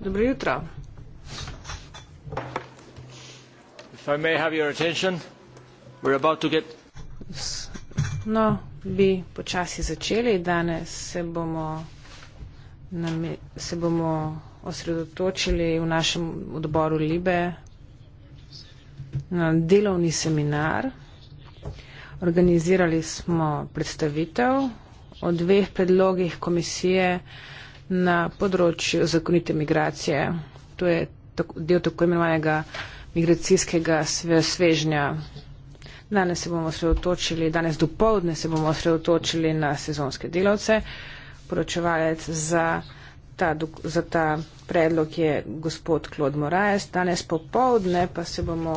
Dobro jutro. If I may have your attention, we're about to get... No, bi počasi začeli. Danes se bomo, nam, se bomo osredotočili v našem odboru Libe na delovni seminar. Organizirali smo predstavitev o dveh predlogih komisije, uh, na področju zakonite migracije. To je del tako imenovanega migracijskega svežnja. Danes se bomo sredotočili, danes dopovdne se bomo sredotočili na sezonske delavce. Poročevalec za ta, za ta predlog je gospod Klod Moraes. Danes popovdne pa se bomo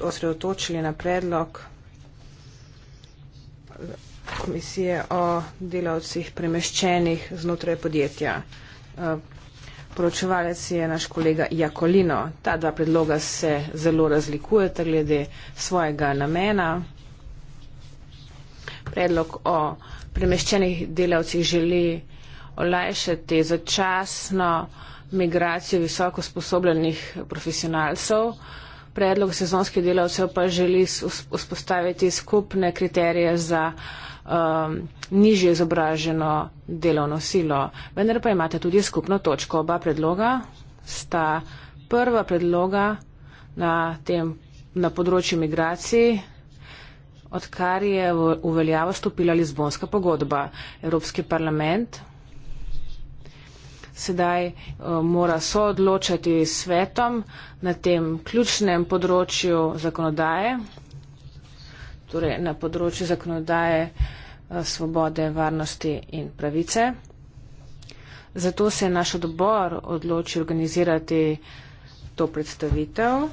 osredotočili na predlog komisije o delavcih premeščenih znotraj podjetja. E, poročevalec je naš kolega Jakolino. Ta dva predloga se zelo razlikujeta glede svojega namena. Predlog o premeščenih delavcih želi olajšati začasno migracijo visoko sposobljenih profesionalcev. Predlog sezonskih delavcev pa želi vzpostaviti skupne kriterije za um, nižje izobraženo delovno silo. Vendar pa imate tudi skupno točko. Oba predloga sta prva predloga na, tem, na področju migracij odkar je v uveljavo stopila Lizbonska pogodba. Evropski parlament sedaj uh, mora soodločati s svetom na tem ključnem področju zakonodaje, torej na področju zakonodaje, eh, svobode, varnosti in pravice. Zato se je naš odbor odločil organizirati to predstavitev,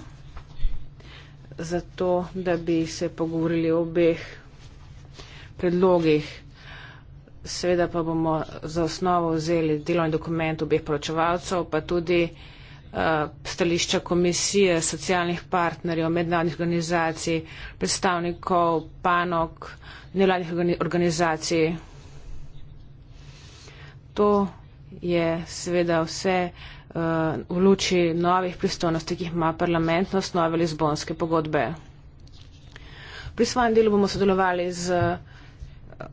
zato da bi se pogovorili o obeh predlogih. Seveda pa bomo za osnovo vzeli delovni dokument obeh poročevalcev, pa tudi Eh, stališča komisije, socialnih partnerjev, mednarodnih organizacij, predstavnikov, panok, nevladnih organizacij. To je seveda vse eh, v luči novih pristojnosti, ki jih ima parlament na osnovi Lizbonske pogodbe. Pri svojem delu bomo sodelovali z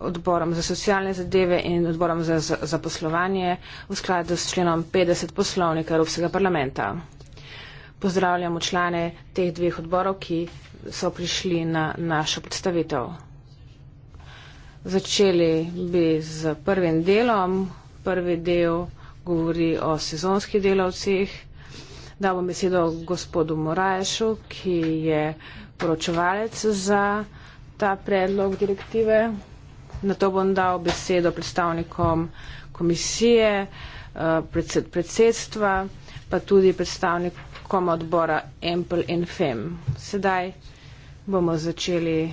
odborom za socialne zadeve in odborom za zaposlovanje v skladu s členom 50 poslovnika Evropskega parlamenta. Pozdravljamo člane teh dveh odborov, ki so prišli na našo predstavitev. Začeli bi z prvim delom. Prvi del govori o sezonskih delavcih. Dal bom besedo gospodu Morajšu, ki je poročevalec za ta predlog direktive. Na to bom dal besedo predstavnikom komisije, eh, predsedstva, pa tudi predstavnikom odbora Ample in FEM. Sedaj bomo začeli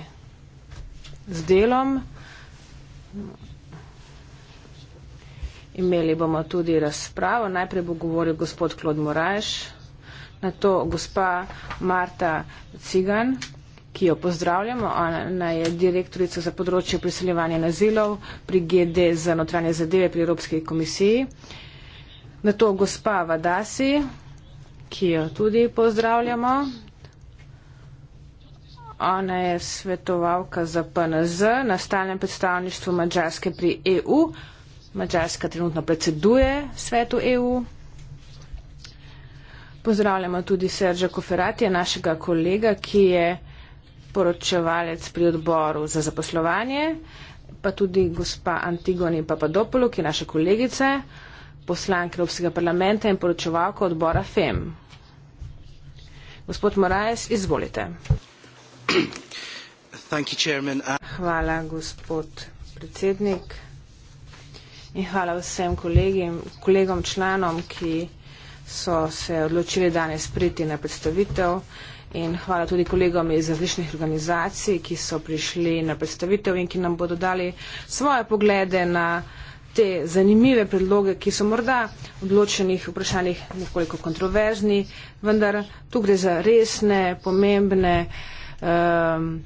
z delom. Imeli bomo tudi razpravo. Najprej bo govoril gospod Klod Moraš, na to gospa Marta Cigan ki jo pozdravljamo. Ona je direktorica za področje priseljevanja nazilov pri GD za notranje zadeve pri Evropski komisiji. Na to gospa Vadasi, ki jo tudi pozdravljamo. Ona je svetovalka za PNZ na stalnem predstavništvu Mačarske pri EU. Mačarska trenutno predseduje svetu EU. Pozdravljamo tudi Serža Koferatija, našega kolega, ki je uh, poročevalec pri odboru za zaposlovanje, pa tudi gospa Antigoni Papadopolo, ki je naša kolegica, poslank Evropskega parlamenta in poročevalka odbora FEM. Gospod Moraes, izvolite. Thank you, chairman. Uh, hvala, gospod predsednik. In hvala vsem kolegim, kolegom članom, ki so se odločili danes priti na predstavitev. Uh, in hvala tudi kolegom iz različnih organizacij, ki so prišli na predstavitev in ki nam bodo dali svoje poglede na te zanimive predloge, ki so morda v odločenih vprašanjih nekoliko kontroverzni, vendar tu gre za resne, pomembne um,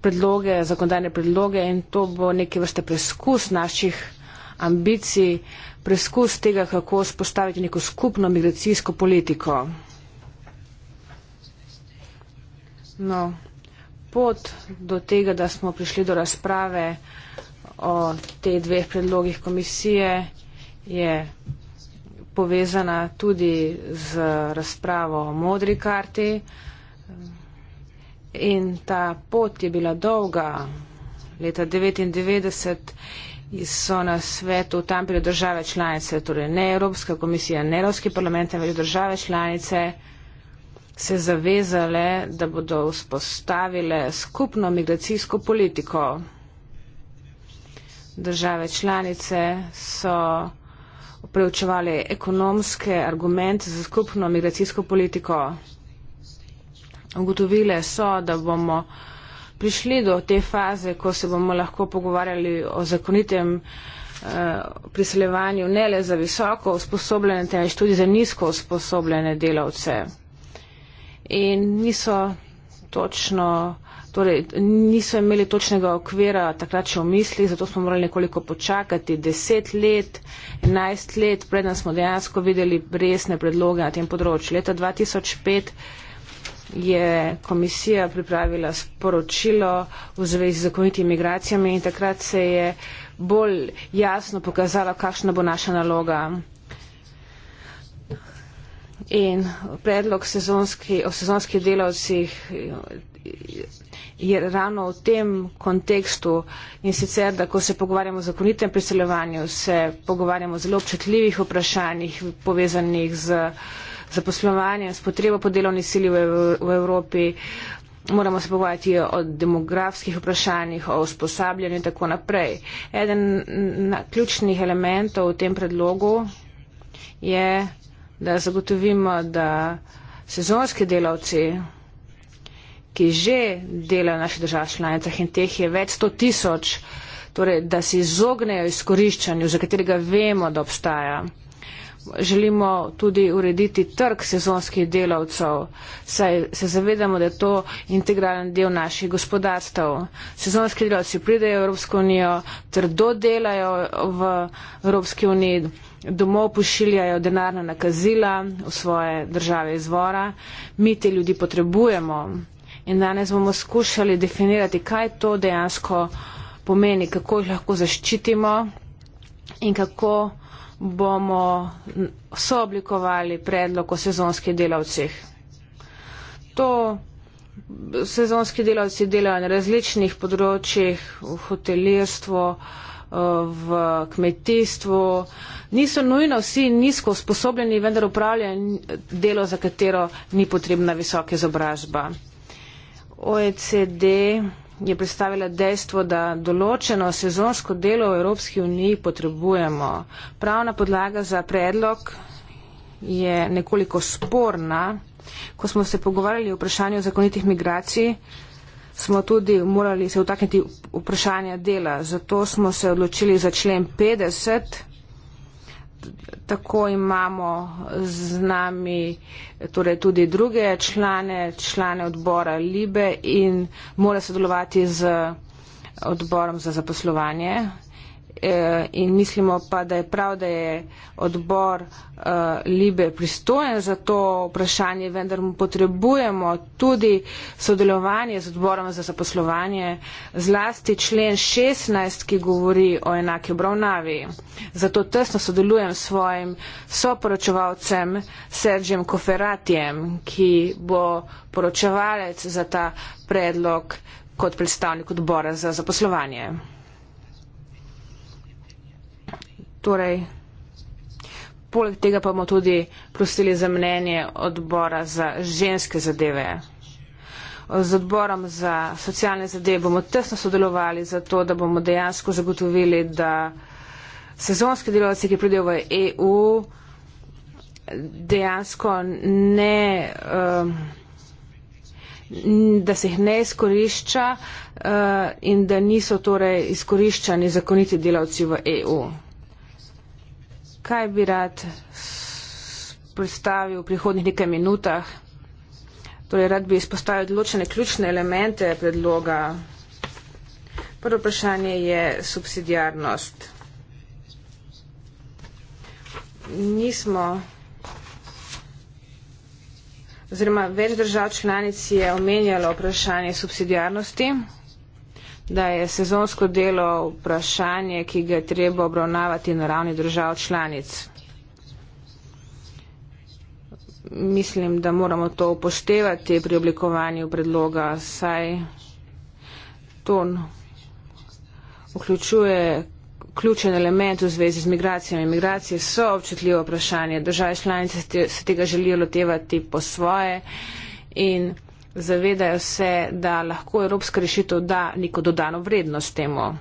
predloge, zakonodajne predloge in to bo neke vrste preskus naših ambicij, preskus tega, kako spostaviti neko skupno migracijsko politiko. No, pot do tega, da smo prišli do razprave o teh dveh predlogih komisije, je povezana tudi z razpravo o modri karti in ta pot je bila dolga. Leta 1999 so na svetu tam bile države članice, torej ne Evropska komisija, ne Evropski parlament, ampak države članice se zavezale, da bodo vzpostavile skupno migracijsko politiko. Države članice so preučevali ekonomske argumente za skupno migracijsko politiko. Ugotovile so, da bomo prišli do te faze, ko se bomo lahko pogovarjali o zakonitem eh, priseljevanju ne le za visoko usposobljene, temveč tudi za nizko usposobljene delavce in niso točno, torej niso imeli točnega okvira takrat še v mislih, zato smo morali nekoliko počakati deset let, enajst let, preden smo dejansko videli resne predloge na tem področju. Leta 2005 je komisija pripravila sporočilo v zvezi z zakonitimi migracijami in takrat se je bolj jasno pokazalo, kakšna bo naša naloga. In predlog sezonski, o sezonskih delavcih je ravno v tem kontekstu in sicer, da ko se pogovarjamo o zakonitem priseljevanju, se pogovarjamo o zelo občutljivih vprašanjih povezanih z zaposlovanjem, s potrebo po delovni sili v, v Evropi. Moramo se pogovarjati o demografskih vprašanjih, o usposabljanju in tako naprej. Eden na ključnih elementov v tem predlogu je da zagotovimo, da sezonski delavci, ki že delajo v naših državah članicah in teh je več sto tisoč, torej da se izognejo izkoriščanju, za katerega vemo, da obstaja. Želimo tudi urediti trg sezonskih delavcev, saj se zavedamo, da je to integralen del naših gospodarstv. Sezonski delavci pridejo v Evropsko unijo, trdo delajo v Evropski uniji domov pošiljajo denarna nakazila v svoje države izvora. Mi te ljudi potrebujemo in danes bomo skušali definirati, kaj to dejansko pomeni, kako jih lahko zaščitimo in kako bomo sooblikovali predlog o sezonskih delavcih. To sezonski delavci delajo na različnih področjih, v hotelirstvu, v kmetijstvu. Niso nujno vsi nizko usposobljeni, vendar upravljajo delo, za katero ni potrebna visoka izobrazba. OECD je predstavila dejstvo, da določeno sezonsko delo v Evropski uniji potrebujemo. Pravna podlaga za predlog je nekoliko sporna. Ko smo se pogovarjali o vprašanju zakonitih migracij, smo tudi morali se vtakniti vprašanja dela. Zato smo se odločili za člen 50. Tako imamo z nami torej tudi druge člane, člane odbora Libe in mora sodelovati z odborom za zaposlovanje. Eh, in mislimo pa, da je prav, da je odbor eh, Libe pristojen za to vprašanje, vendar mu potrebujemo tudi sodelovanje z odborom za zaposlovanje, zlasti člen 16, ki govori o enake obravnavi. Zato tesno sodelujem s svojim soporočevalcem Sergijem Koferatijem, ki bo poročevalec za ta predlog kot predstavnik odbora za zaposlovanje. Torej, poleg tega pa bomo tudi prosili za mnenje odbora za ženske zadeve. Z odborom za socialne zadeve bomo tesno sodelovali za to, da bomo dejansko zagotovili, da sezonski delovci, ki pridejo v EU, dejansko ne, um, da se jih ne izkorišča uh, in da niso torej izkoriščani zakoniti delavci v EU kaj bi rad predstavil v prihodnih nekaj minutah. Torej, rad bi izpostavil določene ključne elemente predloga. Prvo vprašanje je subsidijarnost. Nismo, oziroma več držav članic je omenjalo vprašanje subsidijarnosti da je sezonsko delo vprašanje, ki ga je treba obravnavati na ravni držav članic. Mislim, da moramo to upoštevati pri oblikovanju predloga, saj ton vključuje ključen element v zvezi z migracijami. Migracije so občutljivo vprašanje. Države članice se tega želijo lotevati po svoje in zavedajo se, da lahko evropska rešitev da neko dodano vrednost temu.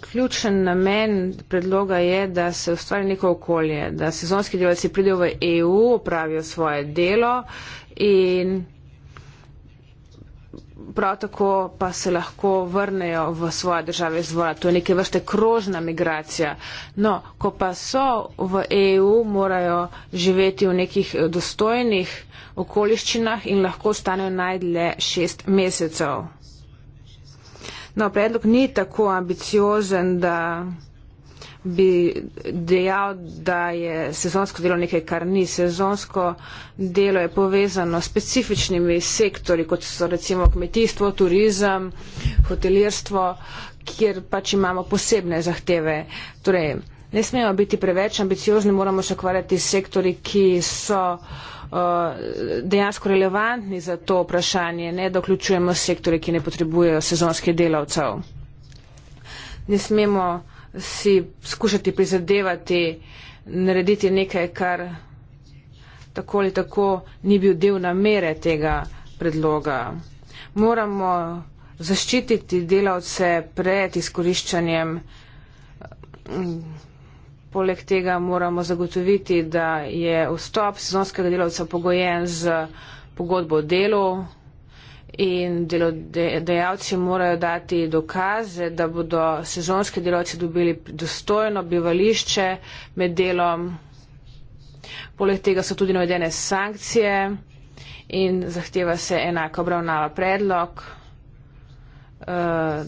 Ključen namen predloga je, da se ustvari neko okolje, da sezonski delavci pridejo v EU, opravijo svoje delo in prav tako pa se lahko vrnejo v svoje države izvora. To je neke vrste krožna migracija. No, ko pa so v EU, morajo živeti v nekih eh, dostojnih okoliščinah in lahko stanejo najdlje šest mesecev. No, predlog ni tako ambiciozen, da bi dejal, da je sezonsko delo nekaj, kar ni. Sezonsko delo je povezano s specifičnimi sektori, kot so recimo kmetijstvo, turizem, hotelirstvo, kjer pač imamo posebne zahteve. Torej, ne smemo biti preveč ambiciozni, moramo se ukvarjati s sektori, ki so uh, dejansko relevantni za to vprašanje, ne da vključujemo sektore, ki ne potrebujejo sezonskih delavcev. Ne smemo si skušati prizadevati, narediti nekaj, kar tako ali tako ni bil del namere tega predloga. Moramo zaščititi delavce pred izkoriščanjem. Mm, poleg tega moramo zagotoviti, da je vstop sezonskega delavca pogojen z pogodbo o delu in delodajalci morajo dati dokaze, da bodo sezonski delavci dobili dostojno bivališče med delom. Poleg tega so tudi navedene sankcije in zahteva se enaka obravnava. Predlog eh,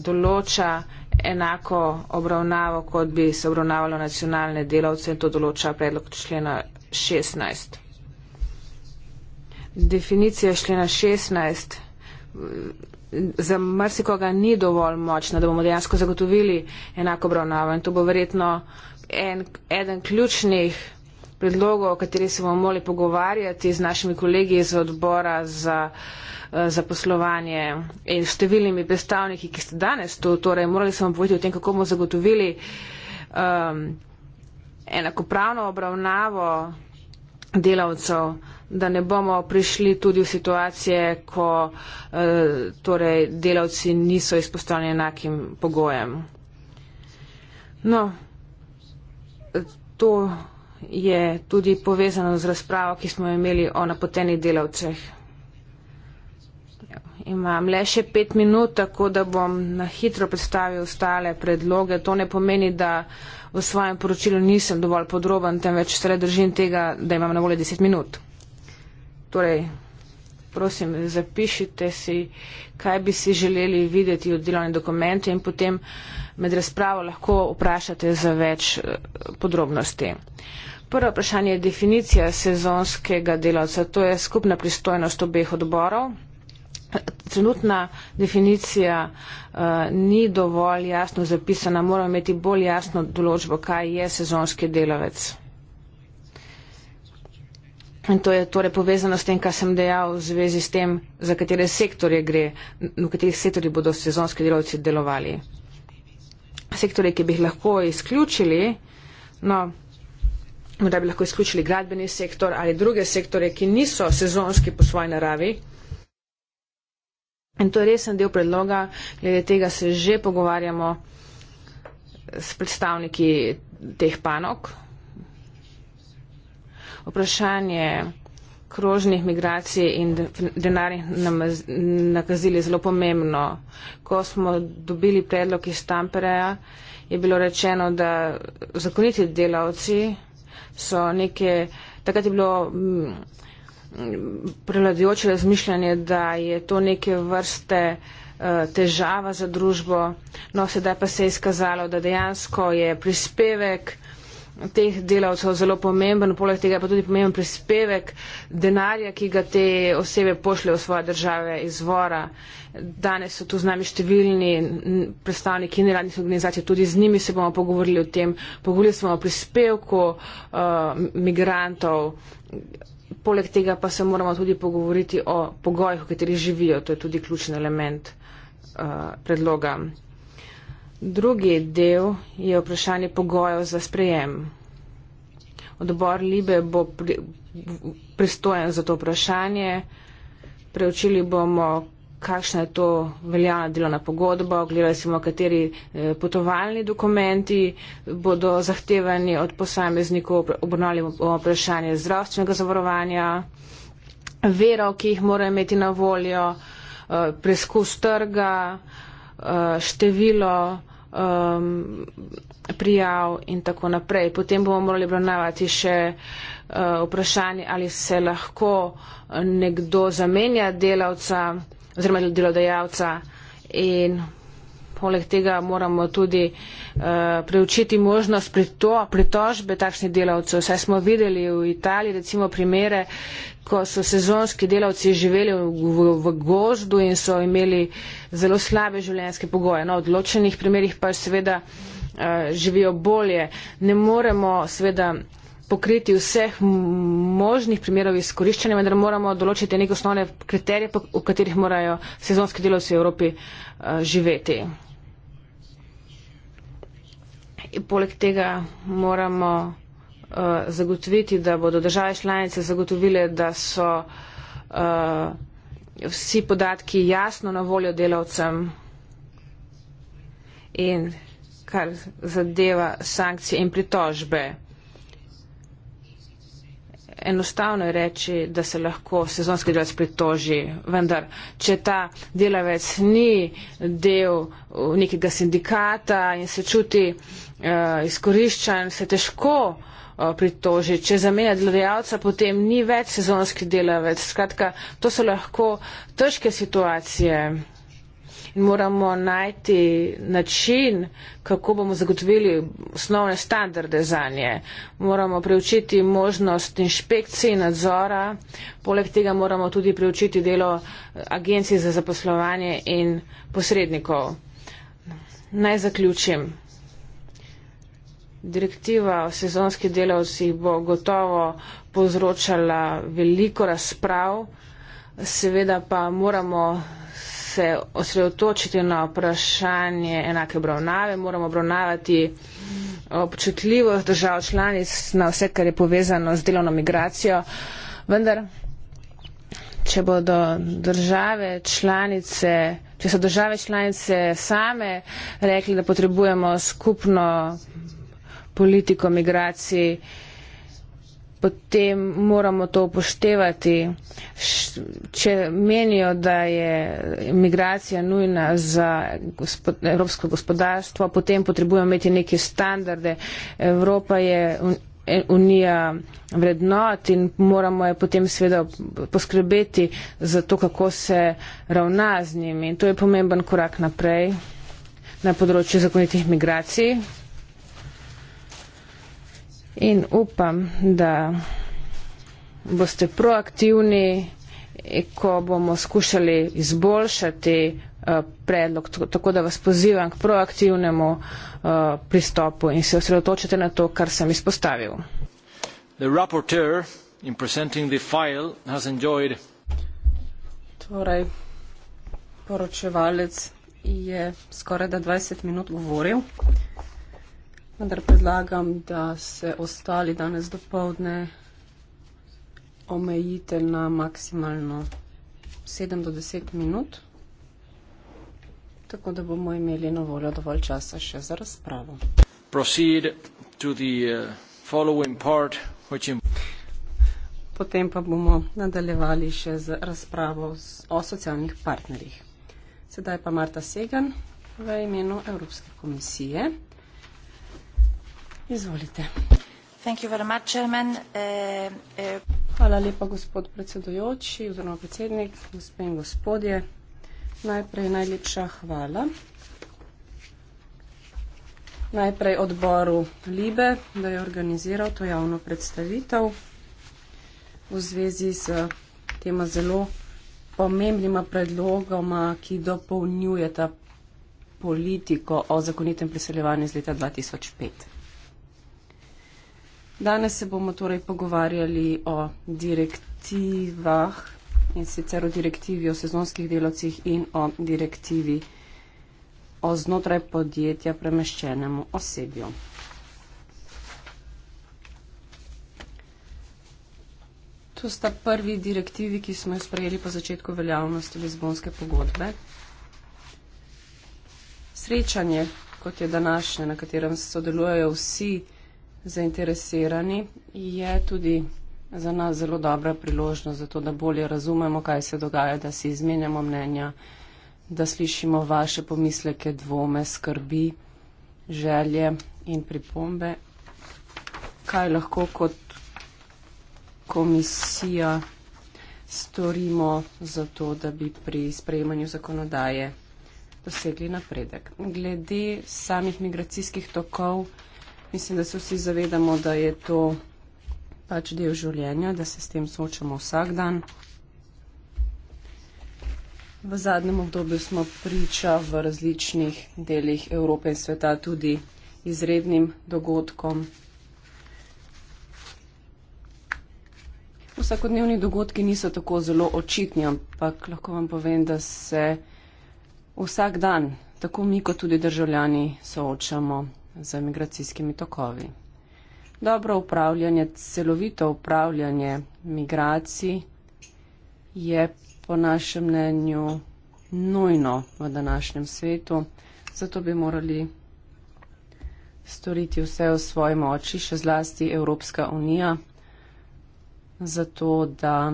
določa enako obravnavo, kot bi se obravnavalo nacionalne delavce in to določa predlog člena 16. Definicija člena 16 za marsikoga ni dovolj močna, da bomo dejansko zagotovili enako obravnavo. In to bo verjetno en, eden ključnih predlogov, o kateri se bomo morali pogovarjati z našimi kolegi iz odbora za eh, zaposlovanje in številnimi predstavniki, ki ste danes tu, torej morali smo povedati o tem, kako bomo zagotovili um, enakopravno obravnavo delavcev da ne bomo prišli tudi v situacije, ko eh, torej, delavci niso izpostavljeni enakim pogojem. No, to je tudi povezano z razpravo, ki smo imeli o napotenih delavceh. Imam le še pet minut, tako da bom na hitro predstavil ostale predloge. To ne pomeni, da v svojem poročilu nisem dovolj podroben, temveč se držim tega, da imam na voljo deset minut. Torej, prosim, zapišite si, kaj bi si želeli videti od delovne dokumente in potem med razpravo lahko vprašate za več eh, podrobnosti. Prvo vprašanje je definicija sezonskega delavca. To je skupna pristojnost obeh odborov. Trenutna definicija uh, ni dovolj jasno zapisana. Moramo imeti bolj jasno določbo, kaj je sezonski delavec. In to je torej povezano s tem, kar sem dejal v zvezi s tem, za katere sektorje gre, v katerih sektorjih bodo sezonski delavci delovali. Sektorje, ki bi jih lahko izključili, no, da bi lahko izključili gradbeni sektor ali druge sektorje, ki niso sezonski po svoji naravi. In to je resen del predloga, glede tega se že pogovarjamo s predstavniki teh panok, vprašanje krožnih migracij in denarnih nakazili zelo pomembno. Ko smo dobili predlog iz Tampereja, je bilo rečeno, da zakoniti delavci so neke, takrat je bilo mm, prevladujoče razmišljanje, da je to neke vrste eh, težava za družbo, no sedaj pa se je izkazalo, da dejansko je prispevek teh delavcev zelo pomemben, poleg tega pa tudi pomemben prispevek denarja, ki ga te osebe pošljajo v svoje države izvora. Danes so tu z nami številni predstavniki neradnih organizacij, tudi z njimi se bomo pogovorili o tem. Pogovorili smo o prispevku uh, migrantov. Poleg tega pa se moramo tudi pogovoriti o pogojih, v katerih živijo. To je tudi ključen element uh, predloga. Drugi del je vprašanje pogojev za sprejem. Odbor Libe bo pri, pristojen za to vprašanje. Preučili bomo, kakšna je to veljavna delovna pogodba, ogledali smo, kateri eh, potovalni dokumenti bodo zahtevani od posameznikov, obrnali bomo vprašanje zdravstvenega zavarovanja, vero, ki jih morajo imeti na voljo, eh, preskus trga, eh, število um, prijav in tako naprej. Potem bomo morali obravnavati še uh, vprašanje, ali se lahko uh, nekdo zamenja delavca oziroma delodajalca in Poleg tega moramo tudi eh, preučiti možnost prito, pritožbe takšnih delavcev. Saj smo videli v Italiji recimo primere, ko so sezonski delavci živeli v, v, v gozdu in so imeli zelo slabe življenjske pogoje. Na no, odločenih primerjih pa seveda eh, živijo bolje. Ne moremo seveda pokriti vseh možnih primerov izkoriščanja, vendar moramo določiti neke osnovne kriterije, v katerih morajo sezonski delavci v Evropi eh, živeti poleg tega moramo uh, zagotoviti, da bodo države članice zagotovile, da so uh, vsi podatki jasno na voljo delavcem in kar zadeva sankcije in pritožbe. Enostavno je reči, da se lahko sezonski delavec pritoži, vendar če ta delavec ni del nekega sindikata in se čuti uh, Eh, izkoriščan, se težko eh, pritoži. Če zamenja delodajalca, potem ni več sezonski delavec. Skratka, to so lahko težke situacije. In moramo najti način, kako bomo zagotovili osnovne standarde za nje. Moramo preučiti možnost inšpekcij in nadzora. Poleg tega moramo tudi preučiti delo eh, agencij za zaposlovanje in posrednikov. Naj zaključim direktiva o sezonskih delavcih bo gotovo povzročala veliko razprav, seveda pa moramo se osredotočiti na vprašanje enake obravnave, moramo obravnavati eh, občutljivost držav članic na vse, kar je povezano z delovno migracijo. Vendar, če bodo države članice, če so države članice same rekli, da potrebujemo skupno politiko migracij, potem moramo to upoštevati. Če menijo, da je migracija nujna za evropsko gospodarstvo, potem potrebujemo imeti neke standarde. Evropa je unija vrednot in moramo je potem seveda poskrbeti za to, kako se ravna z njimi. In to je pomemben korak naprej na področju zakonitih migracij in upam, da boste proaktivni, ko bomo skušali izboljšati eh, predlog, tako da vas pozivam k proaktivnemu eh, pristopu in se osredotočite na to, kar sem izpostavil. Torej, poročevalec je skoraj da 20 minut govoril vendar predlagam, da se ostali danes do povdne omejite na maksimalno 7 do 10 minut, tako da bomo imeli na voljo dovolj časa še za razpravo. Uh, Potem pa bomo nadaljevali še z razpravo o socialnih partnerjih. Sedaj pa Marta Segan v imenu Evropske komisije. Eh, eh, hvala lepa, gospod predsedujoči oziroma predsednik, gospe in gospodje. Najprej najlepša hvala. Najprej odboru Libe, da je organiziral to javno predstavitev v zvezi z tema zelo pomembnima predlogoma, ki dopolnjujeta politiko o zakonitem priseljevanju iz leta dva tisoč pet. Danes se bomo torej pogovarjali o direktivah in sicer o direktivi o sezonskih delovcih in o direktivi o znotraj podjetja premeščenemu osebju. To sta prvi direktivi, ki smo jo sprejeli po začetku veljavnosti Lizbonske pogodbe. Srečanje, kot je današnje, na katerem sodelujejo vsi, zainteresirani, je tudi za nas zelo dobra priložnost, zato da bolje razumemo, kaj se dogaja, da si izmenjamo mnenja, da slišimo vaše pomisleke, dvome, skrbi, želje in pripombe. Kaj lahko kot komisija storimo za to, da bi pri sprejemanju zakonodaje dosegli napredek. Glede samih migracijskih tokov, Mislim, da se vsi zavedamo, da je to pač del življenja, da se s tem soočamo vsak dan. V zadnjem obdobju smo priča v različnih delih Evrope in sveta tudi izrednim dogodkom. Vsakodnevni dogodki niso tako zelo očitni, ampak lahko vam povem, da se vsak dan, tako mi kot tudi državljani, soočamo za migracijskimi tokovi. Dobro upravljanje, celovito upravljanje migracij je po našem mnenju nujno v današnjem svetu, zato bi morali storiti vse v svoji moči, še zlasti Evropska unija, zato da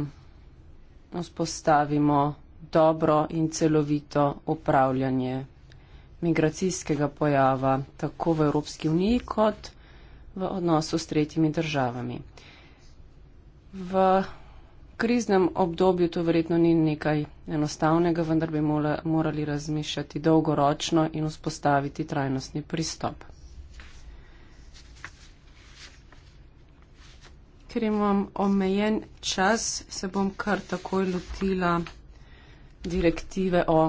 vzpostavimo dobro in celovito upravljanje migracijskega pojava tako v Evropski uniji kot v odnosu s tretjimi državami. V kriznem obdobju to verjetno ni nekaj enostavnega, vendar bi morali razmišljati dolgoročno in vzpostaviti trajnostni pristop. Ker imam omejen čas, se bom kar takoj lotila direktive o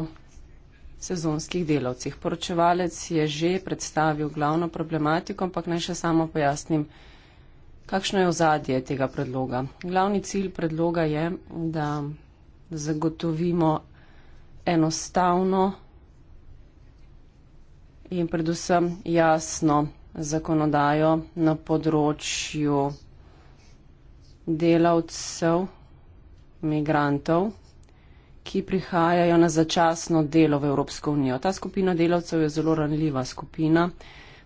sezonskih delavcih. Poročevalec je že predstavil glavno problematiko, ampak naj še samo pojasnim, kakšno je ozadje tega predloga. Glavni cilj predloga je, da zagotovimo enostavno in predvsem jasno zakonodajo na področju delavcev, migrantov, ki prihajajo na začasno delo v Evropsko unijo. Ta skupina delavcev je zelo ranljiva skupina.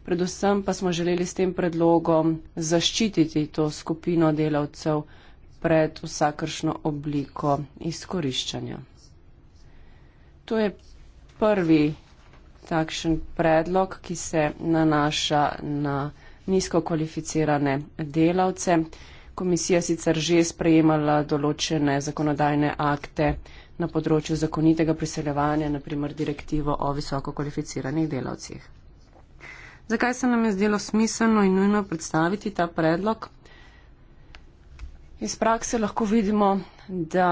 Predvsem pa smo želeli s tem predlogom zaščititi to skupino delavcev pred vsakršno obliko izkoriščanja. To je prvi takšen predlog, ki se nanaša na nizko kvalificirane delavce. Komisija sicer že sprejemala določene zakonodajne akte na področju zakonitega priseljevanja, naprimer direktivo o visoko kvalificiranih delavcih. Zakaj se nam je zdelo smiselno in nujno predstaviti ta predlog? Iz prakse lahko vidimo, da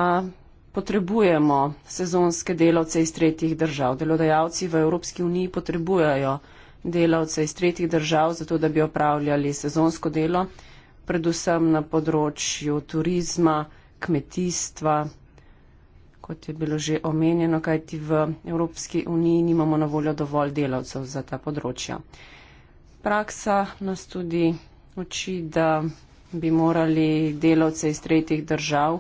potrebujemo sezonske delavce iz tretjih držav. Delodajalci v Evropski uniji potrebujajo delavce iz tretjih držav, zato da bi opravljali sezonsko delo, predvsem na področju turizma, kmetijstva, kot je bilo že omenjeno, kajti v Evropski uniji nimamo na voljo dovolj delavcev za ta področja. Praksa nas tudi uči, da bi morali delavce iz tretjih držav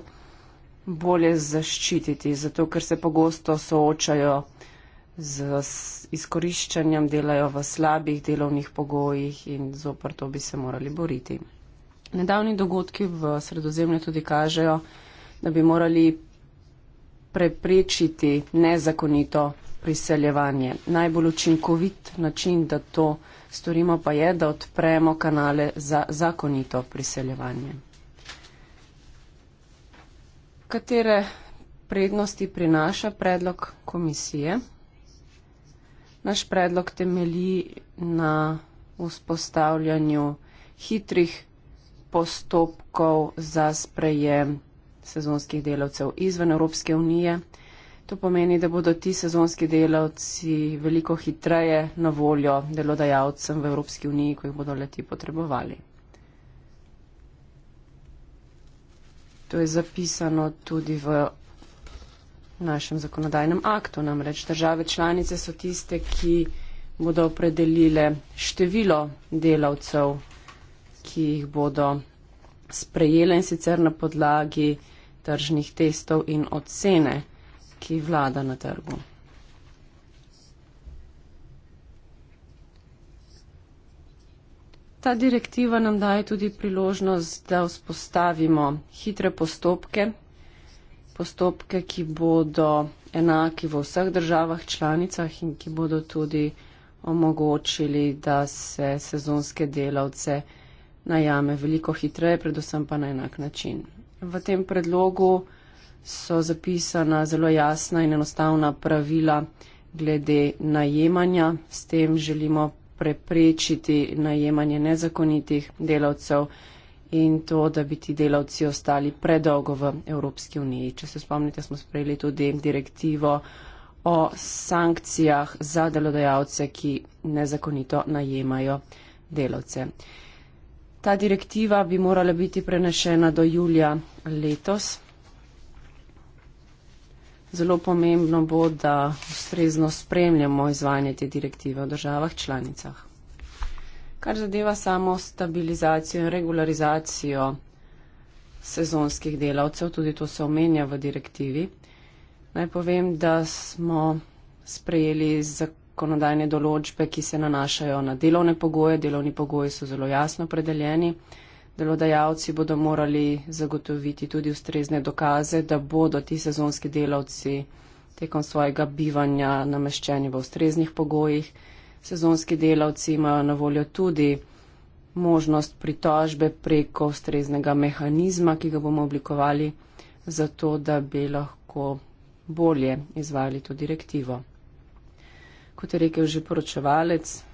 bolje zaščititi, zato ker se pogosto soočajo z izkoriščanjem, delajo v slabih delovnih pogojih in zopr to bi se morali boriti. Nedavni dogodki v sredozemlju tudi kažejo, da bi morali preprečiti nezakonito priseljevanje. Najbolj učinkovit način, da to storimo, pa je, da odpremo kanale za zakonito priseljevanje. Katere prednosti prinaša predlog komisije? Naš predlog temelji na vzpostavljanju hitrih postopkov za sprejem sezonskih delavcev izven Evropske unije. To pomeni, da bodo ti sezonski delavci veliko hitreje na voljo delodajalcem v Evropski uniji, ko jih bodo leti potrebovali. To je zapisano tudi v našem zakonodajnem aktu. Namreč države članice so tiste, ki bodo opredelile število delavcev, ki jih bodo sprejele in sicer na podlagi tržnih testov in ocene, ki vlada na trgu. Ta direktiva nam daje tudi priložnost, da vzpostavimo hitre postopke, postopke, ki bodo enaki v vseh državah članicah in ki bodo tudi omogočili, da se sezonske delavce najame veliko hitreje, predvsem pa na enak način v tem predlogu so zapisana zelo jasna in enostavna pravila glede najemanja. S tem želimo preprečiti najemanje nezakonitih delavcev in to, da bi ti delavci ostali predolgo v Evropski uniji. Če se spomnite, smo sprejeli tudi direktivo o sankcijah za delodajalce, ki nezakonito najemajo delavce. Ta direktiva bi morala biti prenešena do julija letos. Zelo pomembno bo, da ustrezno spremljamo izvajanje te direktive v državah članicah. Kar zadeva samo stabilizacijo in regularizacijo sezonskih delavcev, tudi to se omenja v direktivi. Naj povem, da smo sprejeli zakon zakonodajne določbe, ki se nanašajo na delovne pogoje. Delovni pogoji so zelo jasno predeljeni. Delodajalci bodo morali zagotoviti tudi ustrezne dokaze, da bodo ti sezonski delavci tekom svojega bivanja nameščeni v ustreznih pogojih. Sezonski delavci imajo na voljo tudi možnost pritožbe preko ustreznega mehanizma, ki ga bomo oblikovali, zato da bi lahko bolje izvajali to direktivo kot je rekel že poročevalec.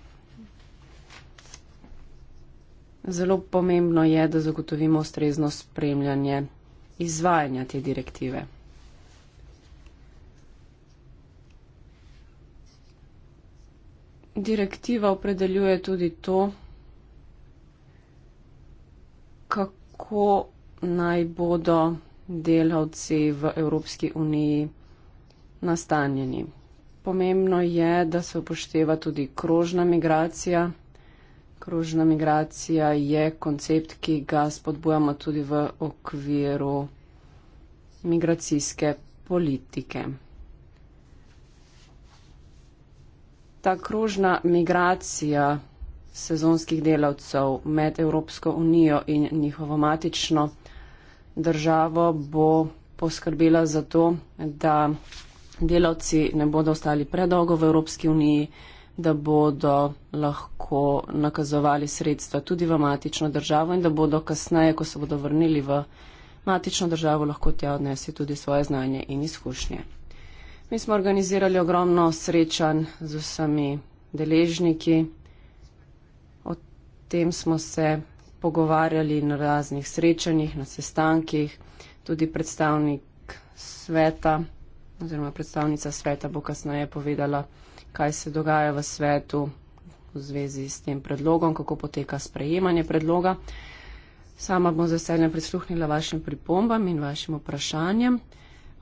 Zelo pomembno je, da zagotovimo ustrezno spremljanje izvajanja te direktive. Direktiva opredeljuje tudi to, kako naj bodo delavci v Evropski uniji nastanjeni pomembno je, da se upošteva tudi krožna migracija. Krožna migracija je koncept, ki ga spodbujamo tudi v okviru migracijske politike. Ta krožna migracija sezonskih delavcev med Evropsko unijo in njihovo matično državo bo poskrbela za to, da delavci ne bodo ostali predolgo v Evropski uniji, da bodo lahko nakazovali sredstva tudi v matično državo in da bodo kasneje, ko se bodo vrnili v matično državo, lahko tja odnesli tudi svoje znanje in izkušnje. Mi smo organizirali ogromno srečanj z vsemi deležniki. O tem smo se pogovarjali na raznih srečanjih, na sestankih, tudi predstavnik sveta oziroma predstavnica sveta bo kasneje povedala, kaj se dogaja v svetu v zvezi s tem predlogom, kako poteka sprejemanje predloga. Sama bom z veseljem prisluhnila vašim pripombam in vašim vprašanjem.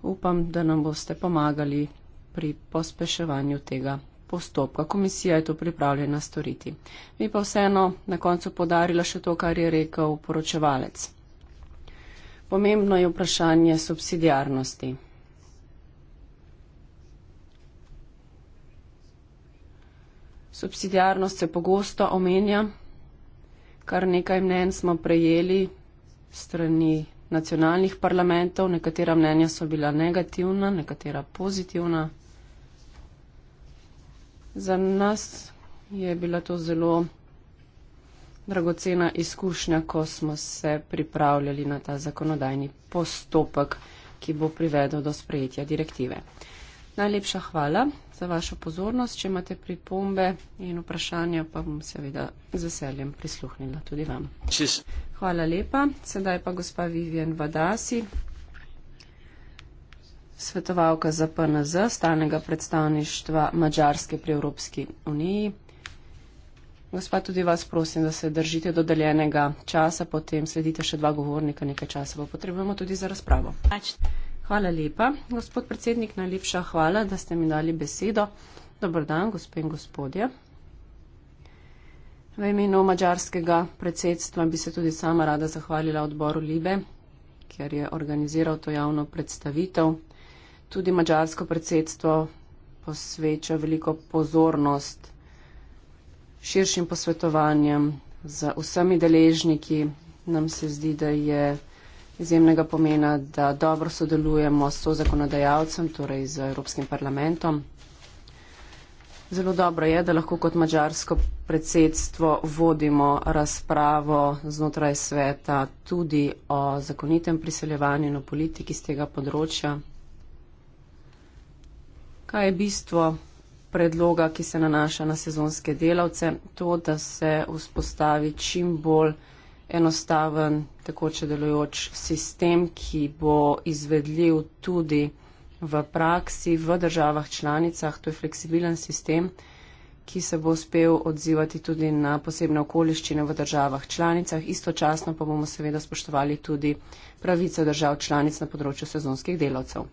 Upam, da nam boste pomagali pri pospeševanju tega postopka. Komisija je to pripravljena storiti. Mi pa vseeno na koncu podarila še to, kar je rekel poročevalec. Pomembno je vprašanje subsidijarnosti. Subsidijarnost se pogosto omenja, kar nekaj mnen smo prejeli strani nacionalnih parlamentov, nekatera mnenja so bila negativna, nekatera pozitivna. Za nas je bila to zelo dragocena izkušnja, ko smo se pripravljali na ta zakonodajni postopek, ki bo privedel do sprejetja direktive. Najlepša hvala za vašo pozornost. Če imate pripombe in vprašanja, pa bom seveda z veseljem prisluhnila tudi vam. Čis. Hvala lepa. Sedaj pa gospa Vivian Vadasi, svetovalka za PNZ, stalnega predstavništva Mačarske pri Evropski uniji. Gospa, tudi vas prosim, da se držite dodeljenega časa, potem sledite še dva govornika, nekaj časa pa potrebujemo tudi za razpravo. Ačte. Hvala lepa, gospod predsednik, najlepša hvala, da ste mi dali besedo. Dobar dan, gospe in gospodje. V imenu mađarskega predsedstva bi se tudi sama rada zahvalila odboru Libe, ker je organiziral to javno predstavitev. Tudi mađarsko predsedstvo posveča veliko pozornost širšim posvetovanjem z vsemi deležniki. Nam se zdi, da je izjemnega pomena, da dobro sodelujemo s to zakonodajalcem, torej z Evropskim parlamentom. Zelo dobro je, da lahko kot mačarsko predsedstvo vodimo razpravo znotraj sveta tudi o zakonitem priseljevanju in o politiki z tega področja. Kaj je bistvo predloga, ki se nanaša na sezonske delavce? To, da se vzpostavi čim bolj enostaven, tekoče delujoč sistem, ki bo izvedljiv tudi v praksi v državah članicah. To je fleksibilen sistem, ki se bo uspel odzivati tudi na posebne okoliščine v državah članicah. Istočasno pa bomo seveda spoštovali tudi pravice držav članic na področju sezonskih delavcev.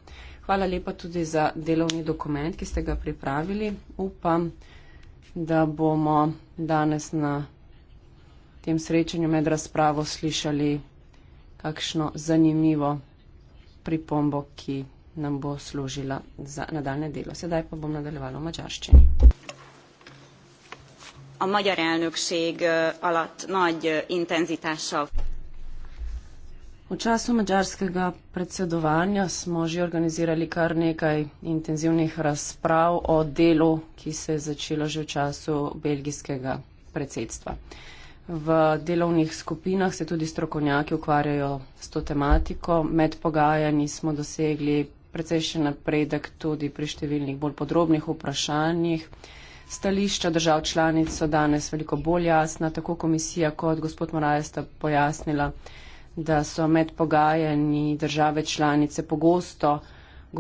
Hvala lepa tudi za delovni dokument, ki ste ga pripravili. Upam, da bomo danes na tem srečanju med razpravo slišali kakšno zanimivo pripombo, ki nam bo služila za nadaljne delo. Sedaj pa bom nadaljevala v mačarščini. A magyar elnökség eh, alatt nagy eh, intenzitással. V času mačarskega predsedovanja smo že organizirali kar nekaj intenzivnih razprav o delu, ki se je začelo že v času belgijskega predsedstva. Uh, V delovnih skupinah se tudi strokovnjaki ukvarjajo s to tematiko. Med pogajanji smo dosegli precejšen napredek tudi pri številnih bolj podrobnih vprašanjih. Stališča držav članic so danes veliko bolj jasna, tako komisija kot gospod Moraj sta pojasnila, da so med pogajanji države članice pogosto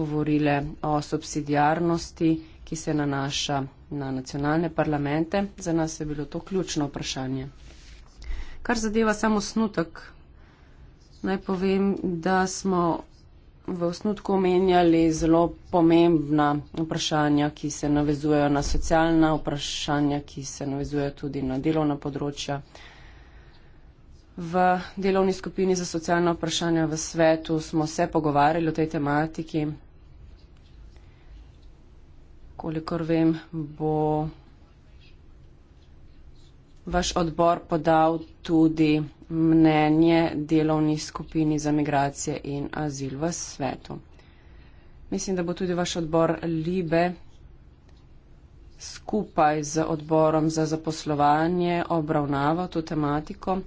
govorile o subsidiarnosti, ki se nanaša na nacionalne parlamente. Za nas je bilo to ključno vprašanje. Kar zadeva samo osnutek, naj povem, da smo v osnutku omenjali zelo pomembna vprašanja, ki se navezujejo na socialna vprašanja, ki se navezujejo tudi na delovna področja. V delovni skupini za socialna vprašanja v svetu smo se pogovarjali o tej tematiki. Kolikor vem, bo vaš odbor podal tudi mnenje delovni skupini za migracije in azil v svetu. Mislim, da bo tudi vaš odbor Libe skupaj z odborom za zaposlovanje obravnava to tematiko.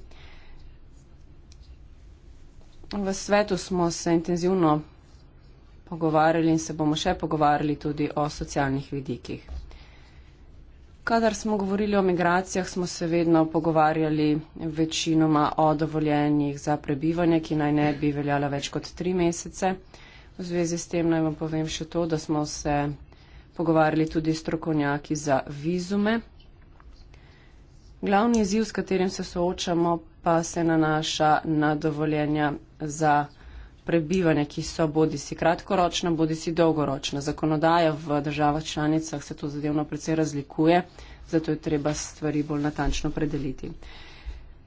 V svetu smo se intenzivno pogovarjali in se bomo še pogovarjali tudi o socialnih vidikih. Kadar smo govorili o migracijah, smo se vedno pogovarjali večinoma o dovoljenjih za prebivanje, ki naj ne bi veljala več kot tri mesece. V zvezi s tem naj vam povem še to, da smo se pogovarjali tudi strokovnjaki za vizume. Glavni izziv, s katerim se soočamo, pa se nanaša na dovoljenja za prebivanje prebivanja, ki so bodi si kratkoročna, bodi si dolgoročna. Zakonodaja v državah članicah se to zadevno precej razlikuje, zato je treba stvari bolj natančno predeliti.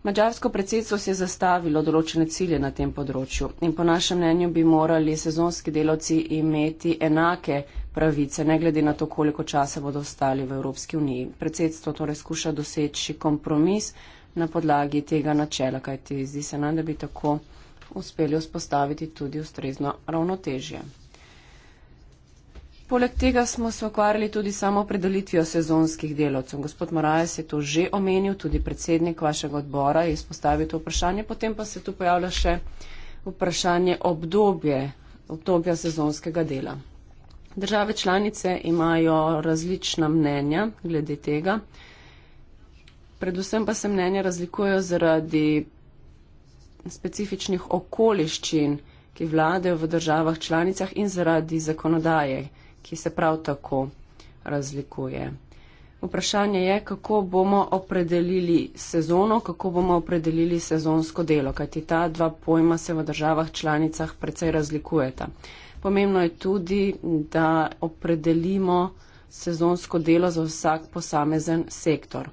Mačarsko predsedstvo se je zastavilo določene cilje na tem področju in po našem mnenju bi morali sezonski delavci imeti enake pravice, ne glede na to, koliko časa bodo ostali v Evropski uniji. Predsedstvo torej skuša doseči kompromis na podlagi tega načela, kajti zdi se nam, da bi tako uspeli vzpostaviti tudi ustrezno ravnotežje. Poleg tega smo se ukvarjali tudi samo predelitvijo sezonskih delavcev. Gospod Morales je to že omenil, tudi predsednik vašega odbora je izpostavil to vprašanje. Potem pa se tu pojavlja še vprašanje obdobje, obdobja sezonskega dela. Države članice imajo različna mnenja glede tega. Predvsem pa se mnenja razlikujejo zaradi specifičnih okoliščin, ki vladajo v državah članicah in zaradi zakonodaje, ki se prav tako razlikuje. Vprašanje je, kako bomo opredelili sezono, kako bomo opredelili sezonsko delo, kajti ta dva pojma se v državah članicah precej razlikujeta. Pomembno je tudi, da opredelimo sezonsko delo za vsak posamezen sektor.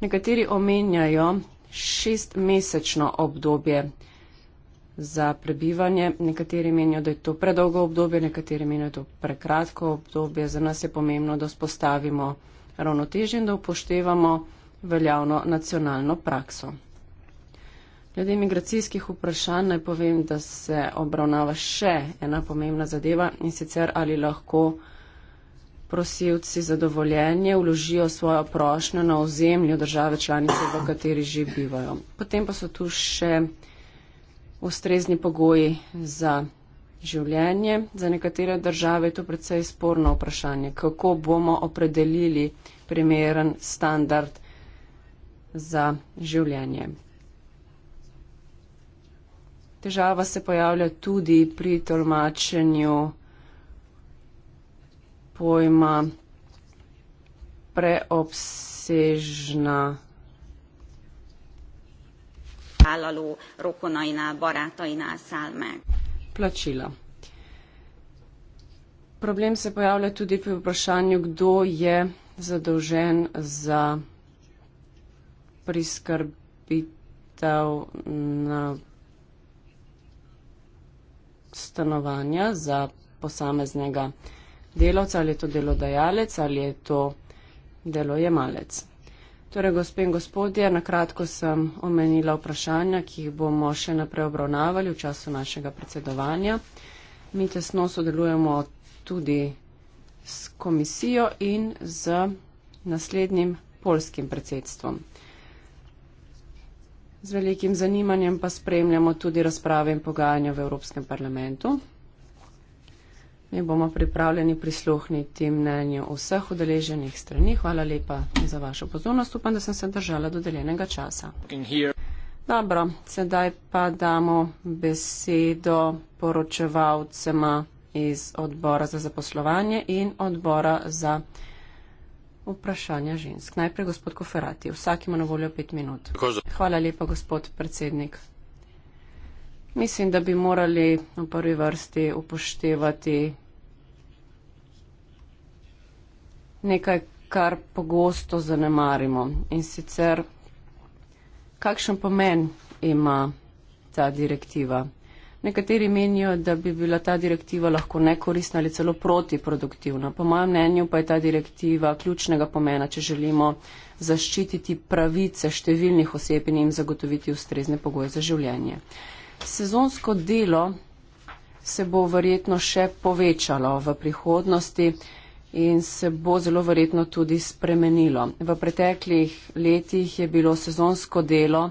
Nekateri omenjajo, šestmesečno obdobje za prebivanje. Nekateri menijo, da je to predolgo obdobje, nekateri menijo, da je to prekratko obdobje. Za nas je pomembno, da spostavimo ravnotežje in da upoštevamo veljavno nacionalno prakso. Glede migracijskih vprašanj naj povem, da se obravnava še ena pomembna zadeva in sicer ali lahko prosilci za dovoljenje vložijo svojo prošnjo na ozemlju države članice, v kateri že bivajo. Potem pa so tu še ustrezni pogoji za življenje. Za nekatere države je to predvsej sporno vprašanje, kako bomo opredelili primeren standard za življenje. Težava se pojavlja tudi pri tolmačenju pojma preobsežna. Plačila. Problem se pojavlja tudi pri vprašanju, kdo je zadolžen za priskrbitev na stanovanja za posameznega delavec, ali je to delodajalec, ali je to delojemalec. Torej, gospe in gospodje, na kratko sem omenila vprašanja, ki jih bomo še naprej obravnavali v času našega predsedovanja. Mi tesno sodelujemo tudi s komisijo in z naslednjim polskim predsedstvom. Z velikim zanimanjem pa spremljamo tudi razprave in pogajanja v Evropskem parlamentu. Mi bomo pripravljeni prisluhniti mnenju vseh udeleženih strani. Hvala lepa za vašo pozornost. Upam, da sem se držala dodeljenega časa. Dobro, sedaj pa damo besedo poročevalcema iz odbora za zaposlovanje in odbora za vprašanja žensk. Najprej gospod Koferati. Vsak ima na voljo pet minut. Hvala lepa, gospod predsednik. Mislim, da bi morali v prvi vrsti upoštevati nekaj, kar pogosto zanemarimo. In sicer, kakšen pomen ima ta direktiva? Nekateri menijo, da bi bila ta direktiva lahko nekoristna ali celo protiproduktivna. Po mojem mnenju pa je ta direktiva ključnega pomena, če želimo zaščititi pravice številnih oseb in jim zagotoviti ustrezne pogoje za življenje. Sezonsko delo se bo verjetno še povečalo v prihodnosti in se bo zelo verjetno tudi spremenilo. V preteklih letih je bilo sezonsko delo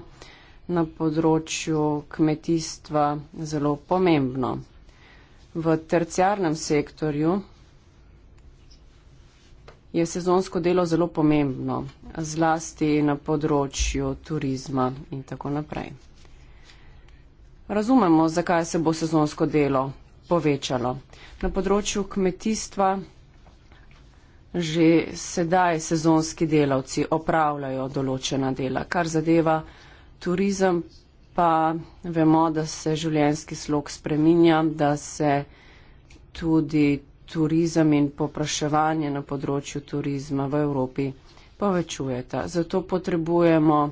na področju kmetijstva zelo pomembno. V terciarnem sektorju je sezonsko delo zelo pomembno, zlasti na področju turizma in tako naprej. Razumemo, zakaj se bo sezonsko delo povečalo. Na področju kmetijstva že sedaj sezonski delavci opravljajo določena dela. Kar zadeva turizem, pa vemo, da se življenski slog spreminja, da se tudi turizem in popraševanje na področju turizma v Evropi povečujeta. Zato potrebujemo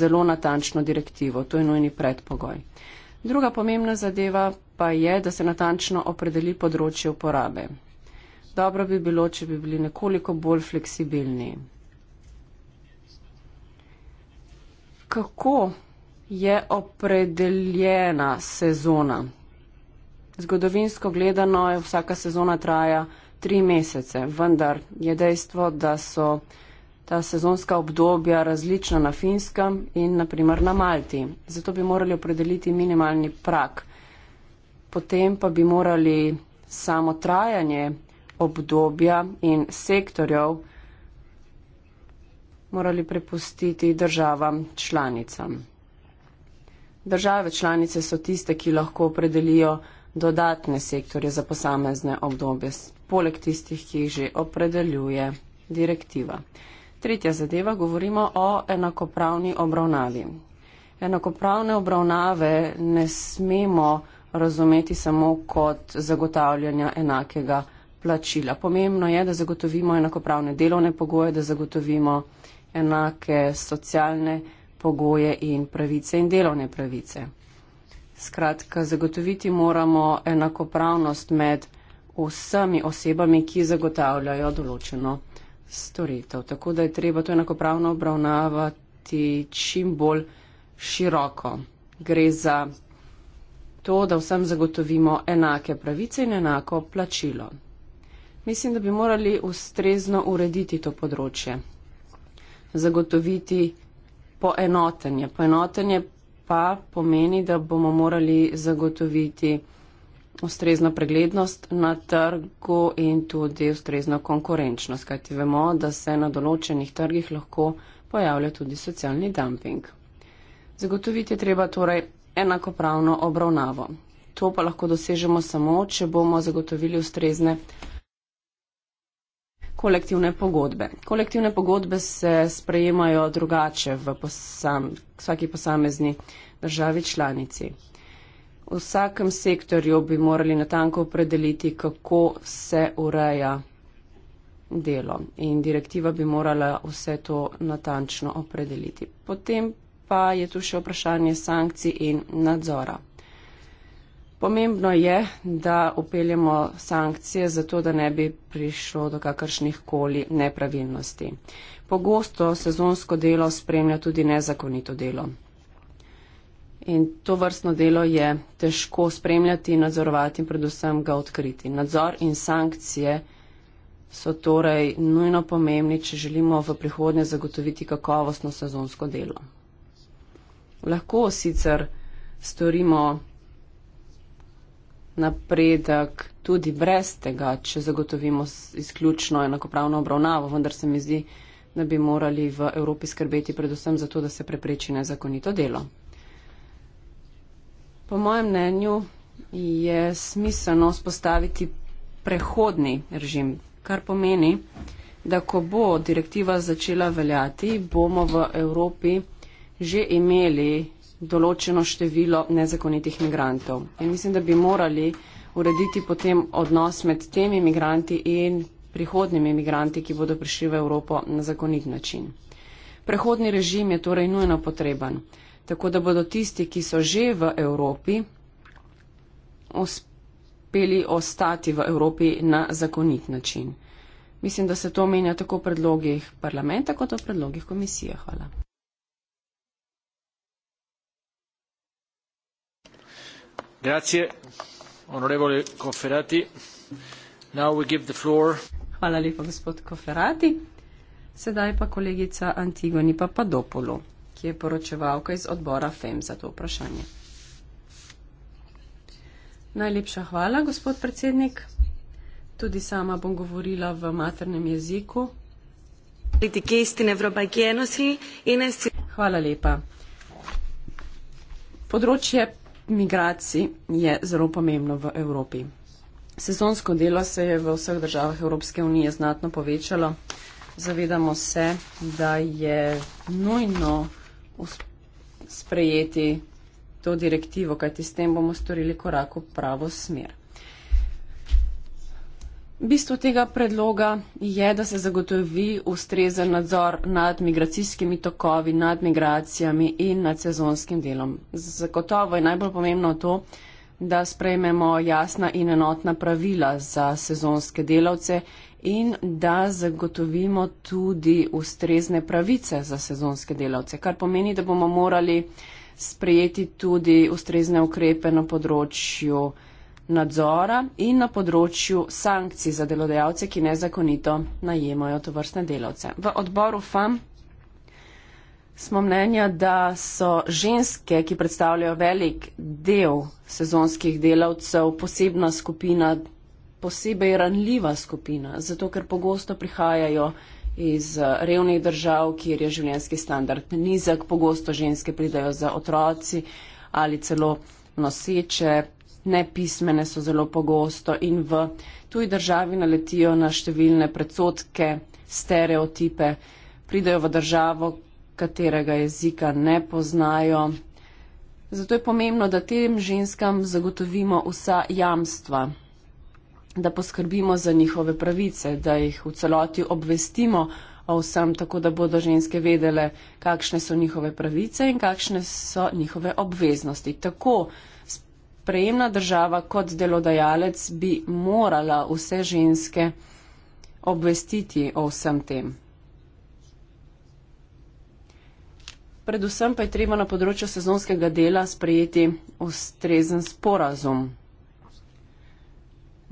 zelo natančno direktivo. To je nujni predpogoj. Druga pomembna zadeva pa je, da se natančno opredeli področje uporabe. Dobro bi bilo, če bi bili nekoliko bolj fleksibilni. Kako je opredeljena sezona? Zgodovinsko gledano je vsaka sezona traja tri mesece, vendar je dejstvo, da so ta sezonska obdobja različna na Finskem in naprimer na Malti. Zato bi morali opredeliti minimalni prak. Potem pa bi morali samo trajanje obdobja in sektorjev morali prepustiti državam članicam. Države članice so tiste, ki lahko opredelijo dodatne sektorje za posamezne obdobje, poleg tistih, ki jih že opredeljuje direktiva. Tretja zadeva, govorimo o enakopravni obravnavi. Enakopravne obravnave ne smemo razumeti samo kot zagotavljanja enakega plačila. Pomembno je, da zagotovimo enakopravne delovne pogoje, da zagotovimo enake socialne pogoje in pravice in delovne pravice. Skratka, zagotoviti moramo enakopravnost med vsemi osebami, ki zagotavljajo določeno storitev. Tako da je treba to enakopravno obravnavati čim bolj široko. Gre za to, da vsem zagotovimo enake pravice in enako plačilo. Mislim, da bi morali ustrezno urediti to področje. Zagotoviti poenotenje. Poenotenje pa pomeni, da bomo morali zagotoviti ustrezno preglednost na trgu in tudi ustrezno konkurenčnost, kajti vemo, da se na določenih trgih lahko pojavlja tudi socialni dumping. Zagotoviti je treba torej enakopravno obravnavo. To pa lahko dosežemo samo, če bomo zagotovili ustrezne kolektivne pogodbe. Kolektivne pogodbe se sprejemajo drugače v posam, vsaki posamezni državi članici. V vsakem sektorju bi morali natanko opredeliti, kako se ureja delo in direktiva bi morala vse to natančno opredeliti. Potem pa je tu še vprašanje sankcij in nadzora. Pomembno je, da upeljamo sankcije, zato da ne bi prišlo do kakršnih koli nepravilnosti. Pogosto sezonsko delo spremlja tudi nezakonito delo. In to vrstno delo je težko spremljati, nadzorovati in predvsem ga odkriti. Nadzor in sankcije so torej nujno pomembni, če želimo v prihodnje zagotoviti kakovostno sezonsko delo. Lahko sicer storimo napredek tudi brez tega, če zagotovimo izključno enakopravno obravnavo, vendar se mi zdi, da bi morali v Evropi skrbeti predvsem za to, da se prepreči nezakonito delo. Po mojem mnenju je smiselno spostaviti prehodni režim, kar pomeni, da ko bo direktiva začela veljati, bomo v Evropi že imeli določeno število nezakonitih migrantov. In mislim, da bi morali urediti potem odnos med temi migranti in prihodnimi migranti, ki bodo prišli v Evropo na zakonit način. Prehodni režim je torej nujno potreben tako da bodo tisti, ki so že v Evropi, uspeli ostati v Evropi na zakonit način. Mislim, da se to menja tako v predlogih parlamenta, kot v predlogih komisije. Hvala. Grazie, onorevole Cofferati. Now we give the floor. Hvala lepa, gospod Cofferati. Sedaj pa kolegica Antigoni Papadopoulou ki je poročevalka iz odbora FEM za to vprašanje. Najlepša hvala, gospod predsednik. Tudi sama bom govorila v maternem jeziku. Hvala lepa. Področje migracij je zelo pomembno v Evropi. Sezonsko delo se je v vseh državah Evropske unije znatno povečalo. Zavedamo se, da je nujno sprejeti to direktivo, kajti s tem bomo storili korak v pravo smer. Bistvo tega predloga je, da se zagotovi ustrezen nadzor nad migracijskimi tokovi, nad migracijami in nad sezonskim delom. Zagotovo je najbolj pomembno to, da sprejmemo jasna in enotna pravila za sezonske delavce, in da zagotovimo tudi ustrezne pravice za sezonske delavce, kar pomeni, da bomo morali sprejeti tudi ustrezne ukrepe na področju nadzora in na področju sankcij za delodajalce, ki nezakonito najemajo to vrstne delavce. V odboru FAM smo mnenja, da so ženske, ki predstavljajo velik del sezonskih delavcev, posebna skupina posebej ranljiva skupina, zato ker pogosto prihajajo iz eh, revnih držav, kjer je življenjski standard nizek, pogosto ženske pridajo za otroci ali celo noseče, nepismene so zelo pogosto in v tuji državi naletijo na številne predsotke, stereotipe, pridajo v državo, katerega jezika ne poznajo. Zato je pomembno, da tem ženskam zagotovimo vsa jamstva da poskrbimo za njihove pravice, da jih v celoti obvestimo o vsem, tako da bodo ženske vedele, kakšne so njihove pravice in kakšne so njihove obveznosti. Tako prejemna država kot delodajalec bi morala vse ženske obvestiti o vsem tem. Predvsem pa je treba na področju sezonskega dela sprejeti ustrezen sporazum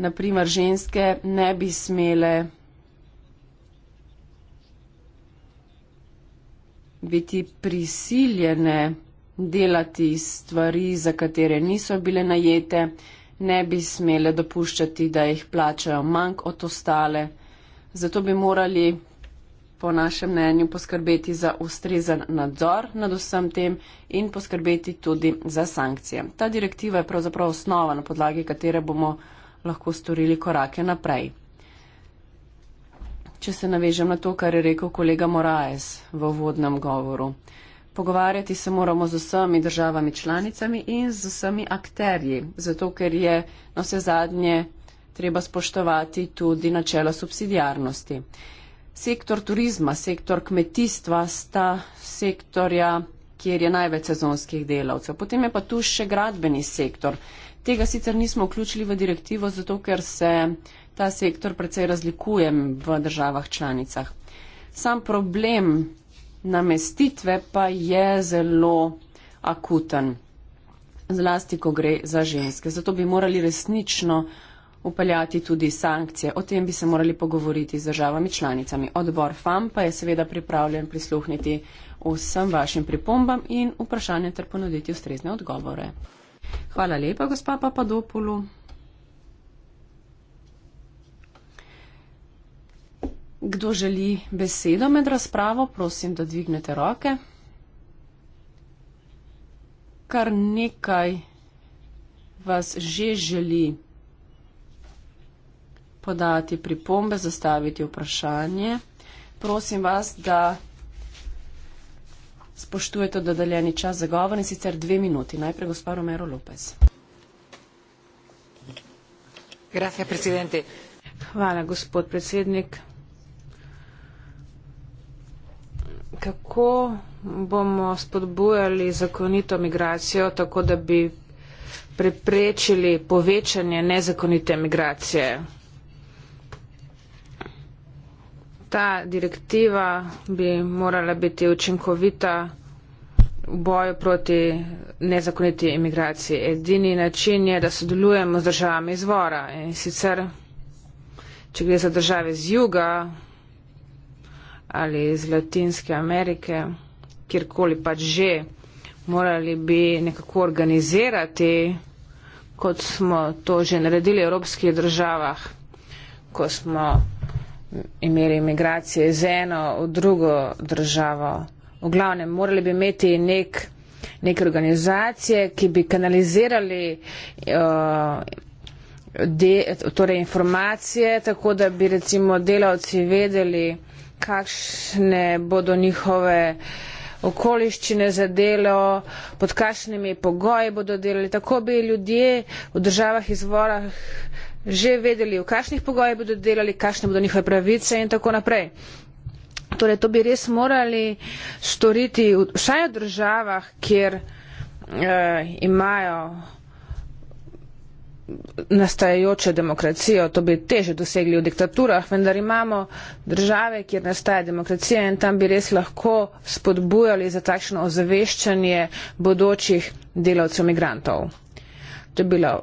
naprimer ženske ne bi smele biti prisiljene delati stvari, za katere niso bile najete, ne bi smele dopuščati, da jih plačajo manj od ostale. Zato bi morali, po našem mnenju, poskrbeti za ustrezen nadzor nad vsem tem in poskrbeti tudi za sankcije. Ta direktiva je pravzaprav osnova, na podlagi katere bomo lahko storili korake naprej. Če se navežem na to, kar je rekel kolega Moraes v uvodnem govoru. Pogovarjati se moramo z vsemi državami članicami in z vsemi akterji, zato ker je na vse zadnje treba spoštovati tudi načelo subsidijarnosti. Sektor turizma, sektor kmetijstva sta sektorja, kjer je največ sezonskih delavcev. Potem je pa tu še gradbeni sektor. Tega sicer nismo vključili v direktivo, zato ker se ta sektor precej razlikuje v državah članicah. Sam problem namestitve pa je zelo akuten, zlasti, ko gre za ženske. Zato bi morali resnično upeljati tudi sankcije. O tem bi se morali pogovoriti z državami članicami. Odbor FAM pa je seveda pripravljen prisluhniti vsem vašim pripombam in vprašanjem ter ponuditi ustrezne odgovore. Hvala lepa, gospa Papadopolu. Kdo želi besedo med razpravo, prosim, da dvignete roke. Kar nekaj vas že želi podati pripombe, zastaviti vprašanje. Prosim vas, da spoštujete dodeljeni čas za govor in sicer dve minuti. Najprej gospa Romero Lopez. Hvala, gospod predsednik. Kako bomo spodbujali zakonito migracijo, tako da bi preprečili povečanje nezakonite migracije? Ta direktiva bi morala biti učinkovita v boju proti nezakoniti imigraciji. Edini način je, da sodelujemo z državami izvora. In sicer, če gre za države z juga ali iz Latinske Amerike, kjerkoli pač že, morali bi nekako organizirati, kot smo to že naredili v evropskih državah, ko smo imeli imigracije iz eno v drugo državo. V glavnem, morali bi imeti nek, neke organizacije, ki bi kanalizirali uh, de, torej informacije, tako da bi recimo delavci vedeli, kakšne bodo njihove okoliščine za delo, pod kakšnimi pogoji bodo delali. Tako bi ljudje v državah izvorah že vedeli, v kakšnih pogojih bodo delali, kakšne bodo njihove pravice in tako naprej. Torej, to bi res morali storiti vsaj v državah, kjer eh, imajo nastajajočo demokracijo. To bi teže dosegli v diktaturah, vendar imamo države, kjer nastaja demokracija in tam bi res lahko spodbujali za takšno ozaveščanje bodočih delavcev migrantov. To je bilo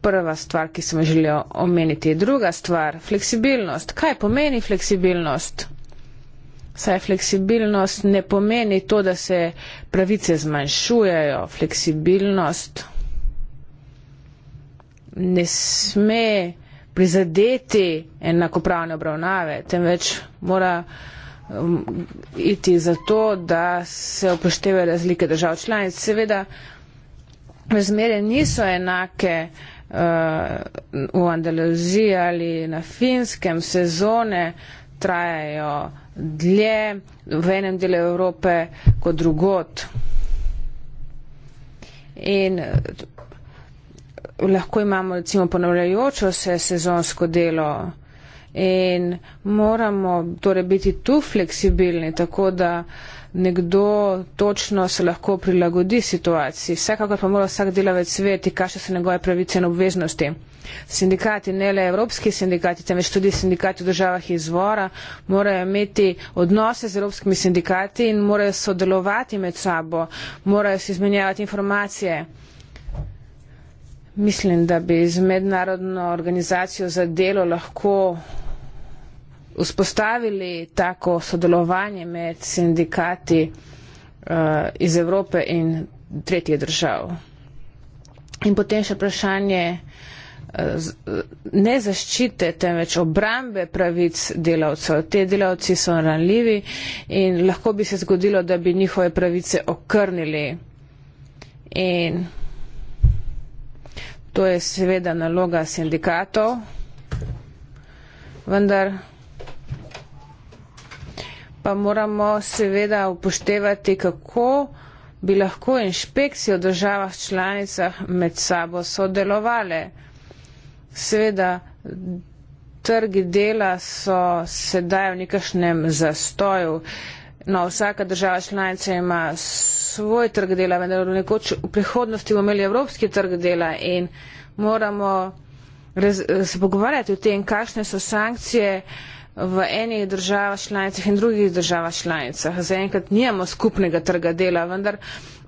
prva stvar, ki sem želel omeniti. Druga stvar, fleksibilnost. Kaj pomeni fleksibilnost? Saj fleksibilnost ne pomeni to, da se pravice zmanjšujejo. Fleksibilnost ne sme prizadeti enakopravne obravnave, temveč mora um, iti za to, da se upoštevajo razlike držav članic. Seveda, razmere niso enake uh, v Andaluziji ali na finskem sezone trajajo dlje v enem delu Evrope kot drugot. In eh, lahko imamo recimo ponavljajočo se sezonsko delo in moramo torej biti tu fleksibilni, tako da uh, nekdo točno se lahko prilagodi situaciji. Vsekakor pa mora vsak delavec vedeti, kakšne so njegove pravice in obveznosti. Sindikati, ne le evropski sindikati, temveč tudi sindikati v državah izvora, morajo imeti odnose z evropskimi sindikati in morajo sodelovati med sabo, morajo se izmenjavati informacije. Mislim, da bi z mednarodno organizacijo za delo lahko vzpostavili tako sodelovanje med sindikati uh, iz Evrope in tretjih držav. In potem še vprašanje eh, eh, ne zaščite, temveč obrambe pravic delavcev. Te delavci so ranljivi in lahko bi se zgodilo, da bi njihove pravice okrnili. In to je seveda naloga sindikatov, vendar pa moramo seveda upoštevati, kako bi lahko inšpekcije v državah članicah med sabo sodelovale. Seveda, trgi dela so sedaj v nekašnem zastoju. No, vsaka država članica ima svoj trg dela, vendar nekoč v prihodnosti bomo imeli evropski trg dela in moramo se pogovarjati o tem, kakšne so sankcije v enih državah članicah in drugih državah članicah. Zaenkrat nijamo skupnega trga dela, vendar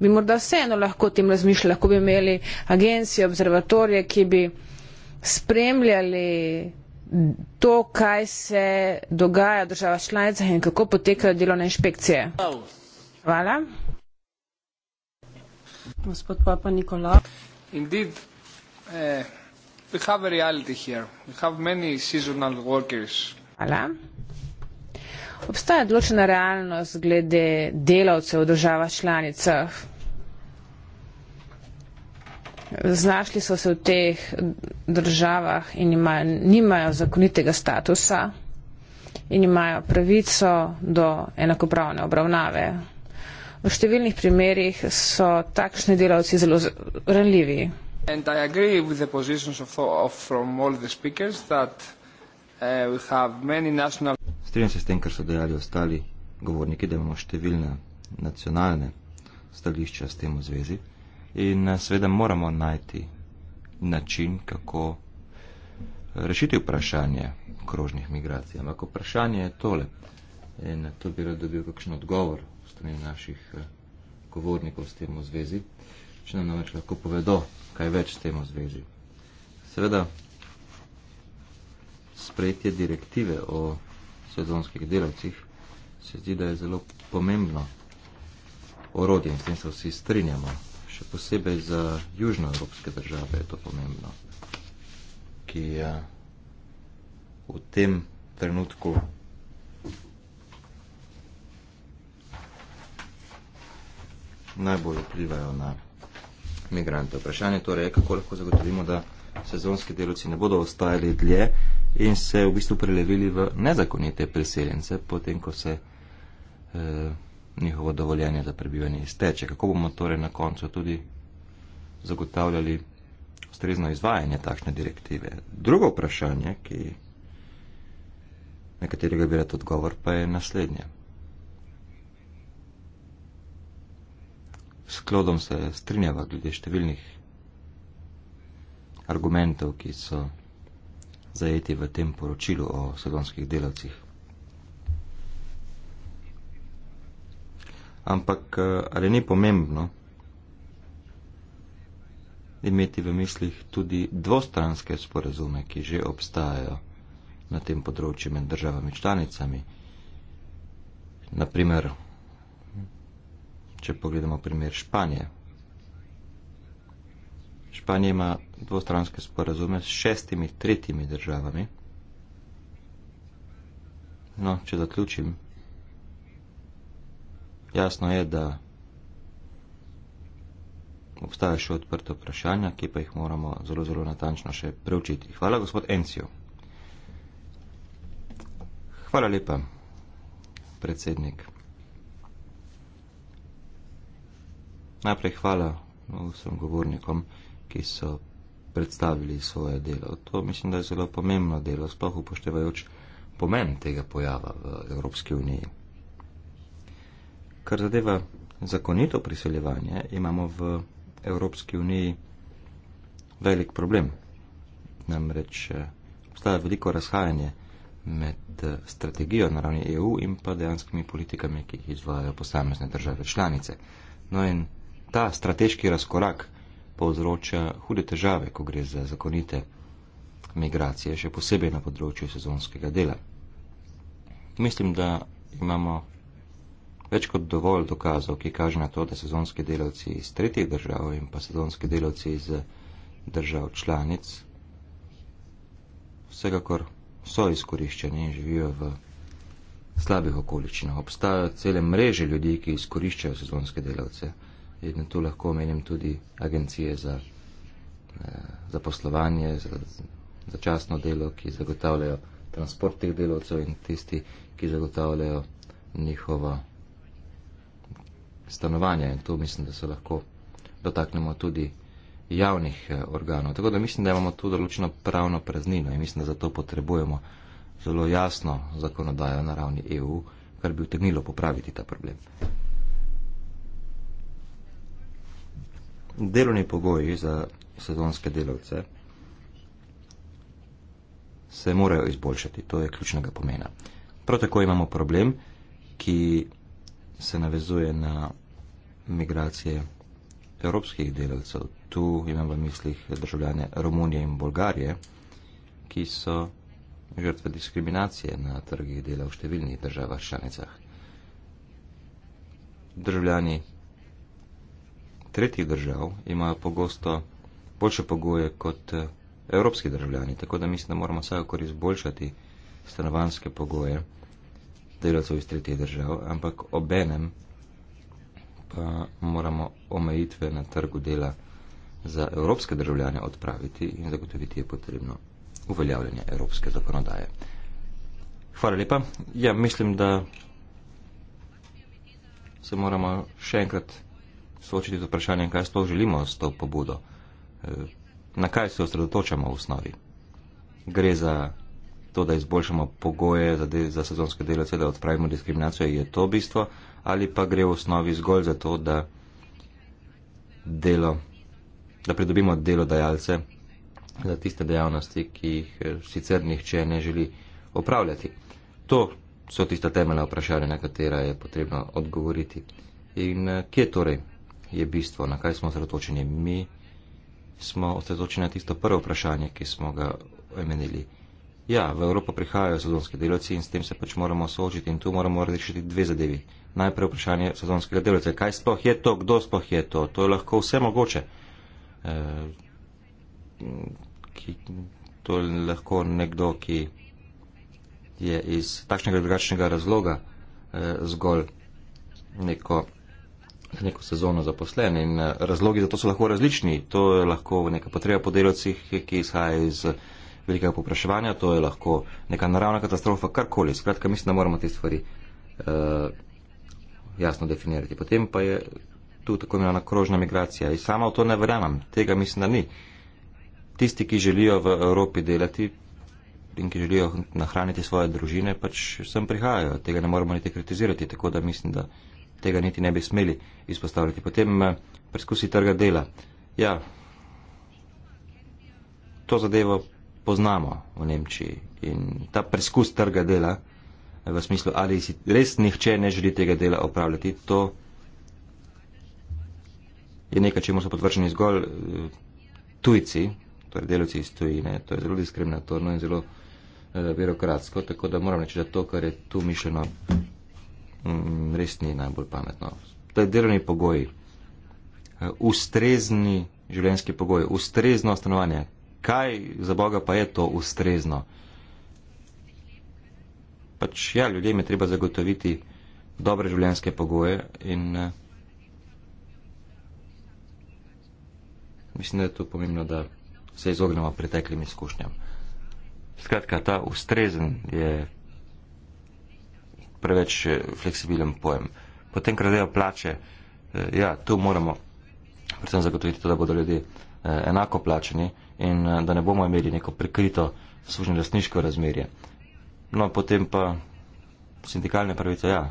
bi morda vseeno lahko o tem razmišljali, lahko bi imeli agencije, observatorije, ki bi spremljali to, kaj se dogaja v državah članicah in kako potekajo delovne inšpekcije. Hvala. Gospod Papa Nikola. Indeed, uh, we have a reality here. We have many seasonal workers Hvala. Obstaja določena realnost glede delavcev v država članicah. Znašli so se v teh državah in imajo, nimajo zakonitega statusa in imajo pravico do enakopravne obravnave. V številnih primerih so takšni delavci zelo ranljivi. And I agree with the positions of, of from all the speakers that uh, national... Strenjam se s tem, kar so dejali ostali govorniki, da imamo številne nacionalne stališča s tem v zvezi in uh, seveda moramo najti način, kako uh, rešiti vprašanje krožnih migracij. Ampak vprašanje je tole in na uh, to bi rad dobil kakšen odgovor v strani naših govornikov s tem v zvezi, če nam namreč lahko povedo, kaj več s tem v zvezi. Seveda sprejetje direktive o sezonskih delavcih, se zdi, da je zelo pomembno orodje in s tem se vsi strinjamo. Še posebej za južnoevropske države je to pomembno, ki je v tem trenutku najbolj vplivajo na migrante. Vprašanje torej je, kako lahko zagotovimo, da sezonski delovci ne bodo ostajali dlje in se v bistvu prelevili v nezakonite priseljence, potem ko se e, njihovo dovoljenje za prebivanje izteče. Kako bomo torej na koncu tudi zagotavljali ustrezno izvajanje takšne direktive? Drugo vprašanje, ki, na katerega bi rad odgovor, pa je naslednje. S klodom se strinjava glede številnih argumentov, ki so zajeti v tem poročilu o sedonskih delavcih. Ampak eh, ali ni pomembno imeti v mislih tudi dvostranske sporazume, ki že obstajajo na tem področju med državami članicami? Naprimer, če pogledamo primer Španije. Španija ima dvostranske sporazume s šestimi tretjimi državami. No, če zaključim, jasno je, da obstaja še odprto vprašanja, ki pa jih moramo zelo, zelo natančno še preučiti. Hvala, gospod Encijo. Hvala lepa, predsednik. Najprej hvala vsem govornikom, ki so predstavili svoje delo. To mislim, da je zelo pomembno delo, sploh upoštevajoč pomen tega pojava v Evropski uniji. Kar zadeva zakonito priseljevanje, imamo v Evropski uniji velik problem. Namreč eh, obstaja veliko razhajanje med eh, strategijo na ravni EU in pa dejanskimi politikami, ki jih izvajajo posamezne države članice. No in ta strateški razkorak, povzroča hude težave, ko gre za zakonite migracije, še posebej na področju sezonskega dela. Mislim, da imamo več kot dovolj dokazov, ki kaže na to, da sezonski delavci iz tretjih držav in pa sezonski delavci iz držav članic vsekakor so izkoriščeni in živijo v slabih okoliščinah. Obstajajo cele mreže ljudi, ki izkoriščajo sezonske delavce in tu lahko omenim tudi agencije za, eh, za poslovanje, za začasno delo, ki zagotavljajo transport teh delovcev in tisti, ki zagotavljajo njihovo stanovanje. In tu mislim, da se lahko dotaknemo tudi javnih eh, organov. Tako da mislim, da imamo tu določeno pravno praznino in mislim, da zato potrebujemo zelo jasno zakonodajo na ravni EU, kar bi utegnilo popraviti ta problem. delovni pogoji za sezonske delavce se morajo izboljšati. To je ključnega pomena. Prav tako imamo problem, ki se navezuje na migracije evropskih delavcev. Tu imam v mislih državljane Romunije in Bolgarije, ki so žrtve diskriminacije na trgih dela v številnih državah članicah. Državljani tretjih držav imajo pogosto boljše pogoje kot eh, evropski državljani, tako da mislim, da moramo vsakakor izboljšati stanovanske pogoje delavcev iz tretjih držav, ampak obenem pa moramo omejitve na trgu dela za evropske državljane odpraviti in zagotoviti je potrebno uveljavljanje evropske zakonodaje. Hvala lepa. Ja, mislim, da se moramo še enkrat soočiti z vprašanjem, kaj sploh želimo s to pobudo, e, na kaj se osredotočamo v osnovi. Gre za to, da izboljšamo pogoje za, de, za sezonske delavce, da odpravimo diskriminacijo, je to bistvo, ali pa gre v osnovi zgolj za to, da, delo, da pridobimo delodajalce za tiste dejavnosti, ki jih e, sicer nihče ne želi opravljati. To so tista temeljna vprašanja, na katera je potrebno odgovoriti. In e, kje torej je bistvo, na kaj smo osredotočeni. Mi smo osredotočeni na tisto prvo vprašanje, ki smo ga omenili. Ja, v Evropo prihajajo sezonski delavci in s tem se pač moramo soočiti in tu moramo rešiti dve zadevi. Najprej vprašanje sezonskega delavca. Kaj sploh je to? Kdo sploh je to? To je lahko vse mogoče. E, ki, to je lahko nekdo, ki je iz takšnega drugačnega razloga e, zgolj neko neko sezono zaposlen in eh, razlogi za to so lahko različni. To je lahko neka potreba po delovcih, ki izhaja iz eh, velikega popraševanja, to je lahko neka naravna katastrofa, karkoli. Skratka, mislim, da moramo te stvari uh, jasno definirati. Potem pa je tu tako imenovana krožna migracija. In sama v to ne verjamem, tega mislim, da ni. Tisti, ki želijo v Evropi delati in ki želijo nahraniti svoje družine, pač sem prihajajo. Tega ne moramo niti kritizirati, tako da mislim, da tega niti ne bi smeli izpostavljati. Potem eh, preskusi trga dela. Ja, to zadevo poznamo v Nemčiji in ta preskus trga dela eh, v smislu, ali si res nihče ne želi tega dela opravljati, to je nekaj, čemu so podvrženi zgolj eh, tujci, torej delovci iz tujine. To je zelo diskriminatorno in zelo uh, birokratsko, tako da moram reči, da to, kar je tu mišljeno, Mm, res ni najbolj pametno. To je delovni pogoj, eh, ustrezni življenjski pogoj, ustrezno stanovanje. Kaj za Boga pa je to ustrezno? Pač ja, ljudem je treba zagotoviti dobre življenjske pogoje in eh, mislim, da je to pomembno, da se izognemo preteklim izkušnjam. Skratka, ta ustrezen je preveč eh, fleksibilen pojem. Potem, ko grejo plače, eh, ja, tu moramo predvsem zagotoviti to, da bodo ljudje eh, enako plačeni in da ne bomo imeli neko prikrito služno lastniško razmerje. No, potem pa sindikalne pravice, ja,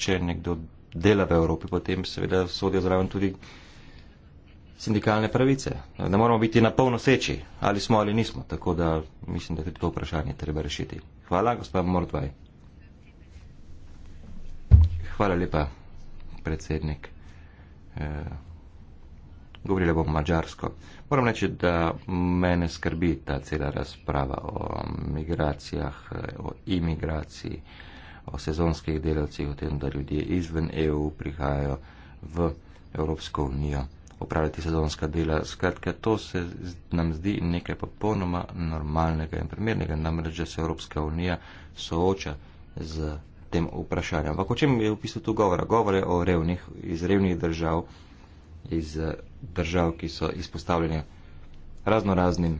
če nekdo dela v Evropi, potem seveda sodijo zraven tudi sindikalne pravice. Ne moramo biti na polno seči, ali smo ali nismo, tako da mislim, da tudi to vprašanje treba rešiti. Hvala, gospod Mordvaj. Hvala lepa, predsednik. E, govorila bom mačarsko. Moram reči, da mene skrbi ta cela razprava o migracijah, o imigraciji, o sezonskih delavcih, o tem, da ljudje izven EU prihajajo v Evropsko unijo opraviti sezonska dela. Skratka, to se nam zdi nekaj popolnoma normalnega in primernega. Namreč, da se Evropska unija sooča z tem vprašanju. Ampak o čem je v bistvu tu govora? Govore o revnih, iz revnih držav, iz eh, držav, ki so izpostavljene razno raznim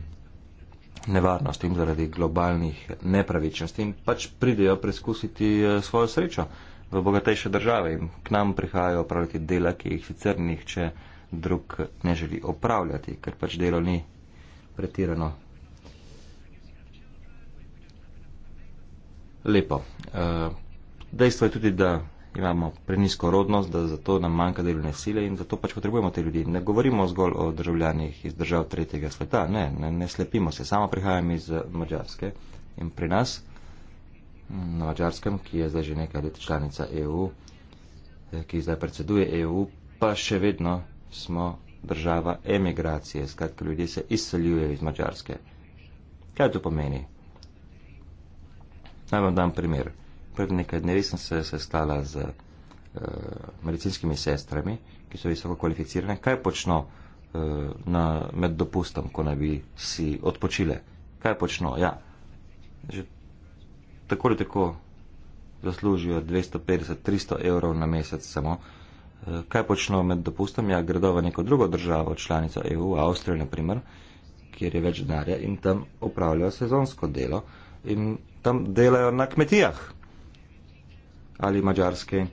nevarnostim zaradi globalnih nepravičnosti in pač pridejo preskusiti eh, svojo srečo v bogatejše države in k nam prihajajo opravljati dela, ki jih sicer nihče drug ne želi opravljati, ker pač delo ni pretirano. Lepo. Eh, Dejstvo je tudi, da imamo prenisko rodnost, da zato nam manjka delovne sile in zato pač potrebujemo te ljudi. Ne govorimo zgolj o državljanih iz držav tretjega sveta, ne, ne, ne slepimo se. Sama prihajam iz eh, Mačarske in pri nas mm, na Mačarskem, ki je zdaj že nekaj let članica EU, eh, ki zdaj predseduje EU, pa še vedno smo država emigracije, skratka ljudje se izseljujejo iz Mačarske. Kaj to pomeni? Naj vam dam primer pred nekaj dnevi sem se sestala z uh, medicinskimi sestrami, ki so visoko kvalificirane. Kaj počno uh, na, med dopustom, ko naj bi si odpočile? Kaj počno? Ja, že tako ali tako zaslužijo 250-300 evrov na mesec samo. Uh, kaj počno med dopustom? Ja, gredo v neko drugo državo, članico EU, Avstrijo naprimer, kjer je več denarja in tam opravljajo sezonsko delo. In tam delajo na kmetijah ali mađarske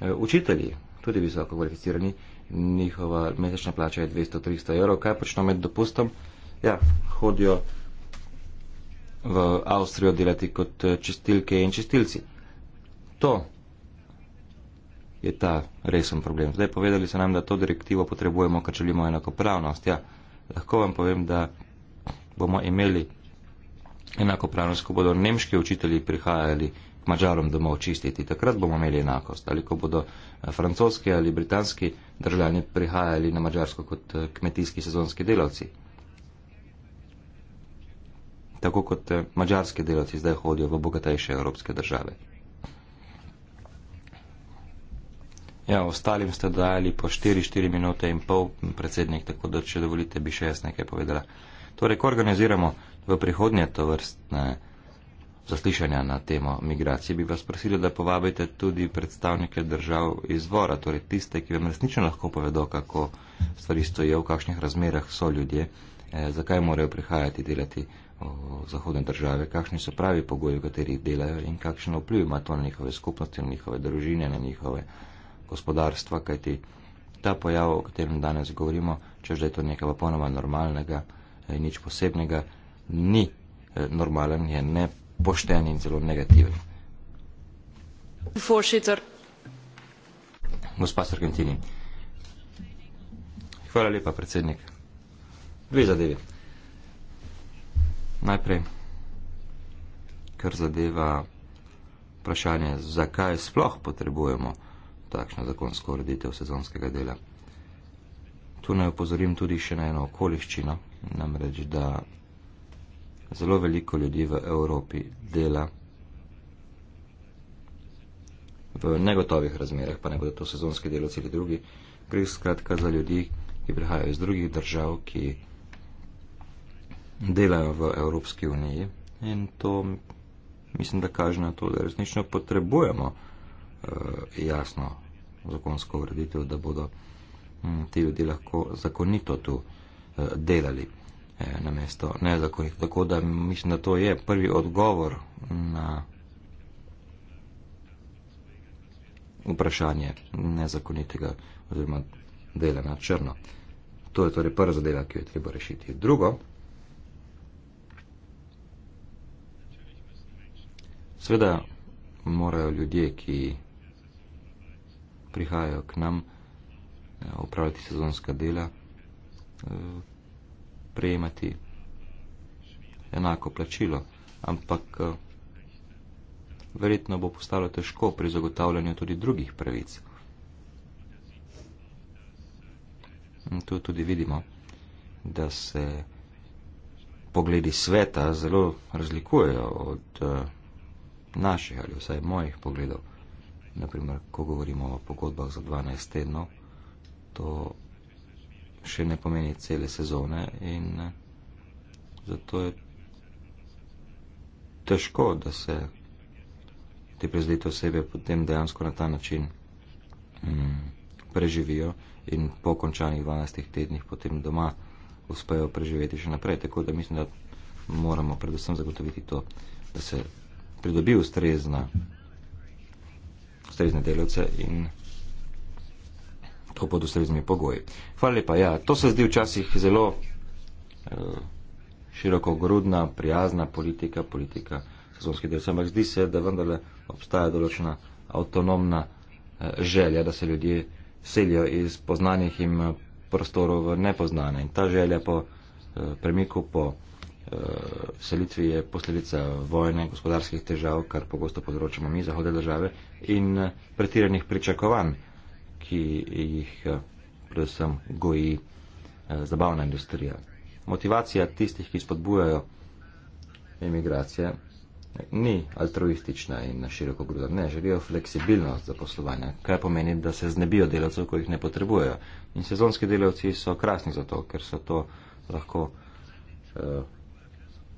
e, učitelji, tudi visoko kvalificirani, njihova mesečna plača je 200-300 evrov. Kaj počno med dopustom? Ja, hodijo v Avstrijo delati kot e, čistilke in čistilci. To je ta resen problem. Zdaj povedali so nam, da to direktivo potrebujemo, ker želimo enakopravnost. Ja, lahko vam povem, da bomo imeli enakopravnost, ko bodo nemški učitelji prihajali mačarom doma očistiti. Takrat bomo imeli enakost. Ali ko bodo eh, francoski ali britanski državljani prihajali na mačarsko kot eh, kmetijski sezonski delavci. Tako kot eh, mačarski delavci zdaj hodijo v bogatejše evropske države. Ja, ostalim ste dali po 4-4 minute in pol predsednik, tako da če dovolite, bi še jaz nekaj povedala. Torej, ko organiziramo v prihodnje to vrstne. Eh, zaslišanja na temo migracije, bi vas prosili, da povabite tudi predstavnike držav izvora, torej tiste, ki vam resnično lahko povedo, kako stvari stojijo, v kakšnih razmerah so ljudje, eh, zakaj morajo prihajati delati v zahodne države, kakšni so pravi pogoji, v katerih delajo in kakšen vpliv ima to na njihove skupnosti, na njihove družine, na njihove gospodarstva, kajti ta pojav, o katerem danes govorimo, če že je to nekaj popolnoma normalnega in eh, nič posebnega, ni eh, normalen, je ne pošten in zelo negativen. Voorzitter. Gospa Sargentini. Hvala lepa, predsednik. Dve zadeve. Najprej, kar zadeva vprašanje, zakaj sploh potrebujemo takšno zakonsko ureditev sezonskega dela. Tu naj opozorim tudi še na eno okoliščino, namreč da zelo veliko ljudi v Evropi dela v negotovih razmerah, pa ne bodo to sezonski delovci ali drugi, gre skratka za ljudi, ki prihajajo iz drugih držav, ki delajo v Evropski uniji. In to mislim, da kaže na to, da resnično potrebujemo eh, jasno zakonsko ureditev, da bodo hm, ti ljudje lahko zakonito tu eh, delali. Eh, na mesto nezakonih. Tako da mislim, da to je prvi odgovor na vprašanje nezakonitega oziroma dela na črno. To je torej prva zadeva, ki jo je treba rešiti. Drugo, seveda morajo ljudje, ki prihajajo k nam, upravljati eh, sezonska dela, eh, prejemati enako plačilo, ampak eh, verjetno bo postalo težko pri zagotavljanju tudi drugih pravic. In tu tudi vidimo, da se pogledi sveta zelo razlikujejo od eh, naših ali vsaj mojih pogledov. Naprimer, ko govorimo o pogodbah za 12 tednov, to še ne pomeni cele sezone in eh, zato je težko, da se te prezdite osebe potem dejansko na ta način mm, preživijo in po končanih 12 tednih potem doma uspejo preživeti še naprej. Tako da mislim, da moramo predvsem zagotoviti to, da se pridobi ustrezna, ustrezne delovce in to pod ustreznimi pogoji. Hvala lepa, ja, to se zdi včasih zelo uh, širokogrudna, prijazna politika, politika sezonskih delcev, ampak zdi se, da vendarle obstaja določena avtonomna uh, želja, da se ljudje selijo iz poznanih jim eh, prostorov v nepoznane. In ta želja po uh, premiku, po uh, selitvi je posledica vojne, gospodarskih težav, kar pogosto področamo mi, zahode države, in uh, pretiranih pričakovanj ki jih eh, predvsem goji eh, zabavna industrija. Motivacija tistih, ki spodbujajo emigracije, ni altruistična in na široko grudo. Ne, želijo fleksibilnost za poslovanje, kaj pomeni, da se znebijo delavcev, ko jih ne potrebujejo. In sezonski delavci so krasni za to, ker so to lahko uh,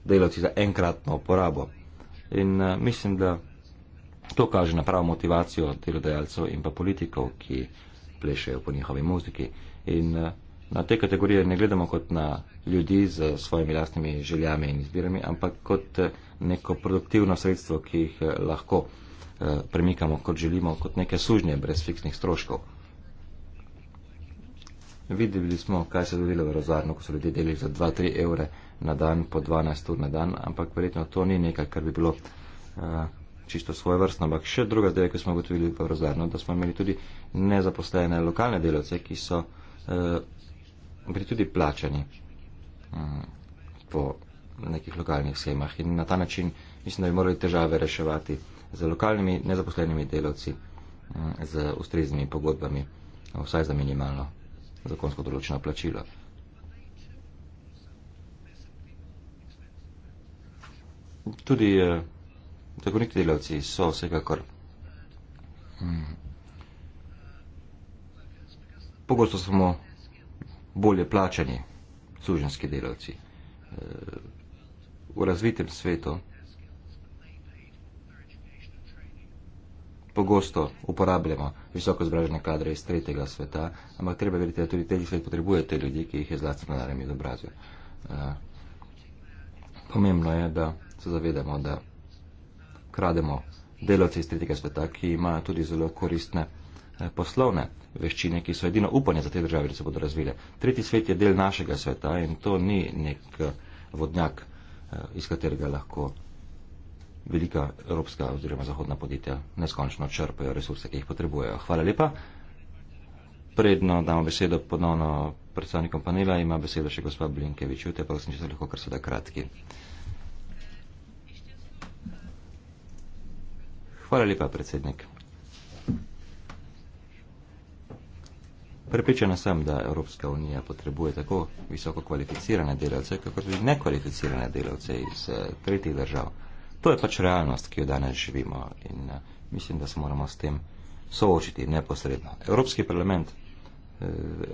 delavci za enkratno uporabo. In uh, mislim, da To kaže na pravo motivacijo delodajalcev in pa politikov, ki plešejo po njihovi muziki. In eh, na te kategorije ne gledamo kot na ljudi z svojimi lastnimi željami in izbirami, ampak kot eh, neko produktivno sredstvo, ki jih eh, lahko premikamo, kot želimo, kot neke sužnje brez fiksnih stroškov. Videli smo, kaj se je zgodilo v razvarno, ko so ljudje delili za 2-3 evre na dan, po 12 ur na dan, ampak verjetno to ni nekaj, kar bi bilo uh, čisto svoje vrstno, ampak še druga zdaj, ko smo ugotovili v Rozarno, da smo imeli tudi nezaposlene lokalne delavce, ki so uh, bili tudi plačani um, po nekih lokalnih semah in na ta način mislim, da bi morali težave reševati z lokalnimi nezaposlenimi delavci, um, z ustreznimi pogodbami, vsaj za minimalno zakonsko določeno plačilo. Tudi uh, Zakonik delavci so vsekakor. Hmm. Pogosto smo bolje plačani, služenski delavci. Eh, v razvitem svetu pogosto uporabljamo visoko zbražene kadre iz tretjega sveta, ampak treba veriti, da tudi tretji svet potrebuje te ljudi, ki jih je zlasti na naravni izobrazju. Eh, pomembno je, da se zavedamo, da krademo delavce iz tretjega sveta, ki imajo tudi zelo koristne eh, poslovne veščine, ki so edino upanje za te države, da se bodo razvile. Tretji svet je del našega sveta in to ni nek eh, vodnjak, eh, iz katerega lahko velika evropska oziroma zahodna podjetja neskončno črpajo resurse, ki jih potrebujejo. Hvala lepa. Predno damo besedo ponovno predstavnikom panela, ima besedo še gospod Blinkevič. Jutaj pa sem čisto lahko kar seveda kratki. Hvala lepa, predsednik. Prepričana sem, da Evropska unija potrebuje tako visoko kvalificirane delavce, kako tudi nekvalificirane delavce iz eh, tretjih držav. To je pač realnost, ki jo danes živimo in eh, mislim, da se moramo s tem soočiti neposredno. Evropski parlament eh,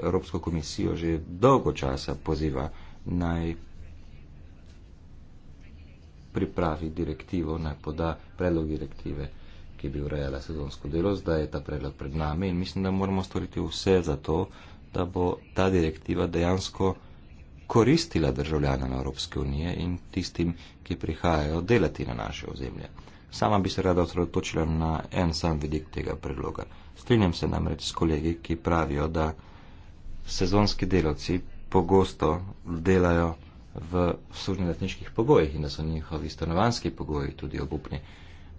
Evropsko komisijo že dolgo časa poziva naj pripravi direktivo, naj poda predlog direktive ki bi urejala sezonsko delo, zdaj je ta predlog pred nami in mislim, da moramo storiti vse za to, da bo ta direktiva dejansko koristila državljanom Evropske unije in tistim, ki prihajajo delati na naše ozemlje. Sama bi se rada osredotočila na en sam vidik tega predloga. Strinjam se namreč s kolegi, ki pravijo, da sezonski delavci pogosto delajo v služnih letniških pogojih in da so njihovi stanovanski pogoji tudi obupni.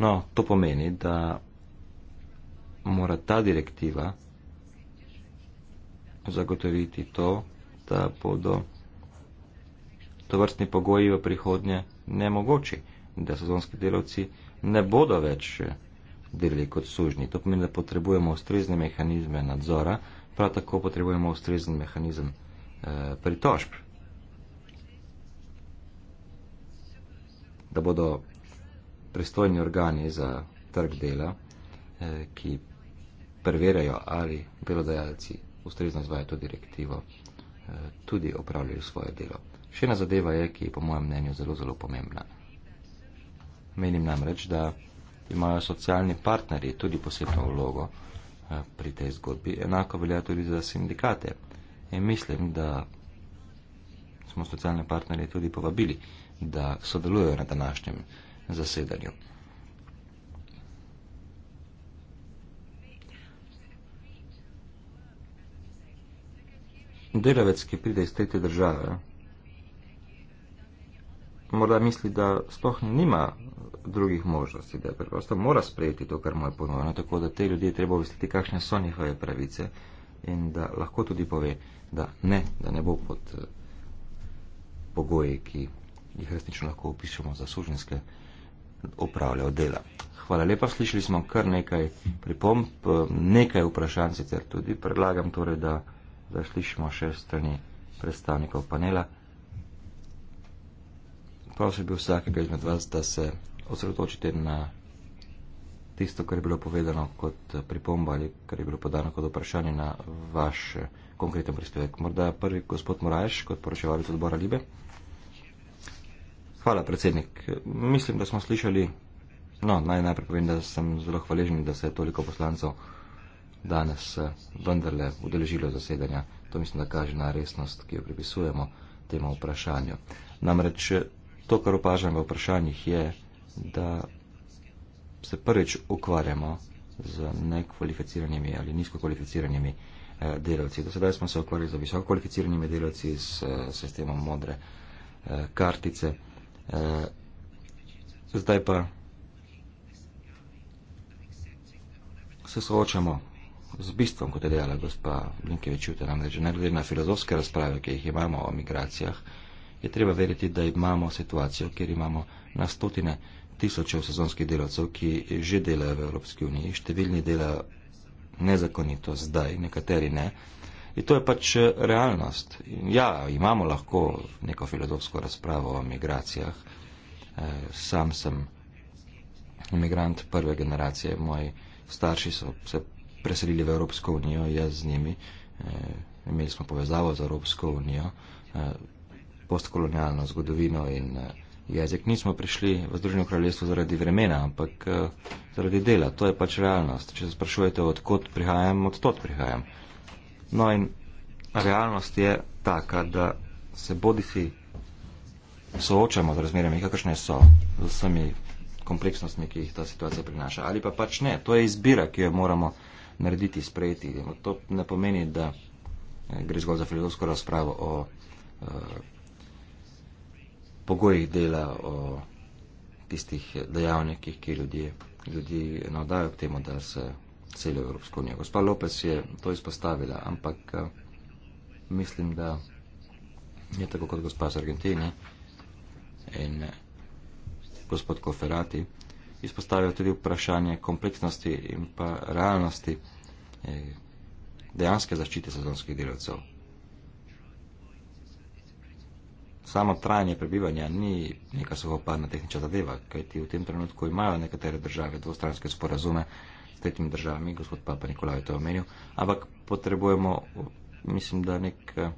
No, to pomeni, da mora ta direktiva zagotoviti to, da bodo tovrstni pogoji v prihodnje nemogoči, da sezonski delavci ne bodo več delali kot sužni. To pomeni, da potrebujemo ustrezne mehanizme nadzora, prav tako potrebujemo ustrezni mehanizem eh, pritožb. Da bodo pristojni organi za trg dela, eh, ki preverjajo, ali delodajalci ustrezno izvajajo to direktivo, eh, tudi opravljajo svoje delo. Še ena zadeva je, ki je po mojem mnenju zelo, zelo pomembna. Menim namreč, da imajo socialni partnerji tudi posebno vlogo eh, pri tej zgodbi. Enako velja tudi za sindikate. In mislim, da smo socialne partnerje tudi povabili, da sodelujejo na današnjem zasedanju. Delavec, ki pride iz tretje države, morda misli, da sploh nima drugih možnosti, da preprosto mora sprejeti to, kar mu je ponovljeno, tako da te ljudje treba obvestiti, kakšne so njihove pravice in da lahko tudi pove, da ne, da ne bo pod eh, pogoji, ki jih resnično lahko opišemo za služenske opravljal dela. Hvala lepa, slišali smo kar nekaj pripomb, nekaj vprašanj sicer tudi. Predlagam torej, da zaslišimo še strani predstavnikov panela. Prosim bi vsakega izmed vas, da se osredotočite na tisto, kar je bilo povedano kot pripomba ali kar je bilo podano kot vprašanje na vaš konkreten prispevek. Morda prvi gospod Moraš, kot poročevalec odbora Libe. Hvala, predsednik. Mislim, da smo slišali. No, naj najprej povem, da sem zelo hvaležen, da se je toliko poslancev danes eh, vendarle udeležilo zasedanja. To mislim, da kaže na resnost, ki jo pripisujemo temu vprašanju. Namreč eh, to, kar opažam v vprašanjih, je, da se prvič ukvarjamo z nekvalificiranimi ali nizkokvalificiranimi eh, delavci. Do sedaj smo se ukvarjali z visokokvalificiranimi delavci s sistemom modre kartice. Eh, zdaj pa se soočamo z bistvom, kot je dejala gospa Blinkevič, da nam reče, ne glede na filozofske razprave, ki jih imamo o migracijah, je treba veriti, da imamo situacijo, kjer imamo na stotine tisočev sezonskih delavcev, ki že delajo v Evropski uniji, številni delajo nezakonito zdaj, nekateri ne. In to je pač eh, realnost. In ja, imamo lahko neko filozofsko razpravo o migracijah. Eh, sam sem imigrant prve generacije, moji starši so se preselili v Evropsko unijo, jaz z njimi. Eh, imeli smo povezavo z Evropsko unijo, postkolonialno zgodovino in jezik. Nismo prišli v Združeno kraljestvo zaradi vremena, ampak zaradi dela. To je pač realnost. Če se sprašujete, odkot prihajam, odtot prihajam. No in realnost je taka, da se bodi si soočamo z razmerami, kakršne so, z vsemi kompleksnostmi, ki jih ta situacija prinaša, ali pa pač ne. To je izbira, ki jo moramo narediti, sprejeti. To ne pomeni, da eh, gre zgolj za filozofsko razpravo o eh, pogojih dela o tistih dejavnikih, ki ljudje, ljudi navdajo k temu, da se celo Evropsko unijo. Gospa Lopes je to izpostavila, ampak eh, mislim, da je tako kot gospa iz Argentine in eh, gospod Koferati izpostavil tudi vprašanje kompleksnosti in pa realnosti eh, dejanske zaščite sezonskih delavcev. Samo trajanje prebivanja ni neka suhoparna tehnična zadeva, kajti v tem trenutku imajo nekatere države dvostranske sporazume, tretjimi državami, gospod Papa Nikolaj je to omenil, ampak potrebujemo, mislim, da nek eh,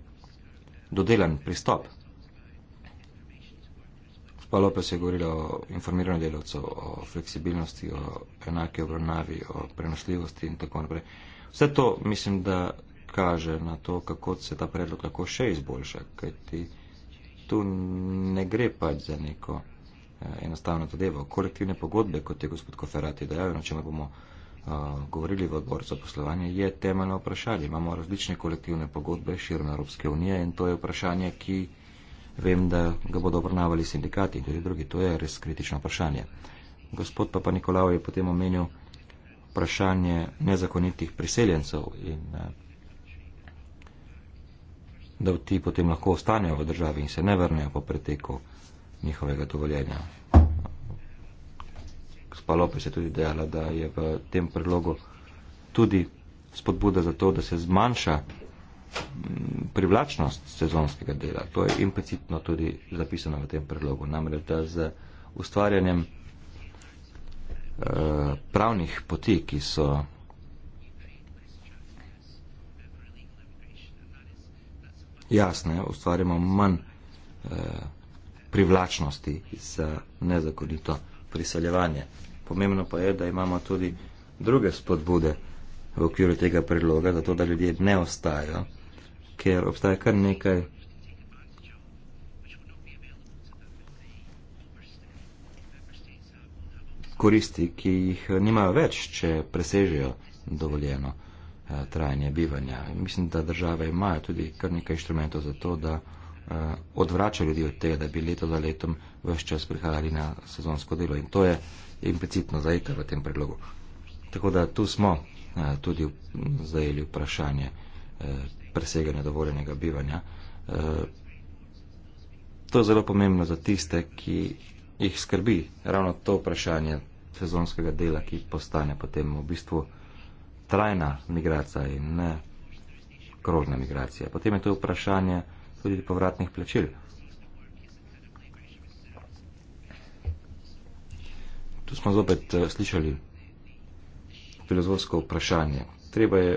dodelan pristop. Gospod Lopes je govorila o informiranju delavcev, o fleksibilnosti, o enake obravnavi, o prenosljivosti in tako naprej. Vse to mislim, da kaže na to, kako se ta predlog lahko še izboljša, kajti tu ne gre pač za neko eh, enostavno zadevo. Kolektivne pogodbe, kot je gospod Koferati dejal, na čemer bomo Uh, govorili v odboru za poslovanje, je temeljno vprašanje. Imamo različne kolektivne pogodbe širne Evropske unije in to je vprašanje, ki vem, da ga bodo obrnavali sindikati in tudi drugi. To je res kritično vprašanje. Gospod Papa Nikolao je potem omenil vprašanje nezakonitih priseljencev in eh, da ti potem lahko ostanejo v državi in se ne vrnejo po preteku njihovega dovoljenja gospa Lopes je tudi dejala, da je v tem predlogu tudi spodbuda za to, da se zmanjša mm, privlačnost sezonskega dela. To je implicitno tudi zapisano v tem predlogu. Namreč, da z ustvarjanjem eh, pravnih poti, ki so jasne, ustvarjamo manj eh, privlačnosti za nezakonito priseljevanje. Pomembno pa je, da imamo tudi druge spodbude v okviru tega predloga, zato da ljudje ne ostajajo, ker obstaja kar nekaj koristi, ki jih nimajo več, če presežejo dovoljeno eh, trajanje bivanja. Mislim, da države imajo tudi kar nekaj inštrumentov za to, da Eh, odvrača ljudi od tega, da bi leto za letom vse čas prihajali na sezonsko delo. In to je implicitno zajeto v tem predlogu. Tako da tu smo eh, tudi zajeli vprašanje eh, preseganja dovoljenega bivanja. To je zelo pomembno za tiste, ki jih skrbi ravno to vprašanje sezonskega dela, ki postane potem v bistvu trajna migracija in ne krožna migracija. Potem je to vprašanje, tudi povratnih plačil. Tu smo zopet eh, slišali filozofsko vprašanje. Treba je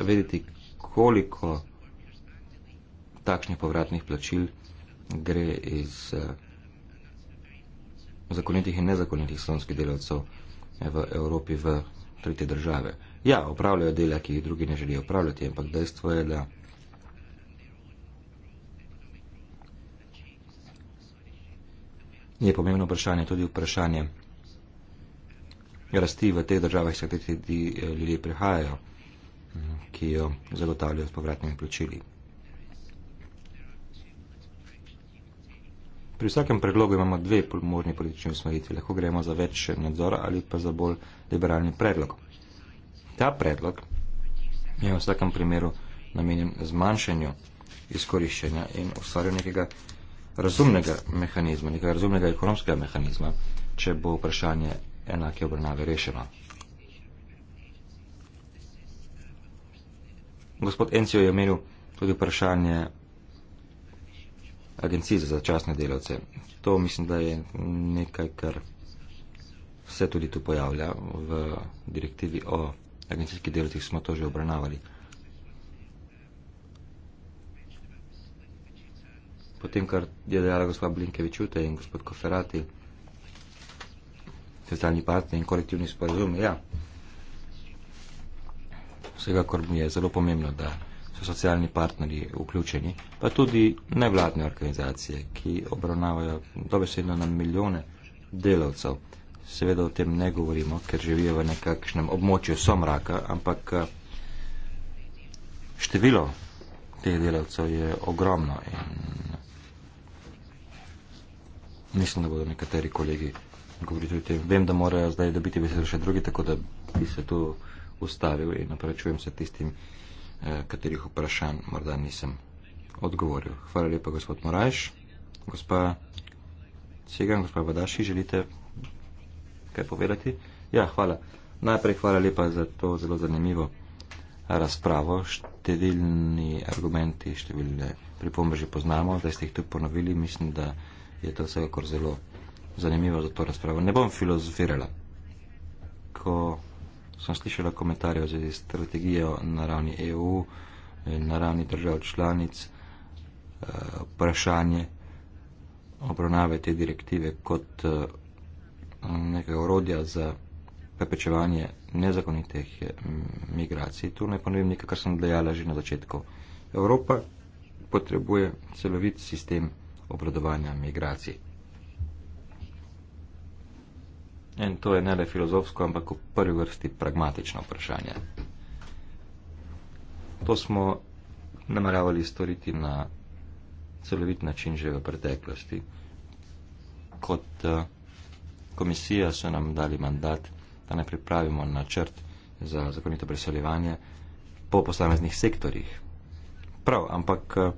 vedeti, koliko takšnih povratnih plačil gre iz eh, zakonitih in nezakonitih slonskih delavcev eh, v Evropi v tretje države. Ja, opravljajo dela, ki jih drugi ne želijo opravljati, ampak dejstvo je, da je pomembno vprašanje tudi vprašanje rasti v teh državah, iz katerih ti eh, ljudje prihajajo, mm, ki jo zagotavljajo s povratnimi plačili. Pri vsakem predlogu imamo dve možni politični usmeritvi. Lahko gremo za več nadzora ali pa za bolj liberalni predlog. Ta predlog je v vsakem primeru namenjen zmanjšanju izkoriščenja in ustvarjanju nekega razumnega mehanizma, nekega razumnega ekonomskega mehanizma, če bo vprašanje enake obrnave rešeno. Gospod Encijo je omenil tudi vprašanje agencij za začasne delavce. To mislim, da je nekaj, kar se tudi tu pojavlja v direktivi o agencijskih delovcih, smo to že obravnavali. potem, kar je dejala gospa Blinkevič Ute in gospod Koferati, centralni partner in kolektivni sporozum, ja. Vsega, kar mi je zelo pomembno, da so socialni partnerji vključeni, pa tudi nevladne organizacije, ki obravnavajo dobesedno na milijone delavcev. Seveda o tem ne govorimo, ker živijo v nekakšnem območju somraka, ampak eh, število teh delavcev je ogromno in mislim, da bodo nekateri kolegi govorili o tem. Vem, da morajo zdaj dobiti besedo še drugi, tako da bi se tu ustavil in naprečujem se tistim, eh, katerih vprašanj morda nisem odgovoril. Hvala lepa, gospod Morajš. Gospa Cigan, gospa Vadaši, želite kaj povedati? Ja, hvala. Najprej hvala lepa za to zelo zanimivo razpravo. Številni argumenti, številne pripombe že poznamo, da ste jih tudi ponovili. Mislim, da je to vsekakor zelo zanimivo za to razpravo. Ne bom filozofirala. Ko sem slišala komentarje o zvezi strategijo na ravni EU, na ravni držav članic, eh, vprašanje obravnave te direktive kot eh, nekega orodja za preprečevanje nezakonitih eh, migracij. Tu ne ponovim nekaj, kar sem dejala že na začetku. Evropa potrebuje celovit sistem obladovanja migracij. In to je ne le filozofsko, ampak v prvi vrsti pragmatično vprašanje. To smo nameravali storiti na celovit način že v preteklosti. Kot eh, komisija so nam dali mandat, da ne pripravimo načrt za zakonito preseljevanje po posameznih sektorjih. Prav, ampak eh,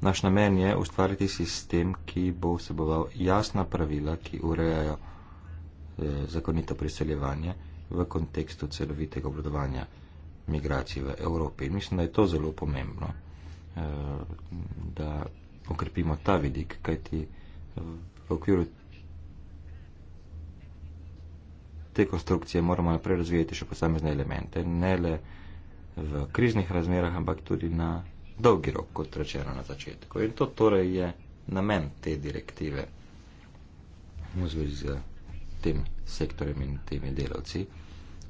Naš namen je ustvariti sistem, ki bo vseboval jasna pravila, ki urejajo eh, zakonito priseljevanje v kontekstu celovitega obvladovanja migracij v Evropi. In mislim, da je to zelo pomembno, eh, da okrepimo ta vidik, kajti v okviru te konstrukcije moramo naprej razvijati še posamezne elemente, ne le v kriznih razmerah, ampak tudi na dolgi rok, kot rečeno na začetku. In to torej je namen te direktive v zvezi z tem sektorjem in temi delavci.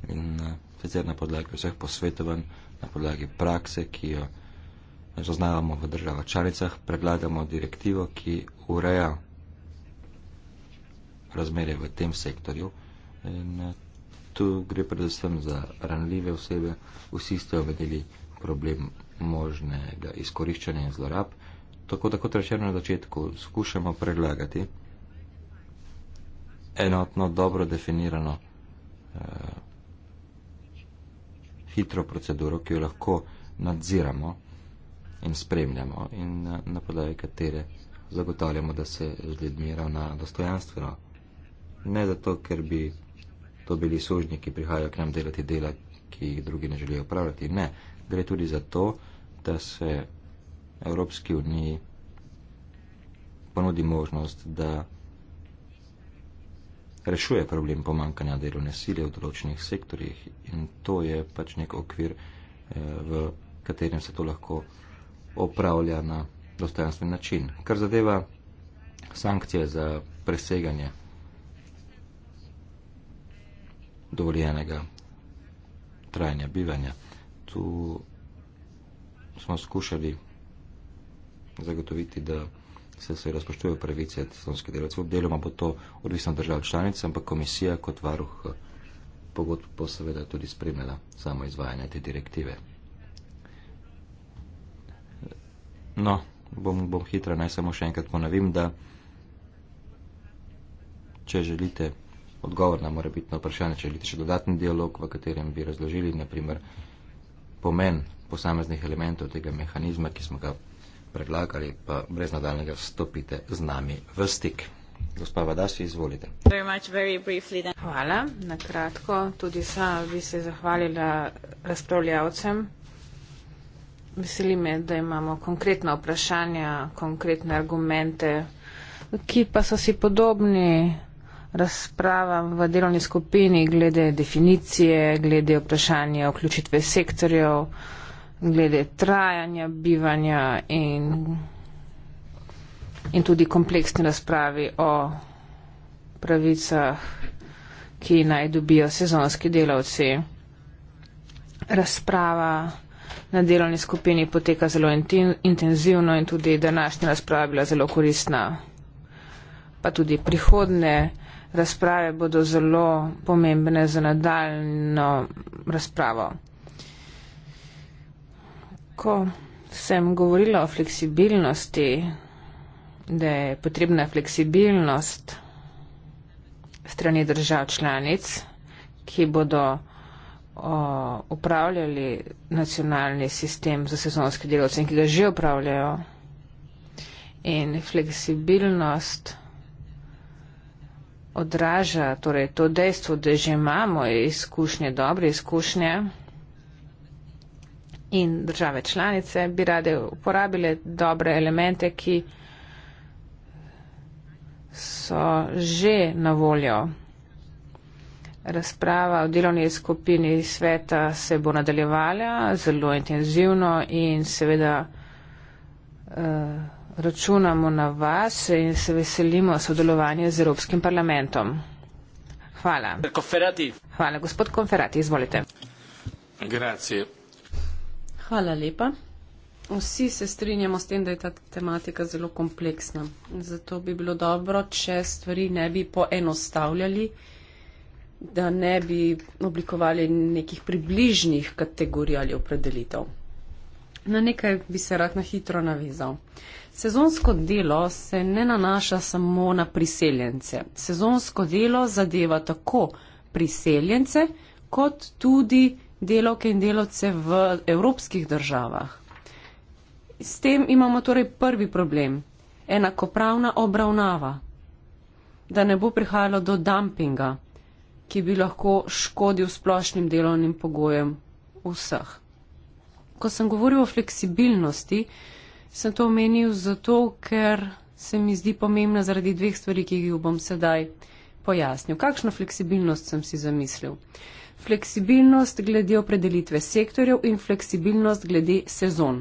In eh, sicer na podlagi vseh posvetovanj, na podlagi prakse, ki jo zaznavamo v državah članicah, predlagamo direktivo, ki ureja razmere v tem sektorju. In eh, tu gre predvsem za ranljive osebe. Vsi ste omenili problem možnega izkoriščanja in zlorab, tako da kot rečeno na začetku skušamo predlagati enotno, dobro definirano eh, hitro proceduro, ki jo lahko nadziramo in spremljamo in eh, na, na podaje katere zagotavljamo, da se z ljudmi ravna dostojanstveno. Ne zato, ker bi to bili sužnji, ki prihajajo k nam delati dela, ki jih drugi ne želijo upravljati. Ne, gre tudi za to, da se Evropski uniji ponudi možnost, da rešuje problem pomankanja delovne sile v določenih sektorjih in to je pač nek okvir, eh, v katerem se to lahko opravlja na dostojanstven način. Kar zadeva sankcije za preseganje dovoljenega trajanja bivanja, tu smo skušali zagotoviti, da se se razpoštujejo pravice sezonskih delavcev. Deloma bo to odvisno držav članic, ampak komisija kot varuh eh, pogodb bo seveda tudi spremljala samo izvajanje te direktive. No, bom, bom hitro, naj samo še enkrat ponovim, da če želite odgovor na morebitno vprašanje, če želite še dodatni dialog, v katerem bi razložili, naprimer, pomen posameznih elementov tega mehanizma, ki smo ga predlagali, pa brez nadaljnega stopite z nami v stik. Gospa Vadaši, izvolite. Very much, very briefly, Hvala. Na kratko, tudi sama bi se zahvalila razpravljavcem. Veseli me, da imamo konkretna vprašanja, konkretne argumente, ki pa so si podobni razpravam v delovni skupini glede definicije, glede vprašanja vključitve sektorjev glede trajanja, bivanja in, in tudi kompleksni razpravi o pravicah, ki naj dobijo sezonski delavci. Razprava na delovni skupini poteka zelo intenzivno in tudi današnja razprava je bila zelo koristna. Pa tudi prihodne razprave bodo zelo pomembne za nadaljno razpravo ko sem govorila o fleksibilnosti, da je potrebna fleksibilnost strani držav članic, ki bodo o, upravljali nacionalni sistem za sezonske delovce in ki ga že upravljajo. In fleksibilnost odraža torej, to dejstvo, da že imamo izkušnje, dobre izkušnje in države članice bi rade uporabile dobre elemente, ki so že na voljo. Razprava v delovni skupini sveta se bo nadaljevala zelo intenzivno in seveda uh, računamo na vas in se veselimo sodelovanja z Evropskim parlamentom. Hvala. Konferati. Hvala, gospod Konferati, izvolite. Grazie. Hvala lepa. Vsi se strinjamo s tem, da je ta tematika zelo kompleksna. Zato bi bilo dobro, če stvari ne bi poenostavljali, da ne bi oblikovali nekih približnih kategorij ali opredelitev. Na nekaj bi se rad na hitro navezal. Sezonsko delo se ne nanaša samo na priseljence. Sezonsko delo zadeva tako priseljence kot tudi priseljence delavke in delavce v evropskih državah. S tem imamo torej prvi problem - enakopravna obravnava, da ne bo prihajalo do dumpinga, ki bi lahko škodil splošnim delovnim pogojem vseh. Ko sem govoril o fleksibilnosti, sem to omenil zato, ker se mi zdi pomembna zaradi dveh stvari, ki jih bom sedaj pojasnil. Kakšno fleksibilnost sem si zamislil? fleksibilnost glede opredelitve sektorjev in fleksibilnost glede sezon.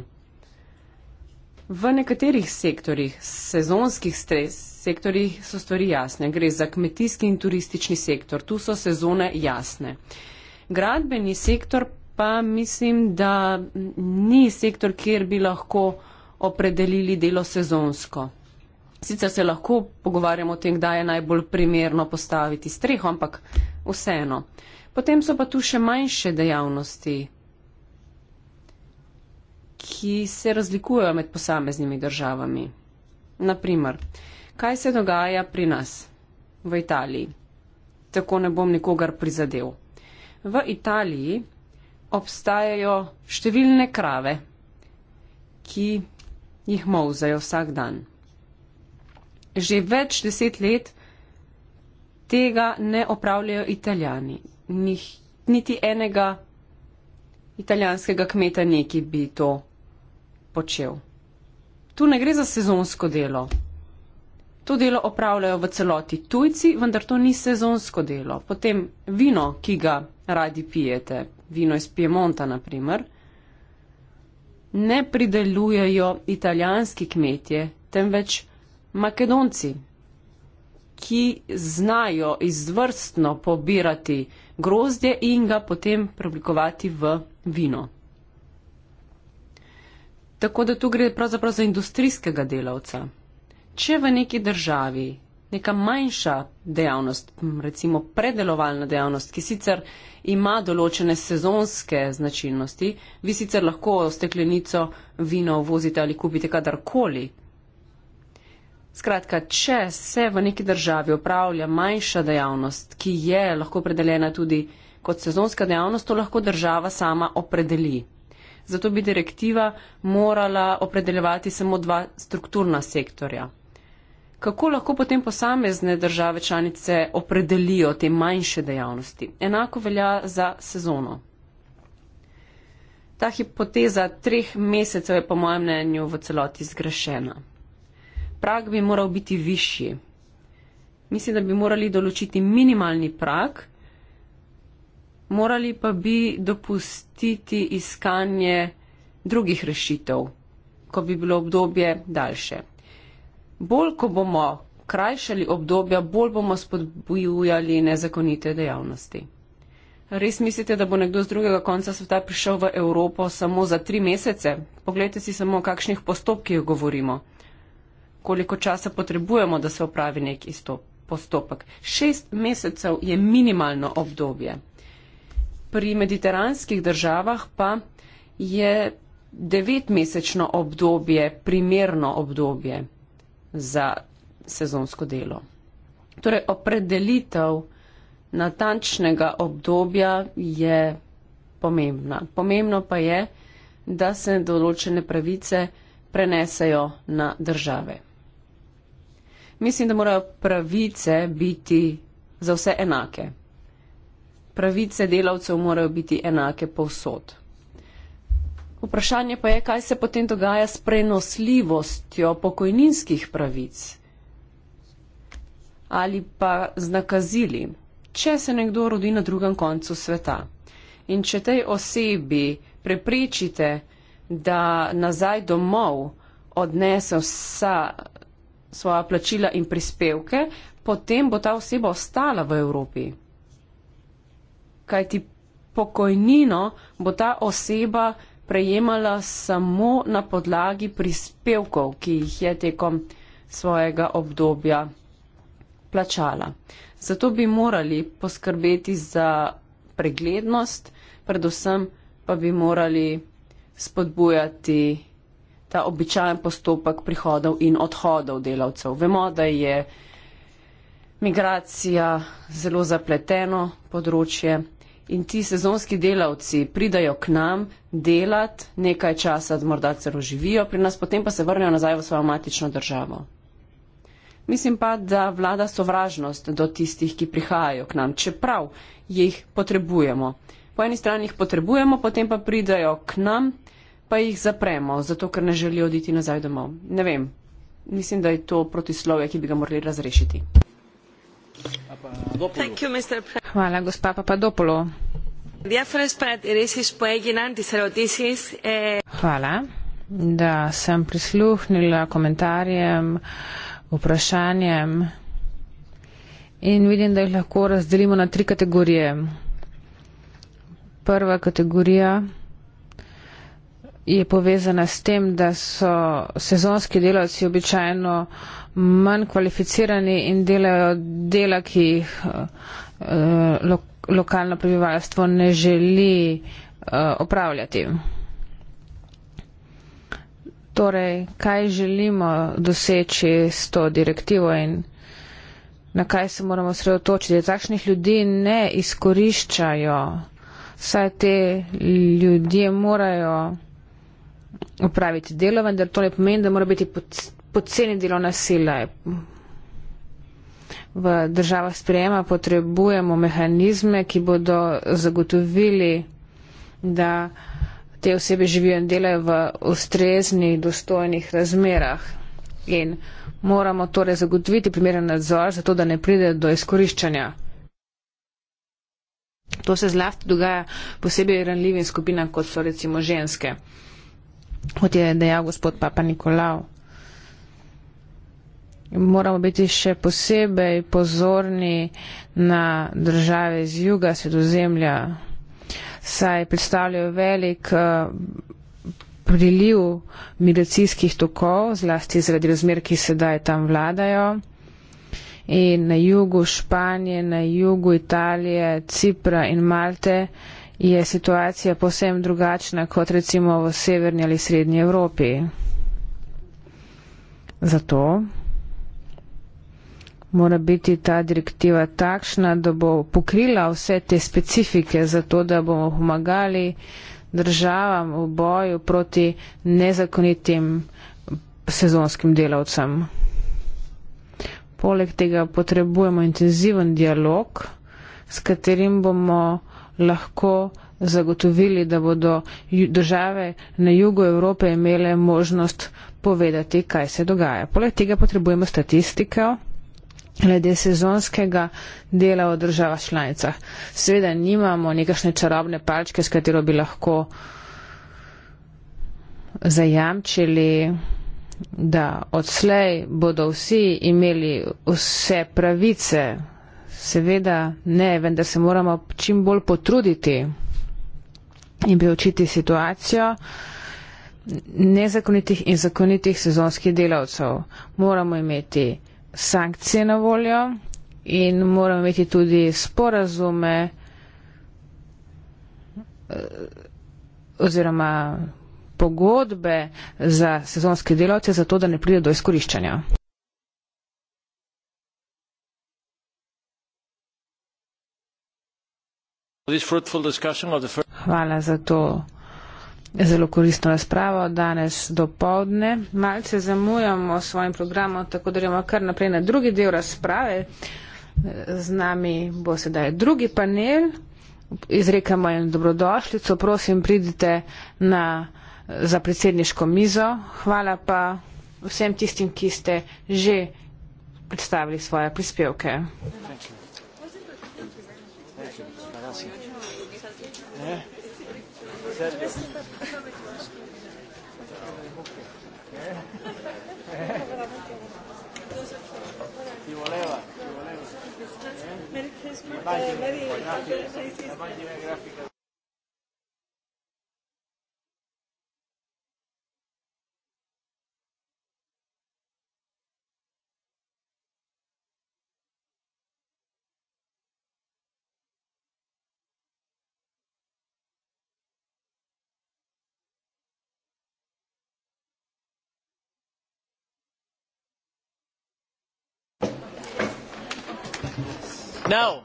V nekaterih sektorjih, sezonskih stres, sektorjih so stvari jasne. Gre za kmetijski in turistični sektor, tu so sezone jasne. Gradbeni sektor pa mislim, da ni sektor, kjer bi lahko opredelili delo sezonsko. Sicer se lahko pogovarjamo o tem, kdaj je najbolj primerno postaviti streho, ampak vseeno. Potem so pa tu še manjše dejavnosti, ki se razlikujejo med posameznimi državami. Naprimer, kaj se dogaja pri nas v Italiji? Tako ne bom nikogar prizadel. V Italiji obstajajo številne krave, ki jih mauzajo vsak dan. Že več deset let tega ne opravljajo italijani njih, niti enega italijanskega kmeta neki bi to počel. Tu ne gre za sezonsko delo. To delo opravljajo v celoti tujci, vendar to ni sezonsko delo. Potem vino, ki ga radi pijete, vino iz Piemonta naprimer, ne pridelujejo italijanski kmetje, temveč makedonci, ki znajo izvrstno pobirati grozdje in ga potem preoblikovati v vino. Tako da tu gre pravzaprav za industrijskega delavca. Če v neki državi neka manjša dejavnost, recimo predelovalna dejavnost, ki sicer ima določene sezonske značilnosti, vi sicer lahko steklenico vino vozite ali kupite kadarkoli, Skratka, če se v neki državi opravlja manjša dejavnost, ki je lahko opredeljena tudi kot sezonska dejavnost, to lahko država sama opredeli. Zato bi direktiva morala opredeljevati samo dva strukturna sektorja. Kako lahko potem posamezne države članice opredelijo te manjše dejavnosti? Enako velja za sezono. Ta hipoteza treh mesecev je po mojem mnenju v celoti zgrešena prag bi moral biti višji. Mislim, da bi morali določiti minimalni prag, morali pa bi dopustiti iskanje drugih rešitev, ko bi bilo obdobje daljše. Bolj, ko bomo krajšali obdobja, bolj bomo spodbujali nezakonite dejavnosti. Res mislite, da bo nekdo z drugega konca sveta prišel v Evropo samo za tri mesece? Poglejte si samo, o kakšnih postopkih govorimo koliko časa potrebujemo, da se opravi nek izstop. Postopek. Šest mesecev je minimalno obdobje. Pri mediteranskih državah pa je devetmesečno obdobje primerno obdobje za sezonsko delo. Torej, opredelitev natančnega obdobja je pomembna. Pomembno pa je, da se določene pravice prenesejo na države mislim, da morajo pravice biti za vse enake. Pravice delavcev morajo biti enake povsod. Vprašanje pa je, kaj se potem dogaja s prenosljivostjo pokojninskih pravic ali pa z nakazili, če se nekdo rodi na drugem koncu sveta in če tej osebi preprečite, da nazaj domov odnese vsa svoja plačila in prispevke, potem bo ta oseba ostala v Evropi. Kaj ti pokojnino bo ta oseba prejemala samo na podlagi prispevkov, ki jih je tekom svojega obdobja plačala. Zato bi morali poskrbeti za preglednost, predvsem pa bi morali spodbujati ta običajen postopek prihodov in odhodov delavcev. Vemo, da je migracija zelo zapleteno področje in ti sezonski delavci pridajo k nam delati nekaj časa, morda celo živijo pri nas, potem pa se vrnejo nazaj v svojo matično državo. Mislim pa, da vlada sovražnost do tistih, ki prihajajo k nam, čeprav jih potrebujemo. Po eni strani jih potrebujemo, potem pa pridajo k nam pa jih zapremo, zato ker ne želijo oditi nazaj domov. Ne vem, mislim, da je to protislovje, ki bi ga morali razrešiti. You, Hvala, gospa Papadopolo. Eh, Hvala, da sem prisluhnila komentarjem, vprašanjem in vidim, da jih lahko razdelimo na tri kategorije. Prva kategorija je povezana s tem, da so sezonski delavci običajno manj kvalificirani in delajo dela, ki jih eh, eh, lo lokalno prebivalstvo ne želi eh, opravljati. Torej, kaj želimo doseči s to direktivo in na kaj se moramo sredotočiti? Takšnih ljudi ne izkoriščajo, saj te ljudje morajo opraviti delo, vendar to ne pomeni, da mora biti poceni delovna sila. V državah sprejema potrebujemo mehanizme, ki bodo zagotovili, da te osebe živijo in delajo v ustreznih, dostojnih razmerah. In moramo torej zagotoviti primeren nadzor, zato da ne pride do izkoriščanja. To se zlasti dogaja posebej ranljivim skupinam, kot so recimo ženske kot je dejal gospod Papa Nikolao. Moramo biti še posebej pozorni na države z juga sredozemlja, saj predstavljajo velik eh, priliv migracijskih tokov, zlasti zaradi razmer, ki sedaj tam vladajo. In na jugu Španije, na jugu Italije, Cipra in Malte je situacija posem drugačna kot recimo v severni ali srednji Evropi. Zato mora biti ta direktiva takšna, da bo pokrila vse te specifike, zato da bomo pomagali državam v boju proti nezakonitim sezonskim delavcem. Poleg tega potrebujemo intenziven dialog, s katerim bomo lahko zagotovili, da bodo države na jugu Evrope imele možnost povedati, kaj se dogaja. Poleg tega potrebujemo statistike glede sezonskega dela v državah članicah. Sveda nimamo nekakšne čarobne palčke, s katero bi lahko zajamčili, da odslej bodo vsi imeli vse pravice Seveda ne, vendar se moramo čim bolj potruditi in preučiti situacijo nezakonitih in zakonitih sezonskih delavcev. Moramo imeti sankcije na voljo in moramo imeti tudi sporazume eh, oziroma pogodbe za sezonske delavce, zato da ne pride do izkoriščanja. Hvala za to zelo koristno razpravo. Danes do povdne malce zamujamo s svojim programom, tako da gremo kar naprej na drugi del razprave. Z nami bo sedaj drugi panel. Izrekamo jim dobrodošlico. Prosim, pridite na, za predsedniško mizo. Hvala pa vsem tistim, ki ste že predstavili svoje prispevke. Thank you. Grazie. Eh? Eh? Ti voleva, ti voleva. Eh? Merry Christmas. Eh, Merry Christmas. No.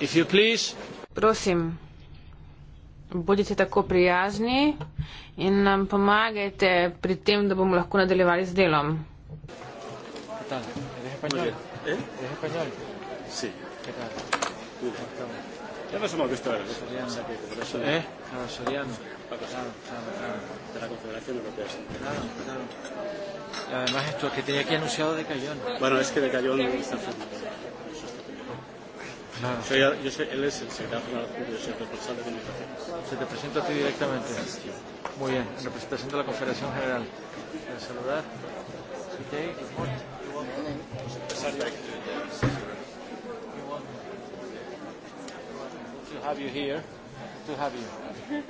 If you please. Prosim, bodite tako prijazni in nam pomagajte pri tem, da bomo lahko nadaljevali z delom. Tam, je eh? španjol? Je španjol? Si. Je španjol? Ya no somos visto ¿no? ahora. Soriano. Saqueco, por eso, ¿Eh? Claro, no. no, Soriano. Paco Soriano. Claro, claro, claro. De la Confederación Europea. Sí. Claro, claro. Y además esto que tenía aquí anunciado de Cayón. Bueno, es que de Cayón no está firmado. Claro. Soy, yo soy, él es el secretario general de la Comisión. Se te presenta a ti directamente. Muy bien, en representación de la Confederación General. Quiero saludar. Okay. Okay. Okay. Okay. Okay. Okay. Okay. Okay. have you here. To have you. Good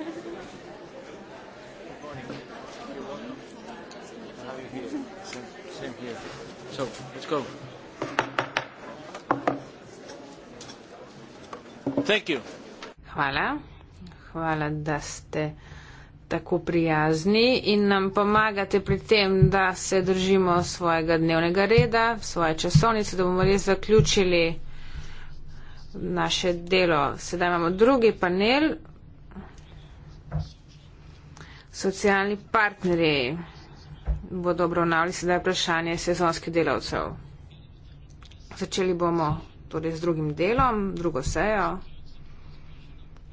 morning. You're welcome. To have you here. Same, same here. So, let's go. Thank you. Hvala. Hvala, da ste tako prijazni in nam pomagate pri tem, da se držimo svojega dnevnega reda, svoje časovnice, da bomo res zaključili naše delo. Sedaj imamo drugi panel. Socialni partnerji bodo obravnavali sedaj vprašanje sezonskih delavcev. Začeli bomo torej z drugim delom, drugo sejo,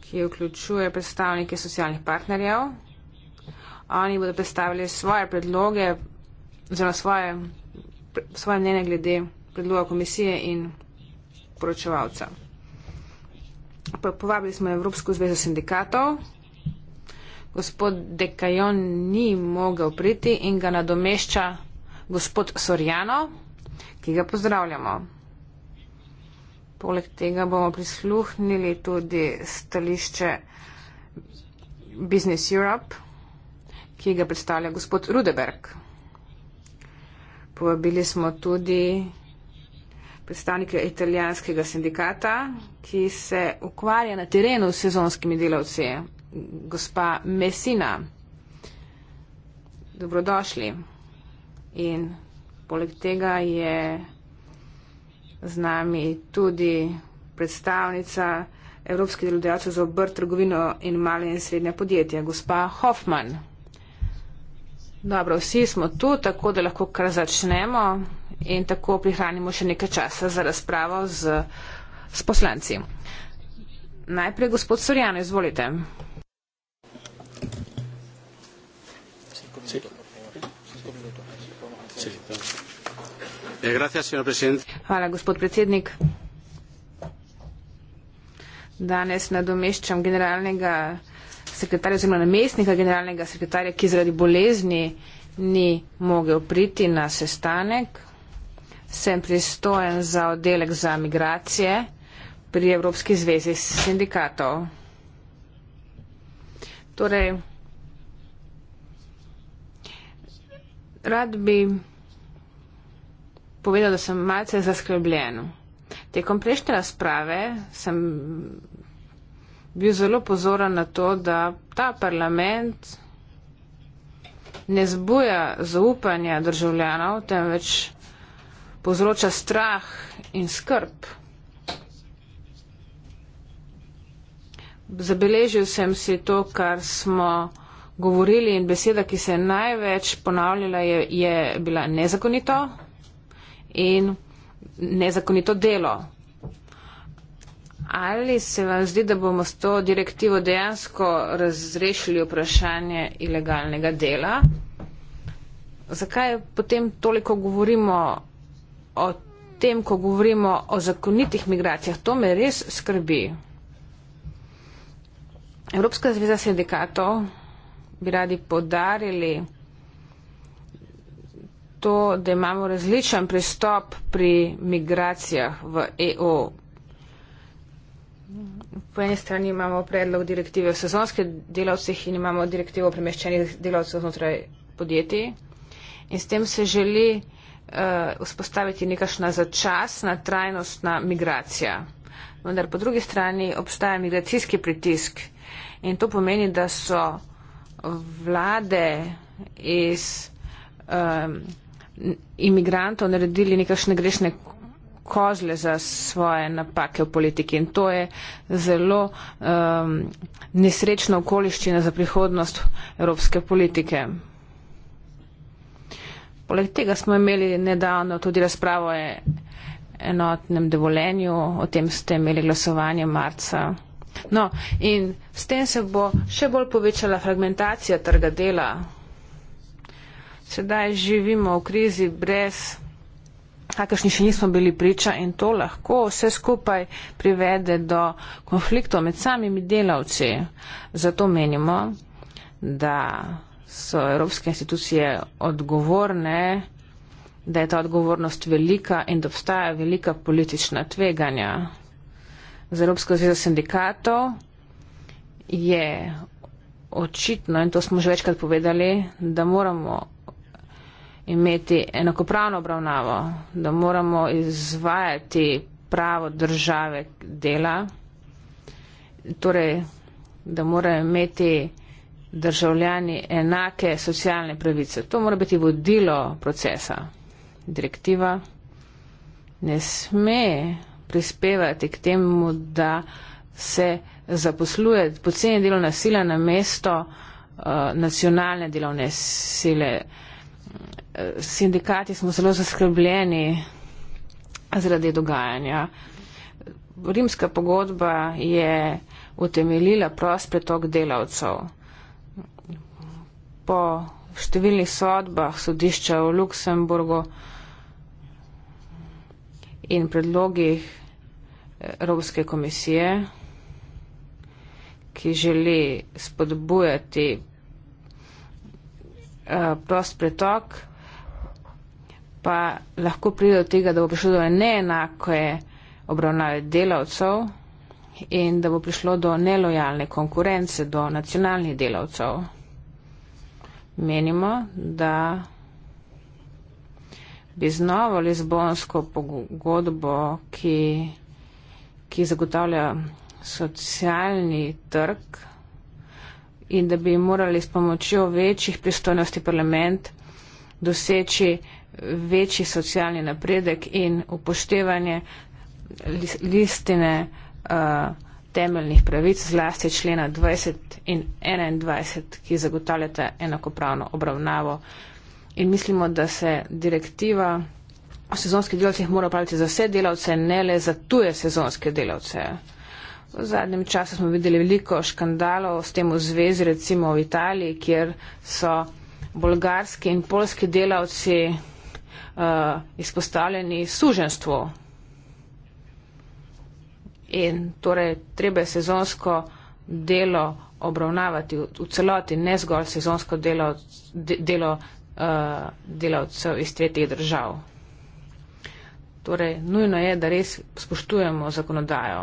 ki vključuje predstavnike socialnih partnerjev. Oni bodo predstavili svoje predloge, zelo svoje, svoje mnenje glede predloga komisije in poročevalca. Povabili smo Evropsko zvezo sindikatov. Gospod Dekajon ni mogel priti in ga nadomešča gospod Sorjano, ki ga pozdravljamo. Poleg tega bomo prisluhnili tudi stališče Business Europe, ki ga predstavlja gospod Rudeberg. Povabili smo tudi predstavnike italijanskega sindikata, ki se ukvarja na terenu s sezonskimi delavci, gospa Messina. Dobrodošli. In poleg tega je z nami tudi predstavnica Evropske delodajalce za obrt, trgovino in male in srednje podjetje, gospa Hoffman. Dobro, vsi smo tu, tako da lahko kar začnemo in tako prihranimo še nekaj časa za razpravo z, s poslanci. Najprej gospod Sorjano, izvolite. Eh, Hvala, gospod predsednik. Danes nadomeščam generalnega sekretarja oziroma namestnika generalnega sekretarja, ki zaradi bolezni ni mogel priti na sestanek sem pristojen za oddelek za migracije pri Evropski zvezi sindikatov. Torej, rad bi povedal, da sem malce zaskrbljen. Tekom prejšnje razprave sem bil zelo pozoren na to, da ta parlament ne zbuja zaupanja državljanov, temveč povzroča strah in skrb. Zabeležil sem si to, kar smo govorili in beseda, ki se je največ ponavljala, je, je bila nezakonito in nezakonito delo. Ali se vam zdi, da bomo s to direktivo dejansko razrešili vprašanje ilegalnega dela? Zakaj potem toliko govorimo o tem, ko govorimo o zakonitih migracijah. To me res skrbi. Evropska zveza sindikatov bi radi podarili to, da imamo različen pristop pri migracijah v EU. Po eni strani imamo predlog direktive o sezonskih delavcih in imamo direktivo o premeščenih delavcev znotraj podjetij. In s tem se želi uh, vzpostaviti nekašna začasna trajnostna migracija. Vendar po drugi strani obstaja migracijski pritisk in to pomeni, da so vlade iz um, imigrantov naredili nekašne grešne kozle za svoje napake v politiki in to je zelo um, nesrečna okoliščina za prihodnost evropske politike. Poleg tega smo imeli nedavno tudi razpravo o e-, enotnem dovoljenju, o tem ste imeli glasovanje marca. No, in s tem se bo še bolj povečala fragmentacija trga dela. Sedaj živimo v krizi brez kakršni še nismo bili priča in to lahko vse skupaj privede do konfliktov med samimi delavci. Zato menimo, da so evropske institucije odgovorne, da je ta odgovornost velika in da obstaja velika politična tveganja. Za Evropsko zvezo sindikatov je očitno, in to smo že večkrat povedali, da moramo imeti enakopravno obravnavo, da moramo izvajati pravo države dela, torej da morajo imeti državljani enake socialne pravice. To mora biti vodilo procesa. Direktiva ne sme prispevati k temu, da se zaposluje poceni delovna sila na mesto uh, nacionalne delovne sile. Eh, sindikati smo zelo zaskrbljeni zaradi dogajanja. Rimska pogodba je utemeljila prost pretok delavcev po številnih sodbah sodišča v Luksemburgu in predlogih eh, Evropske komisije, ki želi spodbujati eh, prost pretok, pa lahko pride do tega, da bo prišlo do neenake obravnave delavcev in da bo prišlo do nelojalne konkurence do nacionalnih delavcev. Menimo, da bi z novo lizbonsko pogodbo, ki, ki zagotavlja socialni trg in da bi morali s pomočjo večjih pristojnosti parlament doseči večji socialni napredek in upoštevanje listine. Uh, temeljnih pravic, zlasti člena 20 in 21, ki zagotavljata enakopravno obravnavo. In mislimo, da se direktiva o sezonskih delavcih mora praviti za vse delavce, ne le za tuje sezonske delavce. V zadnjem času smo videli veliko škandalov s tem v zvezi, recimo v Italiji, kjer so bolgarski in polski delavci uh, izpostavljeni suženstvu. In torej treba je sezonsko delo obravnavati v, v celoti, ne zgolj sezonsko delo, de, delo uh, delavcev iz tretjih držav. Torej, nujno je, da res spoštujemo zakonodajo.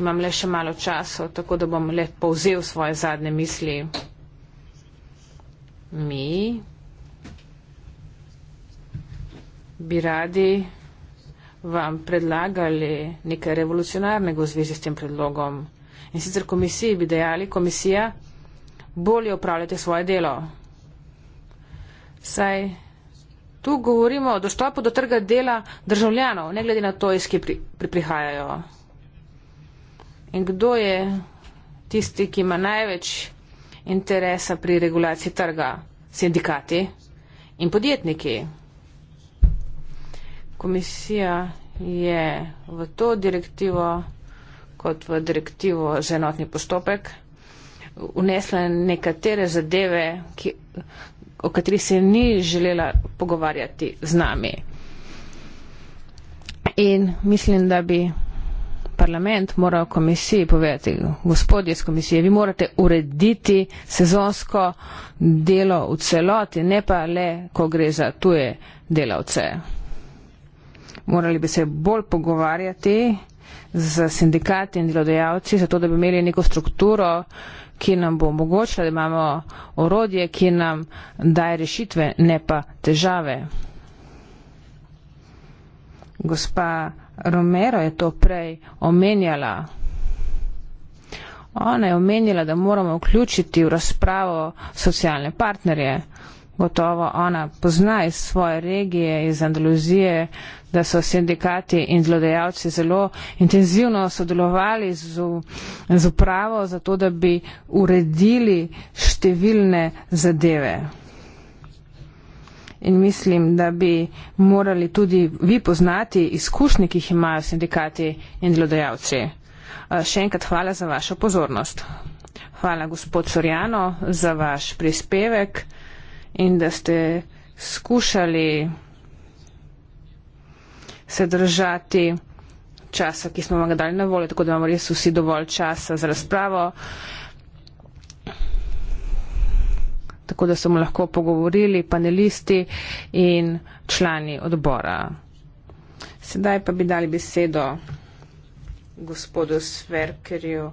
Imam le še malo časa, tako da bom le povzel svoje zadnje misli. Mi bi radi vam predlagali nekaj revolucionarnega v zvezi s tem predlogom. In sicer komisiji bi dejali, komisija, bolje upravljate svoje delo. Saj tu govorimo o dostopu do trga dela državljanov, ne glede na to, iz kje pri, pri prihajajo. In kdo je tisti, ki ima največ interesa pri regulaciji trga? Sindikati in podjetniki komisija je v to direktivo kot v direktivo za enotni postopek unesla nekatere zadeve, ki, o katerih se ni želela pogovarjati z nami. In mislim, da bi parlament moral komisiji povedati, gospodje iz komisije, vi morate urediti sezonsko delo v celoti, ne pa le, ko gre za tuje delavce morali bi se bolj pogovarjati z sindikati in delodajalci, zato da bi imeli neko strukturo, ki nam bo omogočila, da imamo orodje, ki nam daje rešitve, ne pa težave. Gospa Romero je to prej omenjala. Ona je omenjala, da moramo vključiti v razpravo socialne partnerje. Gotovo ona pozna iz svoje regije, iz Andaluzije, da so sindikati in zlodejavci zelo intenzivno sodelovali z, z upravo, zato da bi uredili številne zadeve. In mislim, da bi morali tudi vi poznati izkušnje, ki jih imajo sindikati in delodajalci. Še enkrat hvala za vašo pozornost. Hvala gospod Sorjano za vaš prispevek in da ste skušali se držati časa, ki smo vam ga dali na voljo, tako da imamo res vsi dovolj časa za razpravo. Tako da smo lahko pogovorili panelisti in člani odbora. Sedaj pa bi dali besedo gospodu Sverkerju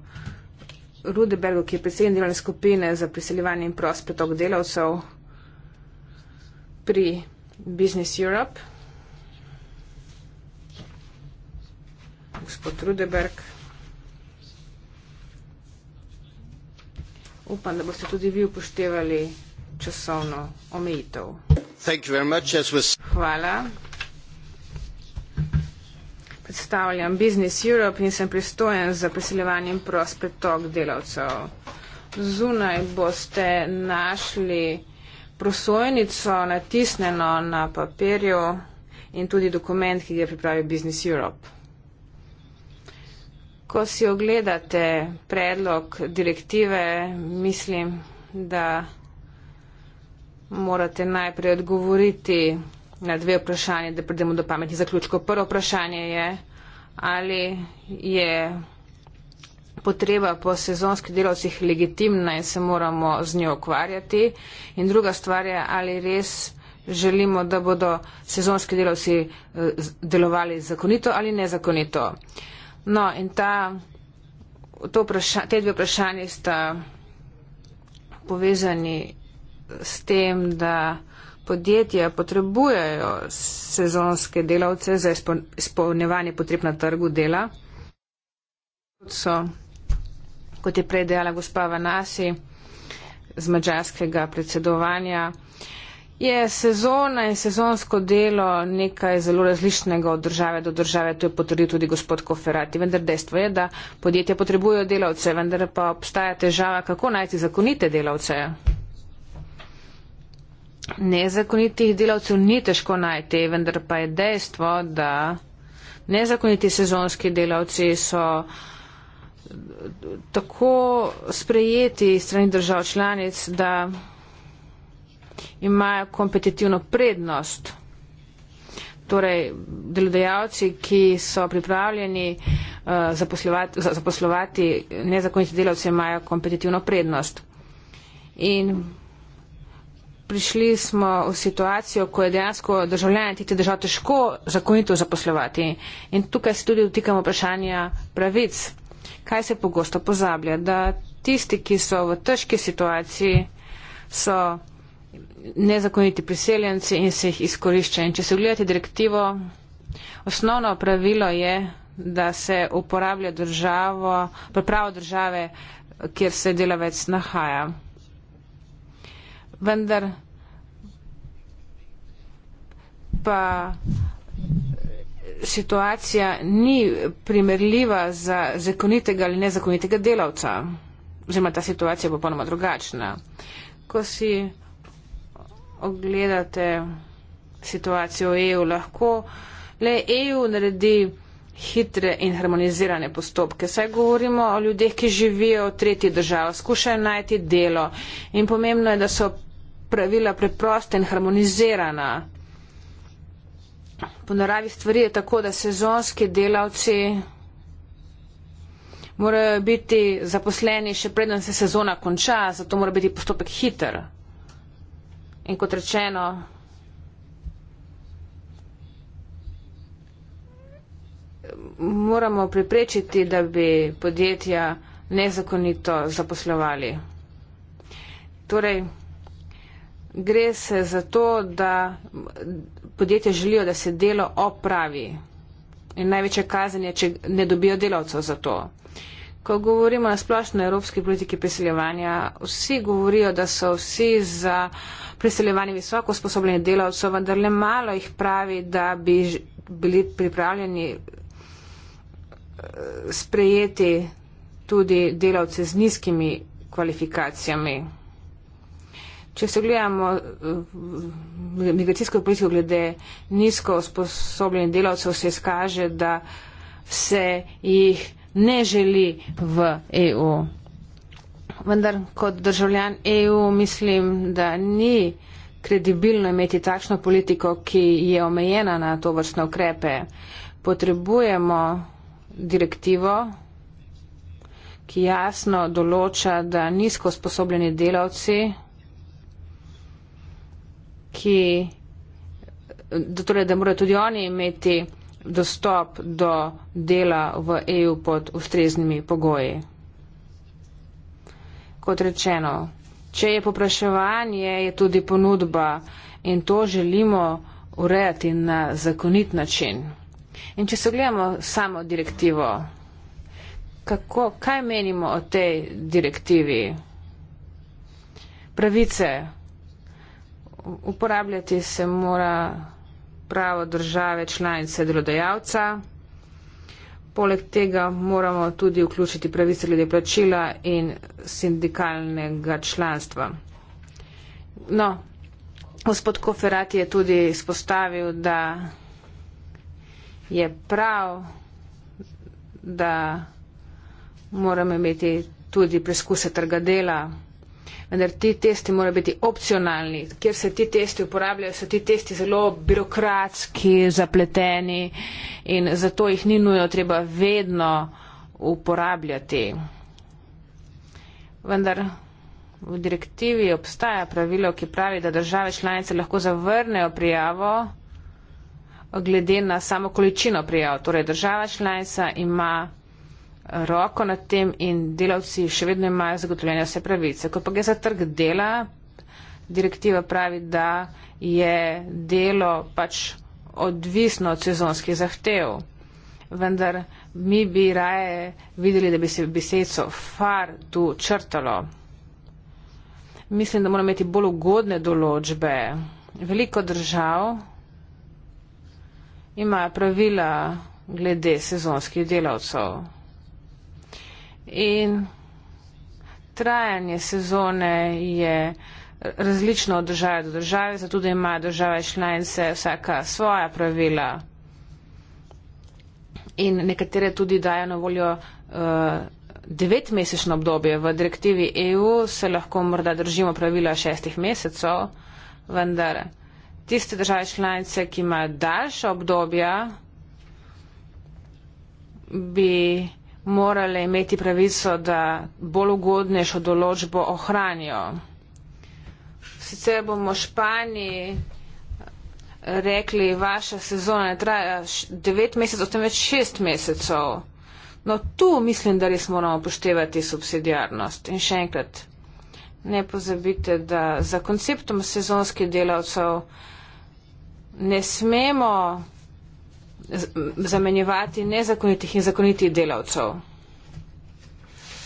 Rudebergu, ki je predsednik delovne skupine za priseljevanje in prost pretok delavcev pri Business Europe. gospod Rudeberg. Upam, da boste tudi vi upoštevali časovno omejitev. Hvala. Predstavljam Business Europe in sem pristojen za priseljevanje in prost pretok delavcev. Zunaj boste našli prosojnico natisneno na papirju in tudi dokument, ki ga je pripravil Business Europe ko si ogledate predlog direktive, mislim, da morate najprej odgovoriti na dve vprašanje, da pridemo do pametnih zaključkov. Prvo vprašanje je, ali je potreba po sezonskih delovcih legitimna in se moramo z njo ukvarjati. In druga stvar je, ali res želimo, da bodo sezonski delovci eh, delovali zakonito ali nezakonito. Uh, No, in ta, to vpraša, te dve vprašanje sta povezani s tem, da podjetja potrebujejo sezonske delavce za izpolnjevanje potreb na trgu dela. So, kot je prej dejala gospa Vanasi, z mađarskega predsedovanja. Je sezona in sezonsko delo nekaj zelo različnega od države do države, to je potrdil tudi gospod Koferati. Vendar dejstvo je, da podjetja potrebujejo delavce, vendar pa obstaja težava, kako najti zakonite delavce. Nezakonitih delavcev ni težko najti, vendar pa je dejstvo, da nezakoniti sezonski delavci so tako sprejeti strani držav članic, da imajo kompetitivno prednost. Torej, delodajalci, ki so pripravljeni uh, zaposlovati, zaposlovati nezakonite delavce, imajo kompetitivno prednost. In prišli smo v situacijo, ko je dejansko državljanje tih držav težko zakonito zaposlovati. In tukaj se tudi vtikamo vprašanja pravic. Kaj se pogosto pozablja? Da tisti, ki so v težki situaciji, so nezakoniti priseljenci in se jih izkorišča. In če se ogledate direktivo, osnovno pravilo je, da se uporablja državo, pravo države, kjer se delavec nahaja. Vendar pa situacija ni primerljiva za zakonitega ali nezakonitega delavca. Oziroma ta situacija je popolnoma drugačna. Ko si ogledate situacijo v EU, lahko le EU naredi hitre in harmonizirane postopke. Saj govorimo o ljudeh, ki živijo v tretji državi, skušajo najti delo in pomembno je, da so pravila preproste in harmonizirana. Po naravi stvari je tako, da sezonski delavci morajo biti zaposleni še predem se sezona konča, zato mora biti postopek hiter. In kot rečeno, moramo preprečiti, da bi podjetja nezakonito zaposlovali. Torej, gre se za to, da podjetja želijo, da se delo opravi. In največja kazen je, če ne dobijo delavcev za to. Uh, Ko govorimo na splošno evropski politiki priseljevanja, vsi govorijo, da so vsi za priseljevanje visoko sposobnih delavcev, vendar le malo jih pravi, da bi bili pripravljeni eh, sprejeti tudi delavce z nizkimi kvalifikacijami. Če se gledamo eh, migracijsko politiko glede nizko sposobljenih delavcev, se izkaže, da se jih ne želi v EU. Vendar kot državljan EU mislim, da ni kredibilno imeti takšno politiko, ki je omejena na to vrstne ukrepe. Potrebujemo direktivo, ki jasno določa, da nizko sposobljeni delavci, ki, da, torej, da morajo tudi oni imeti dostop do dela v EU pod ustreznimi pogoji. Kot rečeno, če je popraševanje, je tudi ponudba in to želimo urejati na zakonit način. In če se gledamo samo direktivo, kako, kaj menimo o tej direktivi? Pravice. Uporabljati se mora pravo države članice delodajalca. Poleg tega moramo tudi vključiti pravice glede plačila in sindikalnega članstva. No, gospod Koferati je tudi spostavil, da je prav, da moramo imeti tudi preskuse trga dela. Vendar ti testi morajo biti opcionalni. Ker se ti testi uporabljajo, so ti testi zelo birokratski, zapleteni in zato jih ni nujno treba vedno uporabljati. Vendar v direktivi obstaja pravilo, ki pravi, da države članice lahko zavrnejo prijavo glede na samo količino prijav. Torej država članica ima roko nad tem in delavci še vedno imajo zagotovljene vse pravice. Ko pa gre za trg dela, direktiva pravi, da je delo pač odvisno od sezonskih zahtev. Vendar mi bi raje videli, da bi se besedco far tu črtalo. Mislim, da moramo imeti bolj ugodne določbe. Veliko držav ima pravila glede sezonskih delavcev in trajanje sezone je različno od države do države, zato tudi ima država članice vsaka svoja pravila in nekatere tudi dajo na voljo uh, devetmesečno obdobje. V direktivi EU se lahko morda držimo pravila šestih mesecev, vendar tiste države članice, ki imajo daljša obdobja, bi morale imeti pravico, da bolj ugodnejšo določbo ohranijo. Sicer bomo Španiji eh, rekli, vaša sezona traja 9 mesecev, temveč 6 mesecev. No tu mislim, da res moramo poštevati subsidijarnost. In še enkrat, ne pozabite, da za konceptom sezonskih delavcev ne smemo zamenjevati nezakonitih in zakonitih delavcev.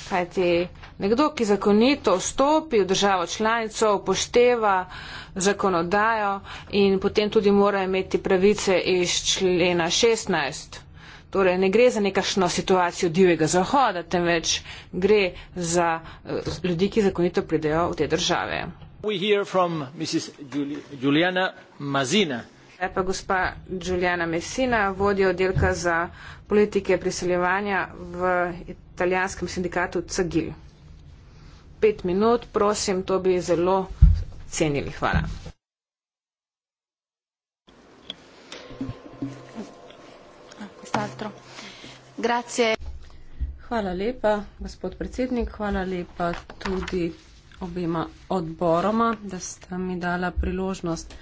Kajti nekdo, ki zakonito vstopi v državo članico, upošteva zakonodajo in potem tudi mora imeti pravice iz člena 16. Torej, ne gre za nekašno situacijo divjega zahoda, temveč gre za eh, ljudi, ki zakonito pridejo v te države. We hear from Mrs. Juliana Mazina. Lepa gospa Giuliana Messina, vodja oddelka za politike priseljevanja v italijanskem sindikatu CGIL. Pet minut, prosim, to bi zelo cenili. Hvala. Hvala lepa, gospod predsednik. Hvala lepa tudi obima odboroma, da sta mi dala priložnost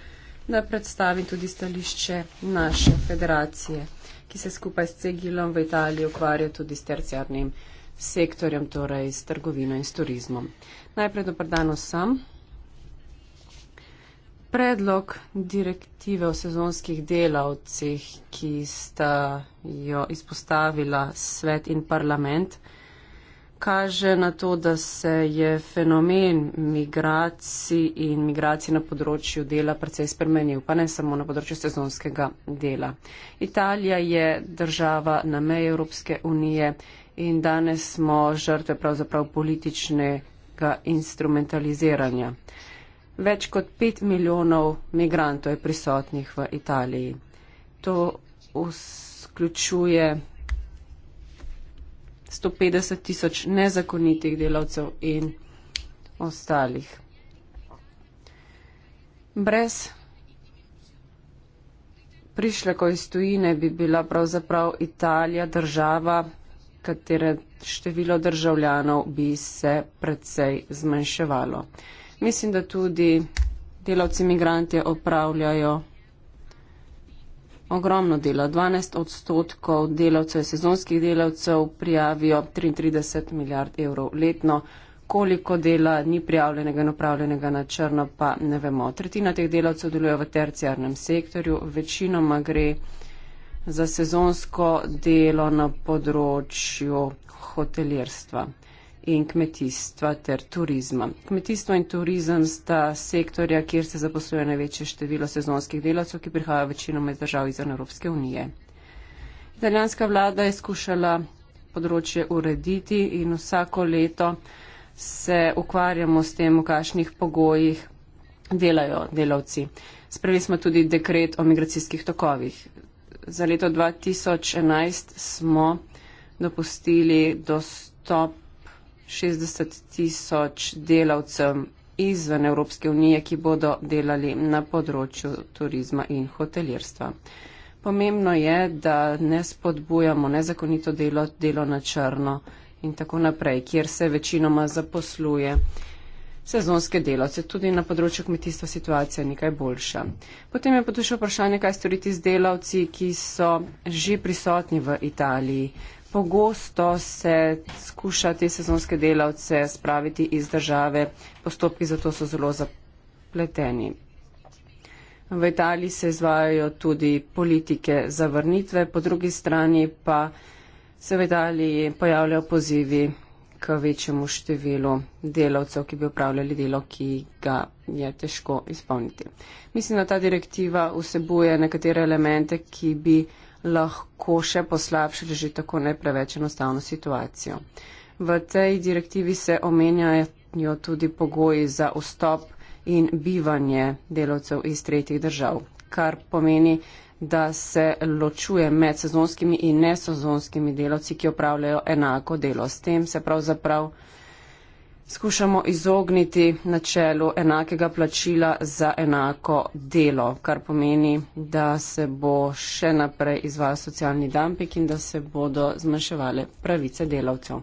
da predstavi tudi stališče naše federacije, ki se skupaj s Cegilom v Italiji ukvarja tudi s terciarnim sektorjem, torej s trgovino in s turizmom. Najprej dobro dan vsem. Predlog direktive o sezonskih delavcih, ki sta jo izpostavila svet in parlament, kaže na to, da se je fenomen migracij in migracij na področju dela precej spremenil, pa ne samo na področju sezonskega dela. Italija je država na meji Evropske unije in danes smo žrtve pravzaprav političnega instrumentaliziranja. Več kot pet milijonov migrantov je prisotnih v Italiji. To vključuje 150 tisoč nezakonitih delavcev in ostalih. Brez prišleko iz tujine bi bila pravzaprav Italija država, katere število državljanov bi se predvsej zmanjševalo. Mislim, da tudi delavci imigranti opravljajo ogromno dela. 12 odstotkov delavcev, sezonskih delavcev prijavijo 33 milijard evrov letno. Koliko dela ni prijavljenega in upravljenega na črno, pa ne vemo. Tretjina teh delavcev deluje v terciarnem sektorju, večinoma gre za sezonsko delo na področju hotelirstva in kmetijstva ter turizma. Kmetijstvo in turizem sta sektorja, kjer se zaposluje največje število sezonskih delavcev, ki prihajajo večinoma iz držav izven Evropske unije. Italijanska vlada je skušala področje urediti in vsako leto se ukvarjamo s tem, v kakšnih pogojih delajo delavci. Sprejeli smo tudi dekret o migracijskih tokovih. Za leto 2011 smo dopustili dostop 60 tisoč delavcem izven Evropske unije, ki bodo delali na področju turizma in hotelirstva. Pomembno je, da ne spodbujamo nezakonito delo, delo na črno in tako naprej, kjer se večinoma zaposluje sezonske delavce. Tudi na področju kmetijstva situacija je nekaj boljša. Potem je potušal vprašanje, kaj storiti z delavci, ki so že prisotni v Italiji pogosto se skuša te sezonske delavce spraviti iz države. Postopki za to so zelo zapleteni. V Italiji se izvajajo tudi politike zavrnitve, po drugi strani pa se v Italiji pojavljajo pozivi k večjemu številu delavcev, ki bi upravljali delo, ki ga je težko izpolniti. Mislim, da ta direktiva vsebuje nekatere elemente, ki bi lahko še poslabšali že tako ne preveč enostavno situacijo. V tej direktivi se omenjajo tudi pogoji za vstop in bivanje delavcev iz tretjih držav, kar pomeni, da se ločuje med sezonskimi in nesezonskimi delavci, ki opravljajo enako delo. S tem se pravzaprav prav skušamo izogniti načelu enakega plačila za enako delo, kar pomeni, da se bo še naprej izvajal socialni dampik in da se bodo zmanjševale pravice delavcev.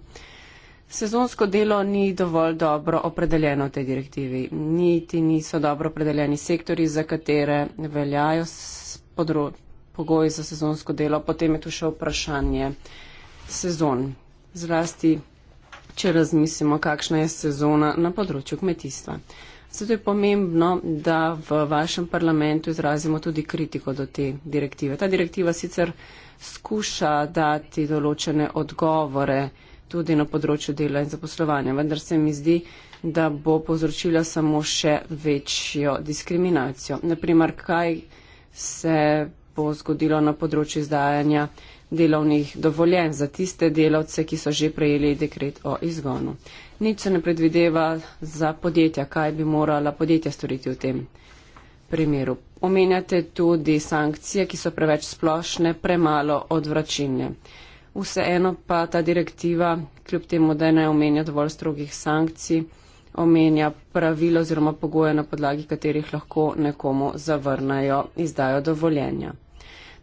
Sezonsko delo ni dovolj dobro opredeljeno v tej direktivi, niti niso dobro opredeljeni sektori, za katere veljajo pogoji za sezonsko delo. Potem je tu še vprašanje sezon. Zlasti če razmislimo, kakšna je sezona na področju kmetijstva. Zato je pomembno, da v vašem parlamentu izrazimo tudi kritiko do te direktive. Ta direktiva sicer skuša dati določene odgovore tudi na področju dela in zaposlovanja, vendar se mi zdi, da bo povzročila samo še večjo diskriminacijo. Naprimer, kaj se bo zgodilo na področju izdajanja delovnih dovoljenj za tiste delavce, ki so že prejeli dekret o izgonu. Nič se ne predvideva za podjetja, kaj bi morala podjetja storiti v tem primeru. Omenjate tudi sankcije, ki so preveč splošne, premalo odvračilne. Vseeno pa ta direktiva, kljub temu, da ne omenja dovolj strogih sankcij, omenja pravilo oziroma pogoje, na podlagi katerih lahko nekomu zavrnajo izdajo dovoljenja.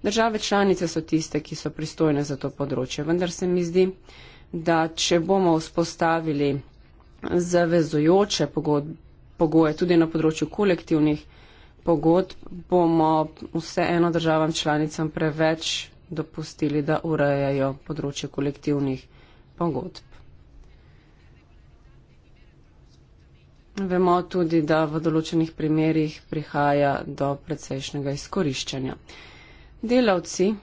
Države članice so tiste, ki so pristojne za to področje, vendar se mi zdi, da če bomo vzpostavili zavezujoče pogoje tudi na področju kolektivnih pogodb, bomo vseeno državam članicam preveč dopustili, da urejajo področje kolektivnih pogodb. Vemo tudi, da v določenih primerjih prihaja do precejšnjega izkoriščanja. Delavci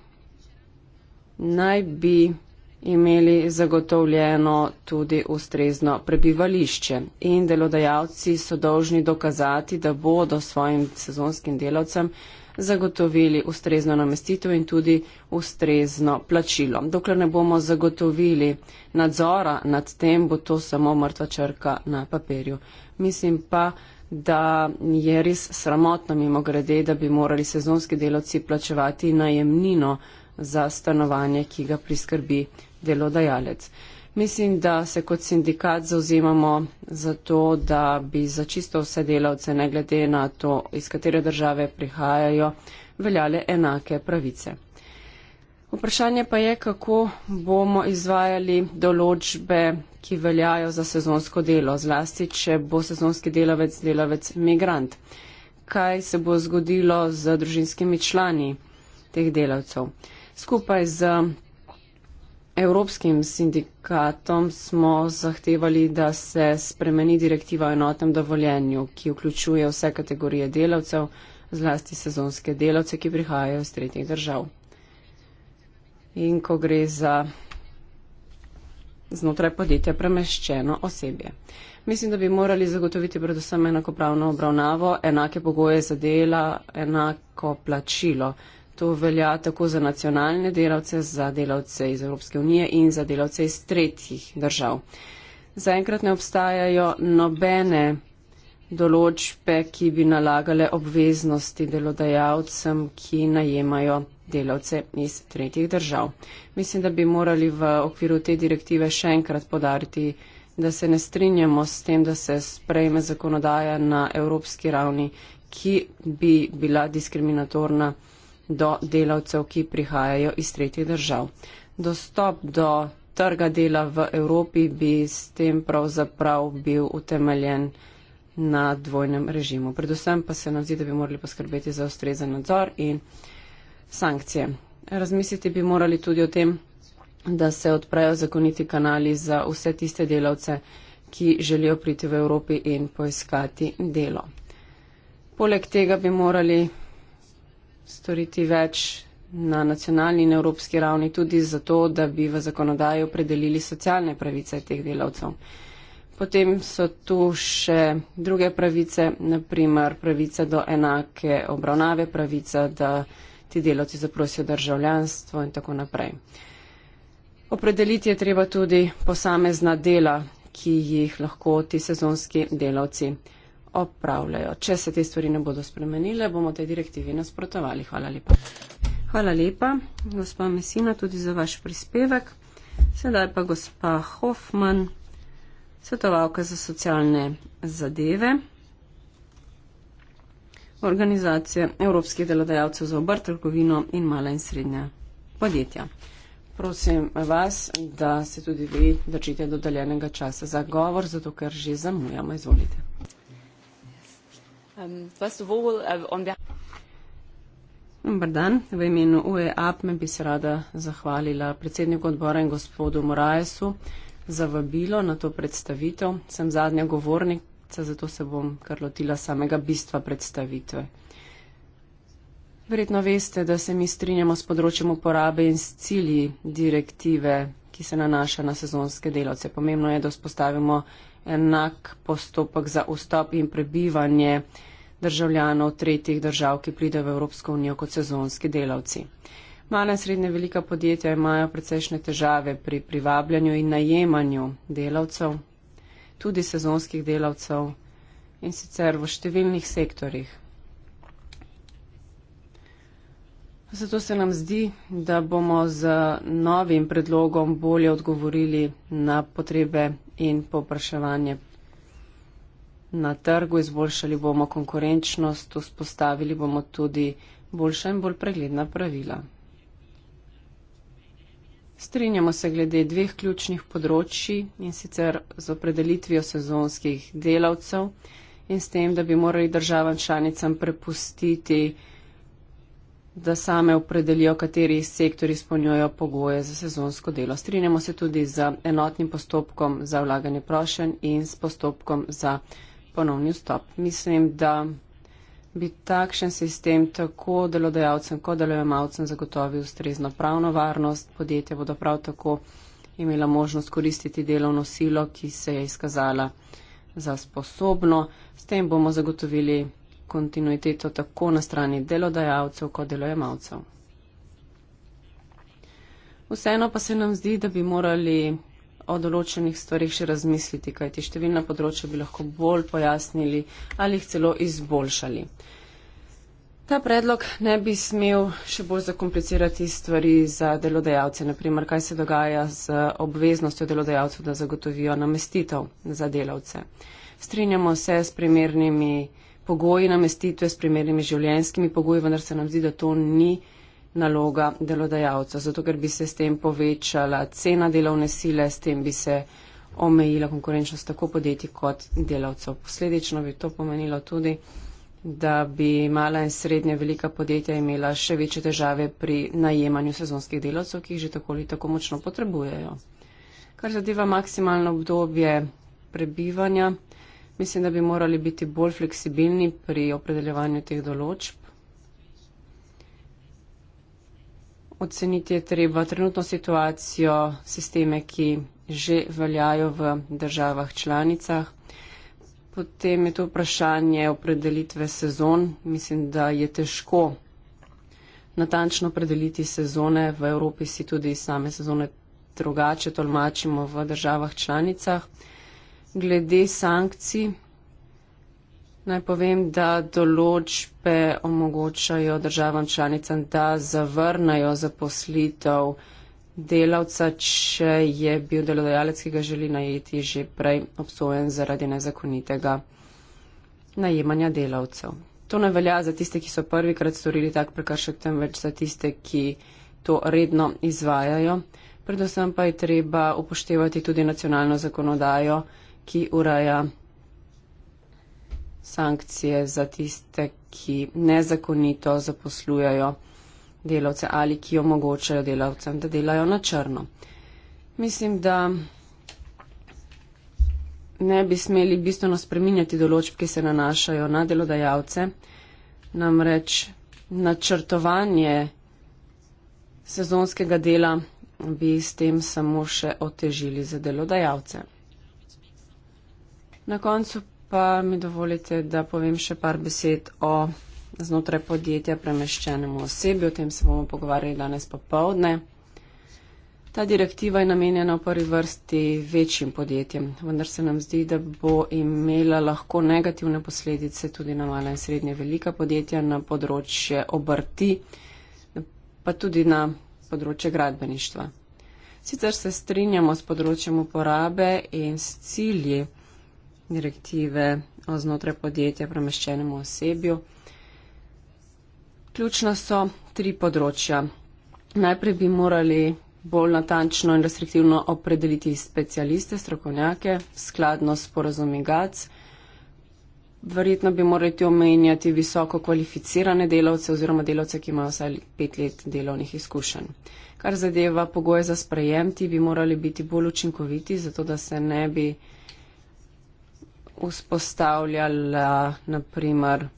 naj bi imeli zagotovljeno tudi ustrezno prebivališče in delodajalci so dolžni dokazati, da bodo svojim sezonskim delavcem zagotovili ustrezno namestitev in tudi ustrezno plačilo. Dokler ne bomo zagotovili nadzora nad tem, bo to samo mrtva črka na papirju. Mislim pa, da je res sramotno mimo grede, da bi morali sezonski delavci plačevati najemnino za stanovanje, ki ga priskrbi delodajalec. Mislim, da se kot sindikat zauzemamo za to, da bi za čisto vse delavce, ne glede na to, iz katere države prihajajo, veljale enake pravice. Vprašanje pa je, kako bomo izvajali določbe, ki veljajo za sezonsko delo, zlasti, če bo sezonski delavec delavec migrant. Kaj se bo zgodilo z družinskimi člani teh delavcev? Skupaj z Evropskim sindikatom smo zahtevali, da se spremeni direktiva o enotnem dovoljenju, ki vključuje vse kategorije delavcev, zlasti sezonske delavce, ki prihajajo iz tretjih držav in ko gre za znotraj podjetja premeščeno osebje. Mislim, da bi morali zagotoviti predvsem enakopravno obravnavo, enake pogoje za dela, enako plačilo. To velja tako za nacionalne delavce, za delavce iz Evropske unije in za delavce iz tretjih držav. Zaenkrat ne obstajajo nobene določbe, ki bi nalagale obveznosti delodajalcem, ki najemajo delavce iz tretjih držav. Mislim, da bi morali v okviru te direktive še enkrat podariti, da se ne strinjamo s tem, da se sprejme zakonodaja na evropski ravni, ki bi bila diskriminatorna do delavcev, ki prihajajo iz tretjih držav. Dostop do trga dela v Evropi bi s tem pravzaprav bil utemeljen na dvojnem režimu. Predvsem pa se nam zdi, da bi morali poskrbeti za ustrezen nadzor in sankcije. Razmisliti bi morali tudi o tem, da se odprejo zakoniti kanali za vse tiste delavce, ki želijo priti v Evropi in poiskati delo. Poleg tega bi morali storiti več na nacionalni in evropski ravni tudi zato, da bi v zakonodaji opredelili socialne pravice teh delavcev. Potem so tu še druge pravice, naprimer pravica do enake obravnave, pravica, da ti deloci zaprosijo državljanstvo in tako naprej. Opredeliti je treba tudi posamezna dela, ki jih lahko ti sezonski delavci opravljajo. Če se te stvari ne bodo spremenile, bomo te direktivi nasprotovali. Hvala lepa. Hvala lepa, gospa Mesina, tudi za vaš prispevek. Sedaj pa gospa Hoffman, svetovalka za socialne zadeve organizacije Evropskih delodajalcev za obrt, trgovino in mala in srednja podjetja. Prosim vas, da se tudi vi držite dodaljenega časa za govor, zato ker že zamujamo. Izvolite. Um, uh, Dobar dan. V imenu UEAP me bi se rada zahvalila predsedniku odbora in gospodu Morajesu za vabilo na to predstavitev. Sem zadnja govornik, pisateljica, zato se bom kar lotila samega bistva predstavitve. Verjetno veste, da se mi strinjamo s področjem uporabe in s cilji direktive, ki se nanaša na sezonske delavce. Pomembno je, da spostavimo enak postopek za vstop in prebivanje državljanov tretjih držav, ki pridejo v Evropsko unijo kot sezonski delavci. Mala in srednje velika podjetja imajo precejšne težave pri privabljanju in najemanju delavcev, tudi sezonskih delavcev in sicer v številnih sektorjih. Zato se nam zdi, da bomo z novim predlogom bolje odgovorili na potrebe in popraševanje na trgu, izboljšali bomo konkurenčnost, vzpostavili bomo tudi boljša in bolj pregledna pravila. Strinjamo se glede dveh ključnih področji in sicer z opredelitvijo sezonskih delavcev in s tem, da bi morali državam članicam prepustiti, da same opredelijo, kateri sektori izpolnjujejo pogoje za sezonsko delo. Strinjamo se tudi z enotnim postopkom za vlaganje prošen in s postopkom za ponovni vstop. Mislim, da bi takšen sistem tako delodajalcem kot delojemalcem zagotovil ustrezno pravno varnost. Podjetje bodo prav tako imela možnost koristiti delovno silo, ki se je izkazala za sposobno. S tem bomo zagotovili kontinuiteto tako na strani delodajalcev kot delojemalcev. Vseeno pa se nam zdi, da bi morali o določenih stvarih še razmisliti, kajti številna področja bi lahko bolj pojasnili ali jih celo izboljšali. Ta predlog ne bi smel še bolj zakomplicirati stvari za delodajalce, naprimer, kaj se dogaja z obveznostjo delodajalcev, da zagotovijo namestitev za delavce. Strinjamo se s primernimi pogoji namestitve, s primernimi življenjskimi pogoji, vendar se nam zdi, da to ni naloga delodajalca, zato ker bi se s tem povečala cena delovne sile, s tem bi se omejila konkurenčnost tako podjetij kot delavcev. Posledično bi to pomenilo tudi, da bi mala in srednje velika podjetja imela še večje težave pri najemanju sezonskih delavcev, ki jih že tako ali tako močno potrebujejo. Kar zadeva maksimalno obdobje prebivanja, mislim, da bi morali biti bolj fleksibilni pri opredeljevanju teh določb. oceniti je treba trenutno situacijo, sisteme, ki že veljajo v državah članicah. Potem je to vprašanje opredelitve sezon. Mislim, da je težko natančno opredeliti sezone. V Evropi si tudi same sezone drugače tolmačimo v državah članicah. Glede sankcij, Naj povem, da določbe omogočajo državam članicam, da zavrnajo zaposlitev delavca, če je bil delodajalec, ki ga želi najeti, že prej obsojen zaradi nezakonitega najemanja delavcev. To ne velja za tiste, ki so prvikrat storili tak prekršek, temveč za tiste, ki to redno izvajajo. Predvsem pa je treba upoštevati tudi nacionalno zakonodajo, ki ureja sankcije za tiste, ki nezakonito zaposlujajo delavce ali ki omogočajo delavcem, da delajo na črno. Mislim, da ne bi smeli bistveno spreminjati določb, ki se nanašajo na delodajalce, namreč načrtovanje sezonskega dela bi s tem samo še otežili za delodajalce. Na koncu pa mi dovolite, da povem še par besed o znotraj podjetja premeščenemu osebi. O tem se bomo pogovarjali danes popovdne. Ta direktiva je namenjena v prvi vrsti večjim podjetjem, vendar se nam zdi, da bo imela lahko negativne posledice tudi na mala in srednje velika podjetja na področje obrti, pa tudi na področje gradbeništva. Sicer se strinjamo s področjem uporabe in s cilji direktive o znotraj podjetja premeščenemu osebju. Ključna so tri področja. Najprej bi morali bolj natančno in restriktivno opredeliti specialiste, strokovnjake, skladno s porazumi GAC. Verjetno bi morali omenjati visoko kvalificirane delavce oziroma delavce, ki imajo vsaj pet let delovnih izkušenj. Kar zadeva pogoje za sprejem, ti bi morali biti bolj učinkoviti, zato da se ne bi vzpostavljala naprimer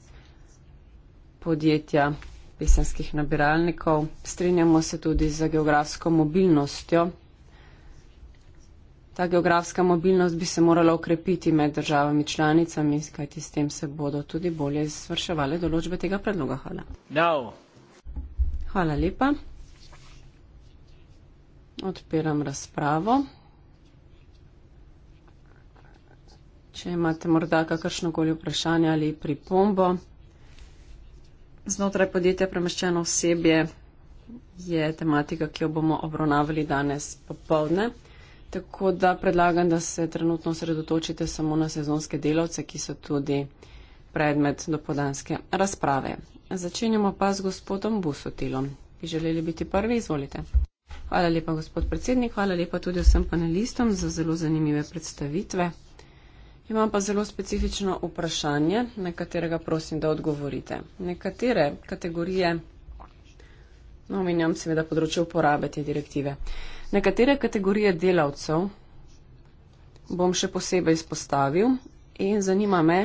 podjetja pisanskih nabiralnikov. Strinjamo se tudi za geografsko mobilnostjo. Ta geografska mobilnost bi se morala ukrepiti med državami članicami, kajti s tem se bodo tudi bolje izvrševale določbe tega predloga. Hvala. No. Hvala lepa. Odpiram razpravo. Če imate morda kakršno koli vprašanje ali pripombo. Znotraj podjetja premeščeno osebje je tematika, ki jo bomo obravnavali danes popovdne. Tako da predlagam, da se trenutno sredotočite samo na sezonske delavce, ki so tudi predmet dopodanske razprave. Začenjamo pa z gospodom Busotilom. Bi želeli biti prvi? Izvolite. Hvala lepa, gospod predsednik. Hvala lepa tudi vsem panelistom za zelo zanimive predstavitve. Imam pa zelo specifično vprašanje, na katerega prosim, da odgovorite. Nekatere kategorije, no, omenjam no, seveda področje uporabe te direktive, nekatere kategorije delavcev bom še posebej izpostavil in zanima me,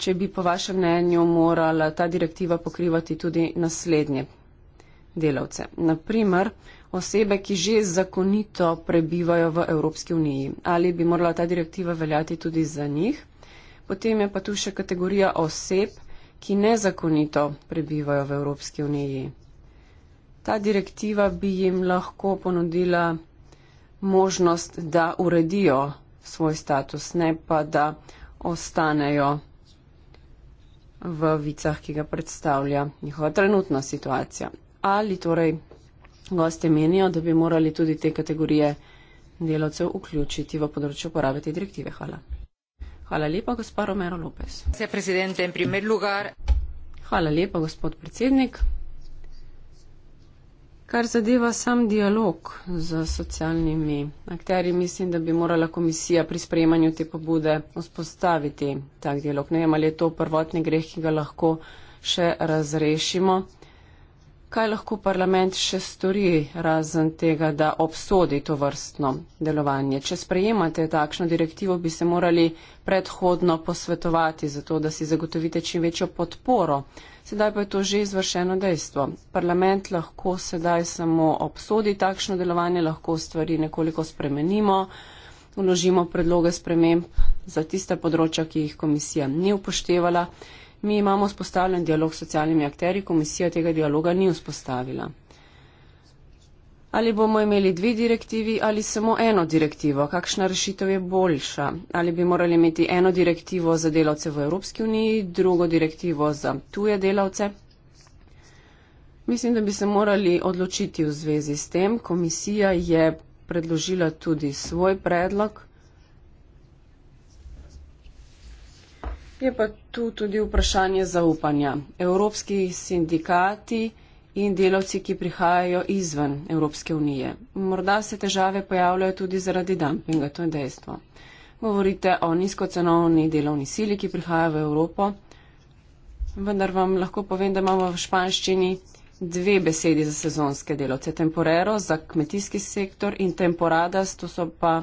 če bi po vašem mnenju morala ta direktiva pokrivati tudi naslednje delavce. Naprimer, osebe, ki že zakonito prebivajo v Evropski uniji. Ali bi morala ta direktiva veljati tudi za njih? Potem je pa tu še kategorija oseb, ki nezakonito prebivajo v Evropski uniji. Ta direktiva bi jim lahko ponudila možnost, da uredijo svoj status, ne pa da ostanejo v vicah, ki ga predstavlja njihova trenutna situacija. Ali torej Goste menijo, da bi morali tudi te kategorije delavcev vključiti v področju uporabe te direktive. Hvala. Hvala lepa, gospod Romero Lopes. Hvala lepa, gospod predsednik. Kar zadeva sam dialog z socialnimi akterji, mislim, da bi morala komisija pri sprejemanju te pobude vzpostaviti tak dialog. Ne vem, ali je to prvotni greh, ki ga lahko še razrešimo. Kaj lahko parlament še stori, razen tega, da obsodi to vrstno delovanje? Če sprejemate takšno direktivo, bi se morali predhodno posvetovati za to, da si zagotovite čim večjo podporo. Sedaj pa je to že izvršeno dejstvo. Parlament lahko sedaj samo obsodi takšno delovanje, lahko stvari nekoliko spremenimo, vložimo predloge sprememb za tiste področja, ki jih komisija ni upoštevala. Mi imamo spostavljen dialog s socialnimi akteri, komisija tega dialoga ni vzpostavila. Ali bomo imeli dve direktivi ali samo eno direktivo? Kakšna rešitev je boljša? Ali bi morali imeti eno direktivo za delavce v Evropski uniji, drugo direktivo za tuje delavce? Mislim, da bi se morali odločiti v zvezi s tem. Komisija je predložila tudi svoj predlog. Je pa tu tudi vprašanje zaupanja. Evropski sindikati in delavci, ki prihajajo izven Evropske unije. Morda se težave pojavljajo tudi zaradi dumpinga, to je dejstvo. Govorite o nizkocenovni delovni sili, ki prihaja v Evropo, vendar vam lahko povem, da imamo v španščini dve besedi za sezonske delavce. Temporero za kmetijski sektor in temporadas, to so pa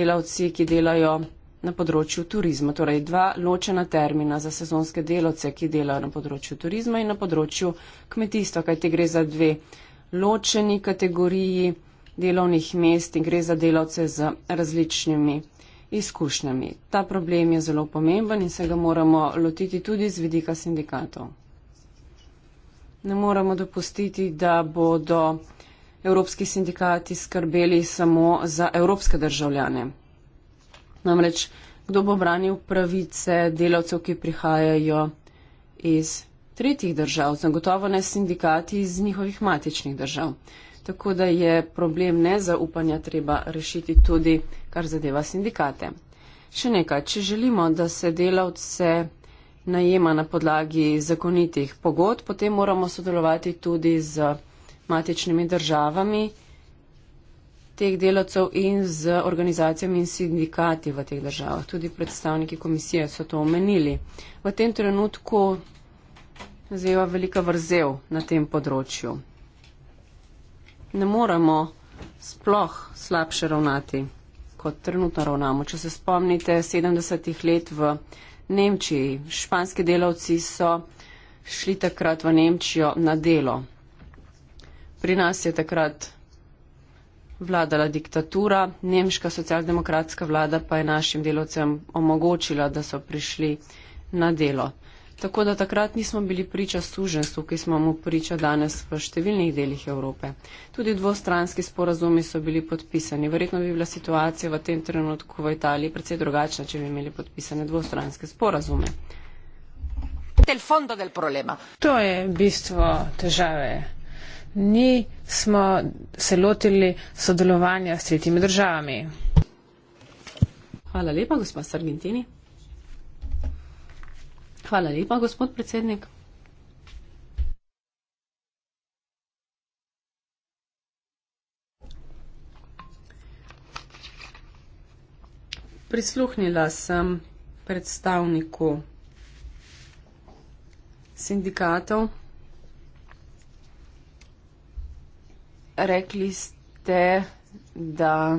delavci, ki delajo na področju turizma. Torej dva ločena termina za sezonske delavce, ki delajo na področju turizma in na področju kmetijstva, kajte gre za dve ločeni kategoriji delovnih mest in gre za delavce z različnimi izkušnjami. Ta problem je zelo pomemben in se ga moramo lotiti tudi z vidika sindikatov. Ne moramo dopustiti, da bodo evropski sindikati skrbeli samo za evropske državljane. Namreč, kdo bo branil pravice delavcev, ki prihajajo iz tretjih držav, zagotovo ne sindikati iz njihovih matičnih držav. Tako da je problem nezaupanja treba rešiti tudi, kar zadeva sindikate. Še nekaj, če želimo, da se delavce najema na podlagi zakonitih pogod, potem moramo sodelovati tudi z matičnimi državami teh delavcev in z organizacijami in sindikati v teh državah. Tudi predstavniki komisije so to omenili. V tem trenutku zeva velika vrzel na tem področju. Ne moramo sploh slabše ravnati, kot trenutno ravnamo. Če se spomnite 70-ih let v Nemčiji, španski delavci so šli takrat v Nemčijo na delo. Pri nas je takrat vladala diktatura, nemška socialdemokratska vlada pa je našim delovcem omogočila, da so prišli na delo. Tako da takrat nismo bili priča suženstvu, ki smo mu priča danes v številnih delih Evrope. Tudi dvostranski sporazumi so bili podpisani. Verjetno bi bila situacija v tem trenutku v Italiji precej drugačna, če bi imeli podpisane dvostranske sporazume. To je bistvo težave nismo se lotili sodelovanja s tretjimi državami. Hvala lepa, gospod Sargentini. Hvala lepa, gospod predsednik. Prisluhnila sem predstavniku sindikatov. rekli ste, da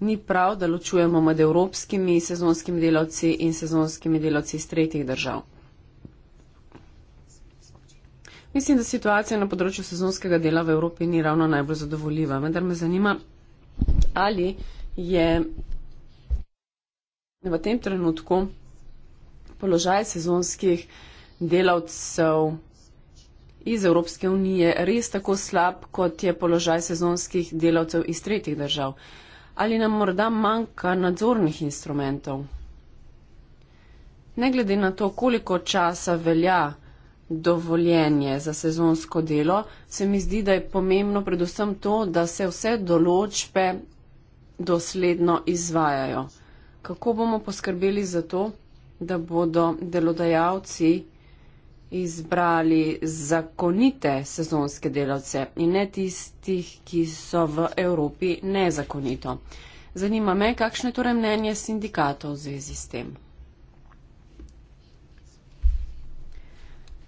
ni prav, da ločujemo med evropskimi sezonskimi delavci in sezonskimi delavci iz tretjih držav. Mislim, da situacija na področju sezonskega dela v Evropi ni ravno najbolj zadovoljiva, vendar me zanima, ali je v tem trenutku položaj sezonskih delavcev iz Evropske unije res tako slab, kot je položaj sezonskih delavcev iz tretjih držav? Ali nam morda manjka nadzornih instrumentov? Ne glede na to, koliko časa velja dovoljenje za sezonsko delo, se mi zdi, da je pomembno predvsem to, da se vse določbe dosledno izvajajo. Kako bomo poskrbeli za to, da bodo delodajalci izbrali zakonite sezonske delavce in ne tistih, ki so v Evropi nezakonito. Zanima me, kakšno je torej mnenje sindikatov v zvezi s tem.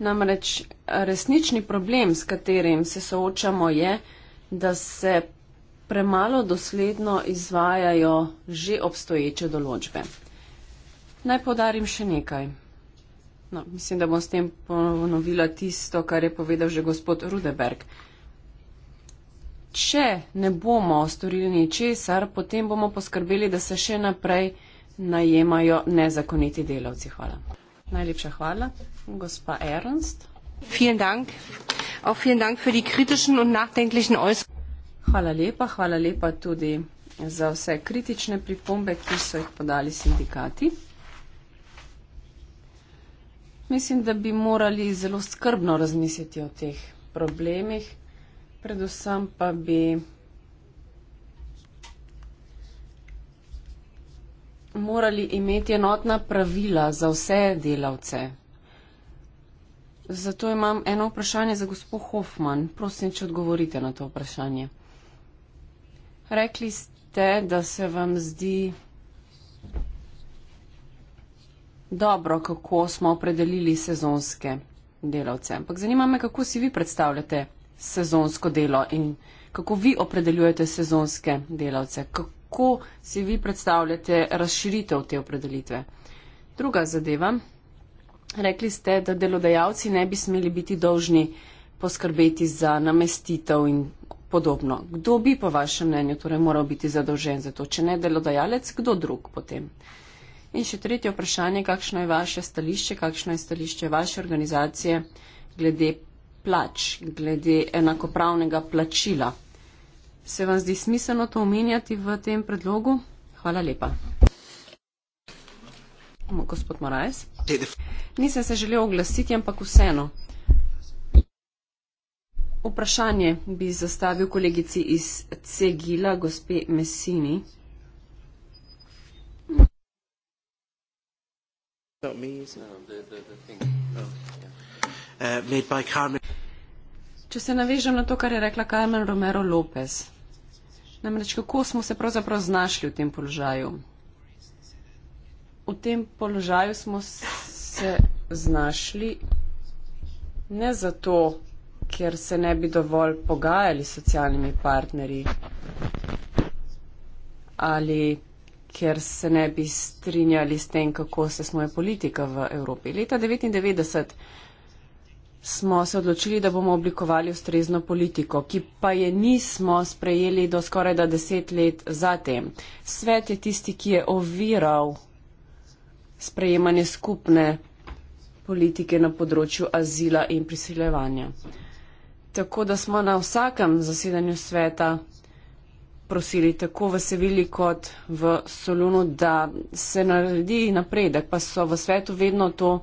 Namreč resnični problem, s katerim se soočamo, je, da se premalo dosledno izvajajo že obstoječe določbe. Naj podarim še nekaj. No, mislim, da bom s tem ponovila tisto, kar je povedal že gospod Rudeberg. Če ne bomo storili ničesar, potem bomo poskrbeli, da se še naprej najemajo nezakoniti delavci. Hvala. Najlepša hvala. Gospa Ernst. Hvala lepa, hvala lepa tudi za vse kritične pripombe, ki so jih podali sindikati mislim, da bi morali zelo skrbno razmisliti o teh problemih, predvsem pa bi morali imeti enotna pravila za vse delavce. Zato imam eno vprašanje za gospod Hoffman. Prosim, če odgovorite na to vprašanje. Rekli ste, da se vam zdi dobro, kako smo opredelili sezonske delavce. Ampak zanima me, kako si vi predstavljate sezonsko delo in kako vi opredeljujete sezonske delavce. Kako si vi predstavljate razširitev te opredelitve? Druga zadeva. Rekli ste, da delodajalci ne bi smeli biti dolžni poskrbeti za namestitev in podobno. Kdo bi po vašem mnenju torej moral biti zadolžen za to? Če ne delodajalec, kdo drug potem? Uh, In še tretje vprašanje, kakšno je vaše stališče, kakšno je stališče vaše organizacije glede plač, glede enakopravnega plačila. Se vam zdi smiselno to omenjati v tem predlogu? Hvala lepa. Gospod Morajs. Nisem se želel oglasiti, ampak vseeno. Vprašanje bi zastavil kolegici iz CEGILA, gospe Messini. about me, is it? No, the thing. Oh, uh, Če se navežem na to, kar je rekla Carmen Romero Lopez. Namreč, kako smo se pravzaprav znašli v tem položaju? V tem položaju smo se znašli ne zato, ker se ne bi dovolj pogajali s socialnimi partnerji ali ker se ne bi strinjali s tem, kako se snuje politika v Evropi. Leta 1999 smo se odločili, da bomo oblikovali ustrezno politiko, ki pa je nismo sprejeli do skoraj da deset let zatem. Svet je tisti, ki je oviral sprejemanje skupne politike na področju azila in priseljevanja. Tako da smo na vsakem zasedanju sveta prosili tako v Sevilji kot v Solunu, da se naredi napredek, pa so v svetu vedno to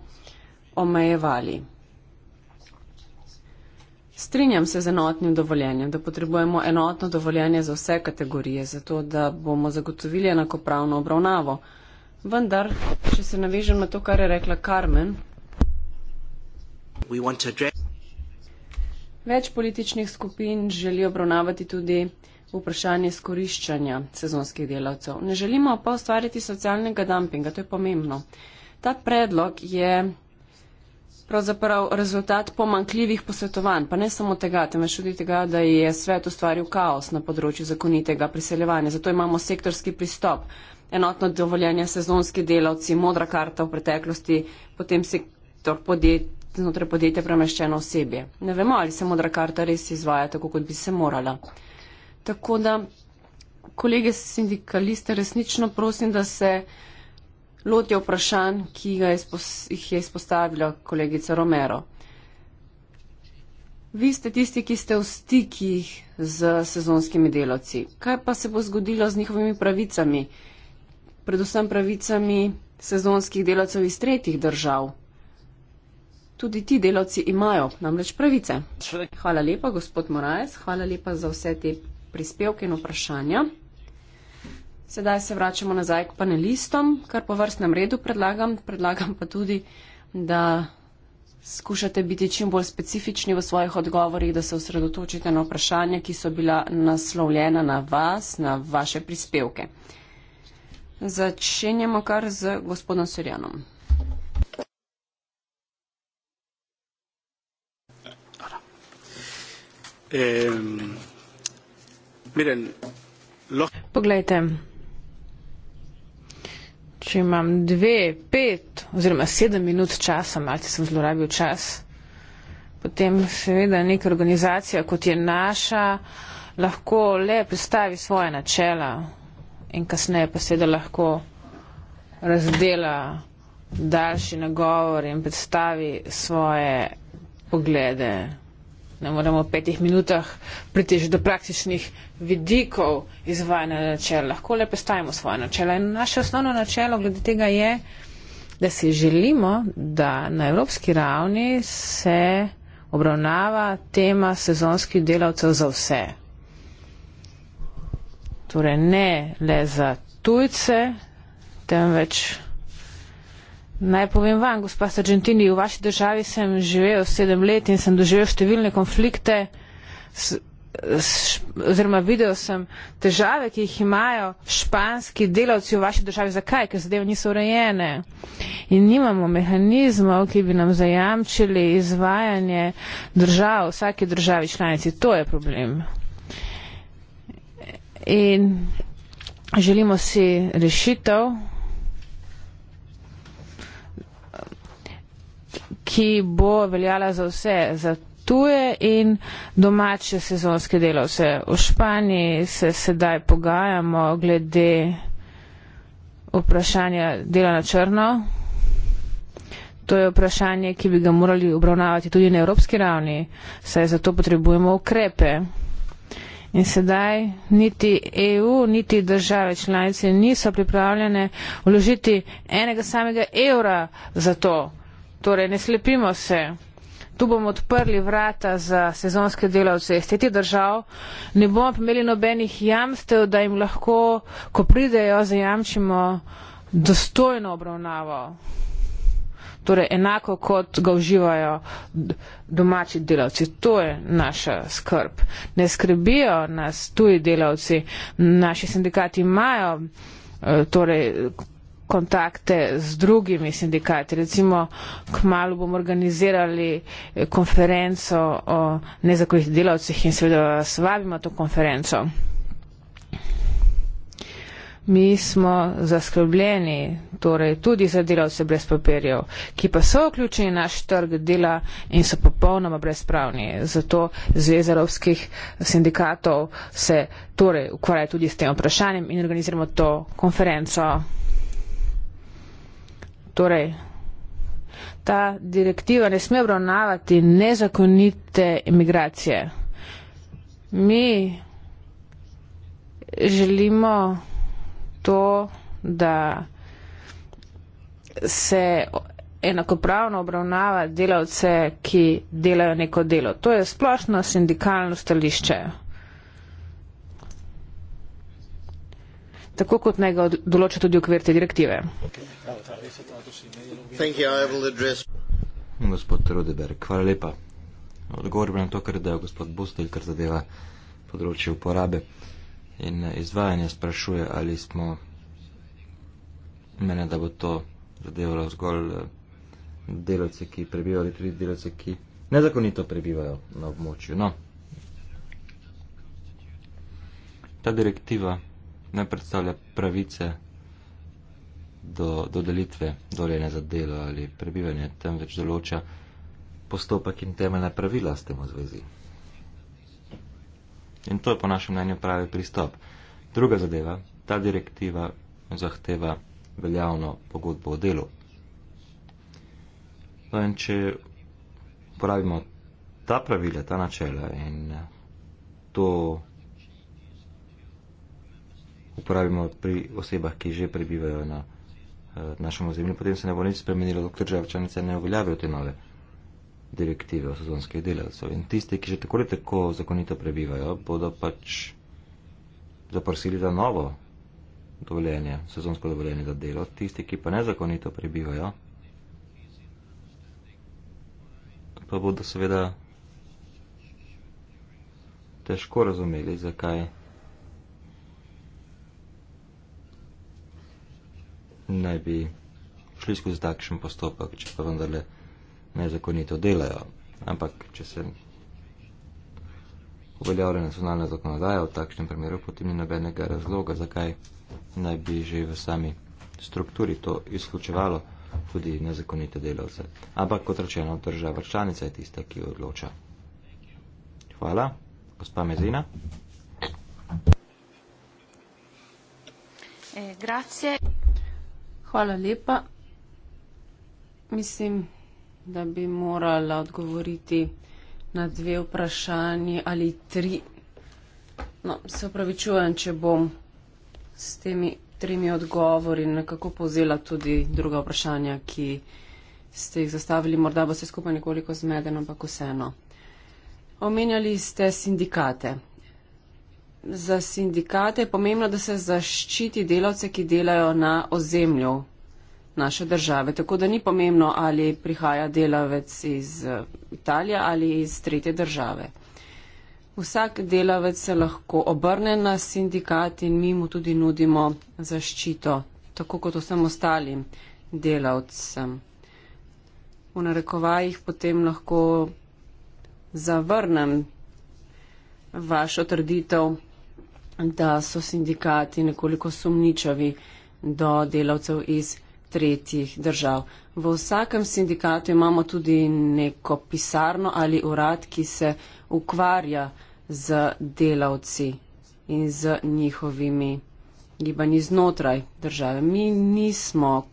omejevali. Strinjam se z enotnim dovoljenjem, da potrebujemo enotno dovoljenje za vse kategorije, zato da bomo zagotovili enakopravno obravnavo. Vendar, če se navežem na to, kar je rekla Carmen, več političnih skupin želi obravnavati tudi vprašanje skoriščanja sezonskih delavcev. Ne želimo pa ustvariti socialnega dumpinga, to je pomembno. Ta predlog je pravzaprav rezultat pomankljivih posvetovanj, pa ne samo tega, temveč tudi tega, da je svet ustvaril kaos na področju zakonitega priseljevanja. Zato imamo sektorski pristop, enotno dovoljenje sezonski delavci, modra karta v preteklosti, potem sektor podjetij znotraj podjetja premeščeno osebje. Ne vemo, ali se modra karta res izvaja tako, kot bi se morala. Tako da, kolege sindikaliste, resnično prosim, da se lotijo vprašanj, ki jih je izpostavila kolegica Romero. Vi ste tisti, ki ste v stikih z sezonskimi delavci. Kaj pa se bo zgodilo z njihovimi pravicami, predvsem pravicami sezonskih delavcev iz tretjih držav? Tudi ti delavci imajo namreč pravice. Hvala lepa, gospod Moraes, hvala lepa za vse te prispevke in vprašanja. Sedaj se vračamo nazaj k panelistom, kar po vrstnem redu predlagam. Predlagam pa tudi, da skušate biti čim bolj specifični v svojih odgovorih, da se osredotočite na vprašanja, ki so bila naslovljena na vas, na vaše prispevke. Začenjamo kar z gospodom Sorjanom. Eh, Poglejte, če imam dve, pet oziroma sedem minut časa, malce sem zlorabil čas, potem seveda neka organizacija, kot je naša, lahko le predstavi svoje načela in kasneje pa seveda lahko razdela daljši nagovor in predstavi svoje poglede ne moremo v petih minutah priti že do praktičnih vidikov izvajanja načela. Lahko le predstavimo svoje načela. In naše osnovno načelo glede tega je, da si želimo, da na evropski ravni se obravnava tema sezonskih delavcev za vse. Torej ne le za tujce, temveč Naj povem vam, gospa Sargentini, v vaši državi sem živel sedem let in sem doživel številne konflikte, s, s, oziroma videl sem težave, ki jih imajo španski delavci v vaši državi. Zakaj? Ker zadeve niso urejene in nimamo mehanizmov, ki bi nam zajamčili izvajanje držav v vsaki državi članici. To je problem. In želimo si rešitev. ki bo veljala za vse, za tuje in domače sezonske delovce. V Španiji se sedaj pogajamo glede vprašanja dela na črno. To je vprašanje, ki bi ga morali obravnavati tudi na evropski ravni, saj zato potrebujemo ukrepe. In sedaj niti EU, niti države članice niso pripravljene vložiti enega samega evra za to. Torej, ne slepimo se. Tu bomo odprli vrata za sezonske delavce iz tretjih držav. Ne bomo imeli nobenih jamstev, da jim lahko, ko pridejo, zajamčimo dostojno obravnavo. Torej, enako kot ga uživajo domači delavci. To je naša skrb. Ne skrbijo nas tuji delavci. Naši sindikati imajo eh, torej, kontakte z drugimi sindikati. Recimo, k malu bomo organizirali eh, konferenco o nezakonitih delavcih in seveda vas vabimo to konferenco. Mi smo zaskrbljeni torej tudi za delavce brez papirjev, ki pa so vključeni v naš trg dela in so popolnoma brezpravni. Zato Zveza evropskih sindikatov se torej ukvarja tudi s tem vprašanjem in organiziramo to konferenco. Torej, ta direktiva ne sme obravnavati nezakonite imigracije. Mi želimo to, da se enakopravno obravnava delavce, ki delajo neko delo. To je splošno sindikalno stališče. tako kot naj ga določa tudi okvir te direktive. Gospod Rodeberg, hvala lepa. Odgovor bi na to, kar je dejal gospod Bustelj, kar zadeva področje uporabe in izvajanja, sprašuje, ali smo mene, da bo to zadevalo zgolj eh, delavce, ki prebivajo ali tudi delavce, ki nezakonito prebivajo na območju. No. Ta direktiva ne predstavlja pravice do dodelitve dovoljenja za delo ali prebivanje, temveč določa postopek in temeljna pravila s tem v zvezi. In to je po našem mnenju pravi pristop. Druga zadeva, ta direktiva zahteva veljavno pogodbo o delu. No in če uporabimo ta pravila, ta načela in to uporabimo pri osebah, ki že prebivajo na uh, našem ozemlju, potem se ne bo nič spremenilo, dokler država članica ne uveljavijo te nove direktive o sezonskih delavcev. In tiste, ki že tako ali tako zakonito prebivajo, bodo pač zaprosili za novo dovoljenje, sezonsko dovoljenje za delo. Tisti, ki pa nezakonito prebivajo, pa bodo seveda težko razumeli, zakaj. ne bi šli skozi takšen postopek, če pa vendarle nezakonito delajo. Ampak, če se uveljavlja nacionalna zakonodaja v takšnem primeru, potem ni nobenega razloga, zakaj naj bi že v sami strukturi to izključevalo tudi nezakonite delavce. Ampak, kot rečeno, država članica je tista, ki odloča. Hvala. Gospa Mezina. Eh, grazie. Hvala lepa. Mislim, da bi morala odgovoriti na dve vprašanji ali tri. No, se upravičujem, če bom s temi tremi odgovori nekako povzela tudi druga vprašanja, ki ste jih zastavili. Morda bo se skupaj nekoliko zmeden, ampak vseeno. Omenjali ste sindikate za sindikate je pomembno, da se zaščiti delavce, ki delajo na ozemlju naše države. Tako da ni pomembno, ali prihaja delavec iz eh, Italije ali iz tretje države. Vsak delavec se lahko obrne na sindikat in mi mu tudi nudimo zaščito, tako kot vsem ostalim delavcem. V narekovajih potem lahko zavrnem vašo trditev, da so sindikati nekoliko sumničavi do delavcev iz tretjih držav. V vsakem sindikatu imamo tudi neko pisarno ali urad, ki se ukvarja z delavci in z njihovimi gibanji znotraj države. Mi nismo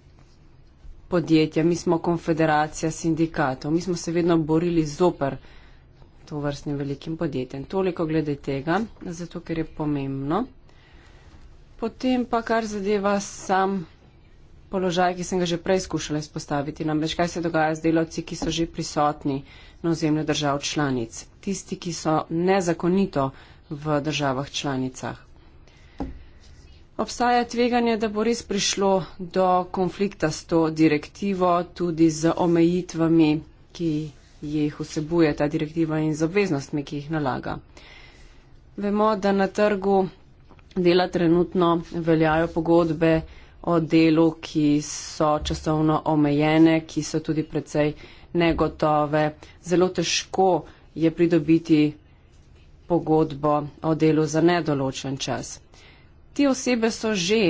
podjetja, mi smo konfederacija sindikatov, mi smo se vedno borili zoper to vrstnim velikim podjetjem. Toliko glede tega, zato ker je pomembno. Potem pa kar zadeva sam položaj, ki sem ga že prej skušala izpostaviti, namreč kaj se dogaja z delavci, ki so že prisotni na ozemlju držav članic, tisti, ki so nezakonito v državah članicah. Obstaja tveganje, da bo res prišlo do konflikta s to direktivo, tudi z omejitvami, ki jih vsebuje ta direktiva in z obveznostmi, ki jih nalaga. Vemo, da na trgu dela trenutno veljajo pogodbe o delu, ki so časovno omejene, ki so tudi precej negotove. Zelo težko je pridobiti pogodbo o delu za nedoločen čas. Ti osebe so že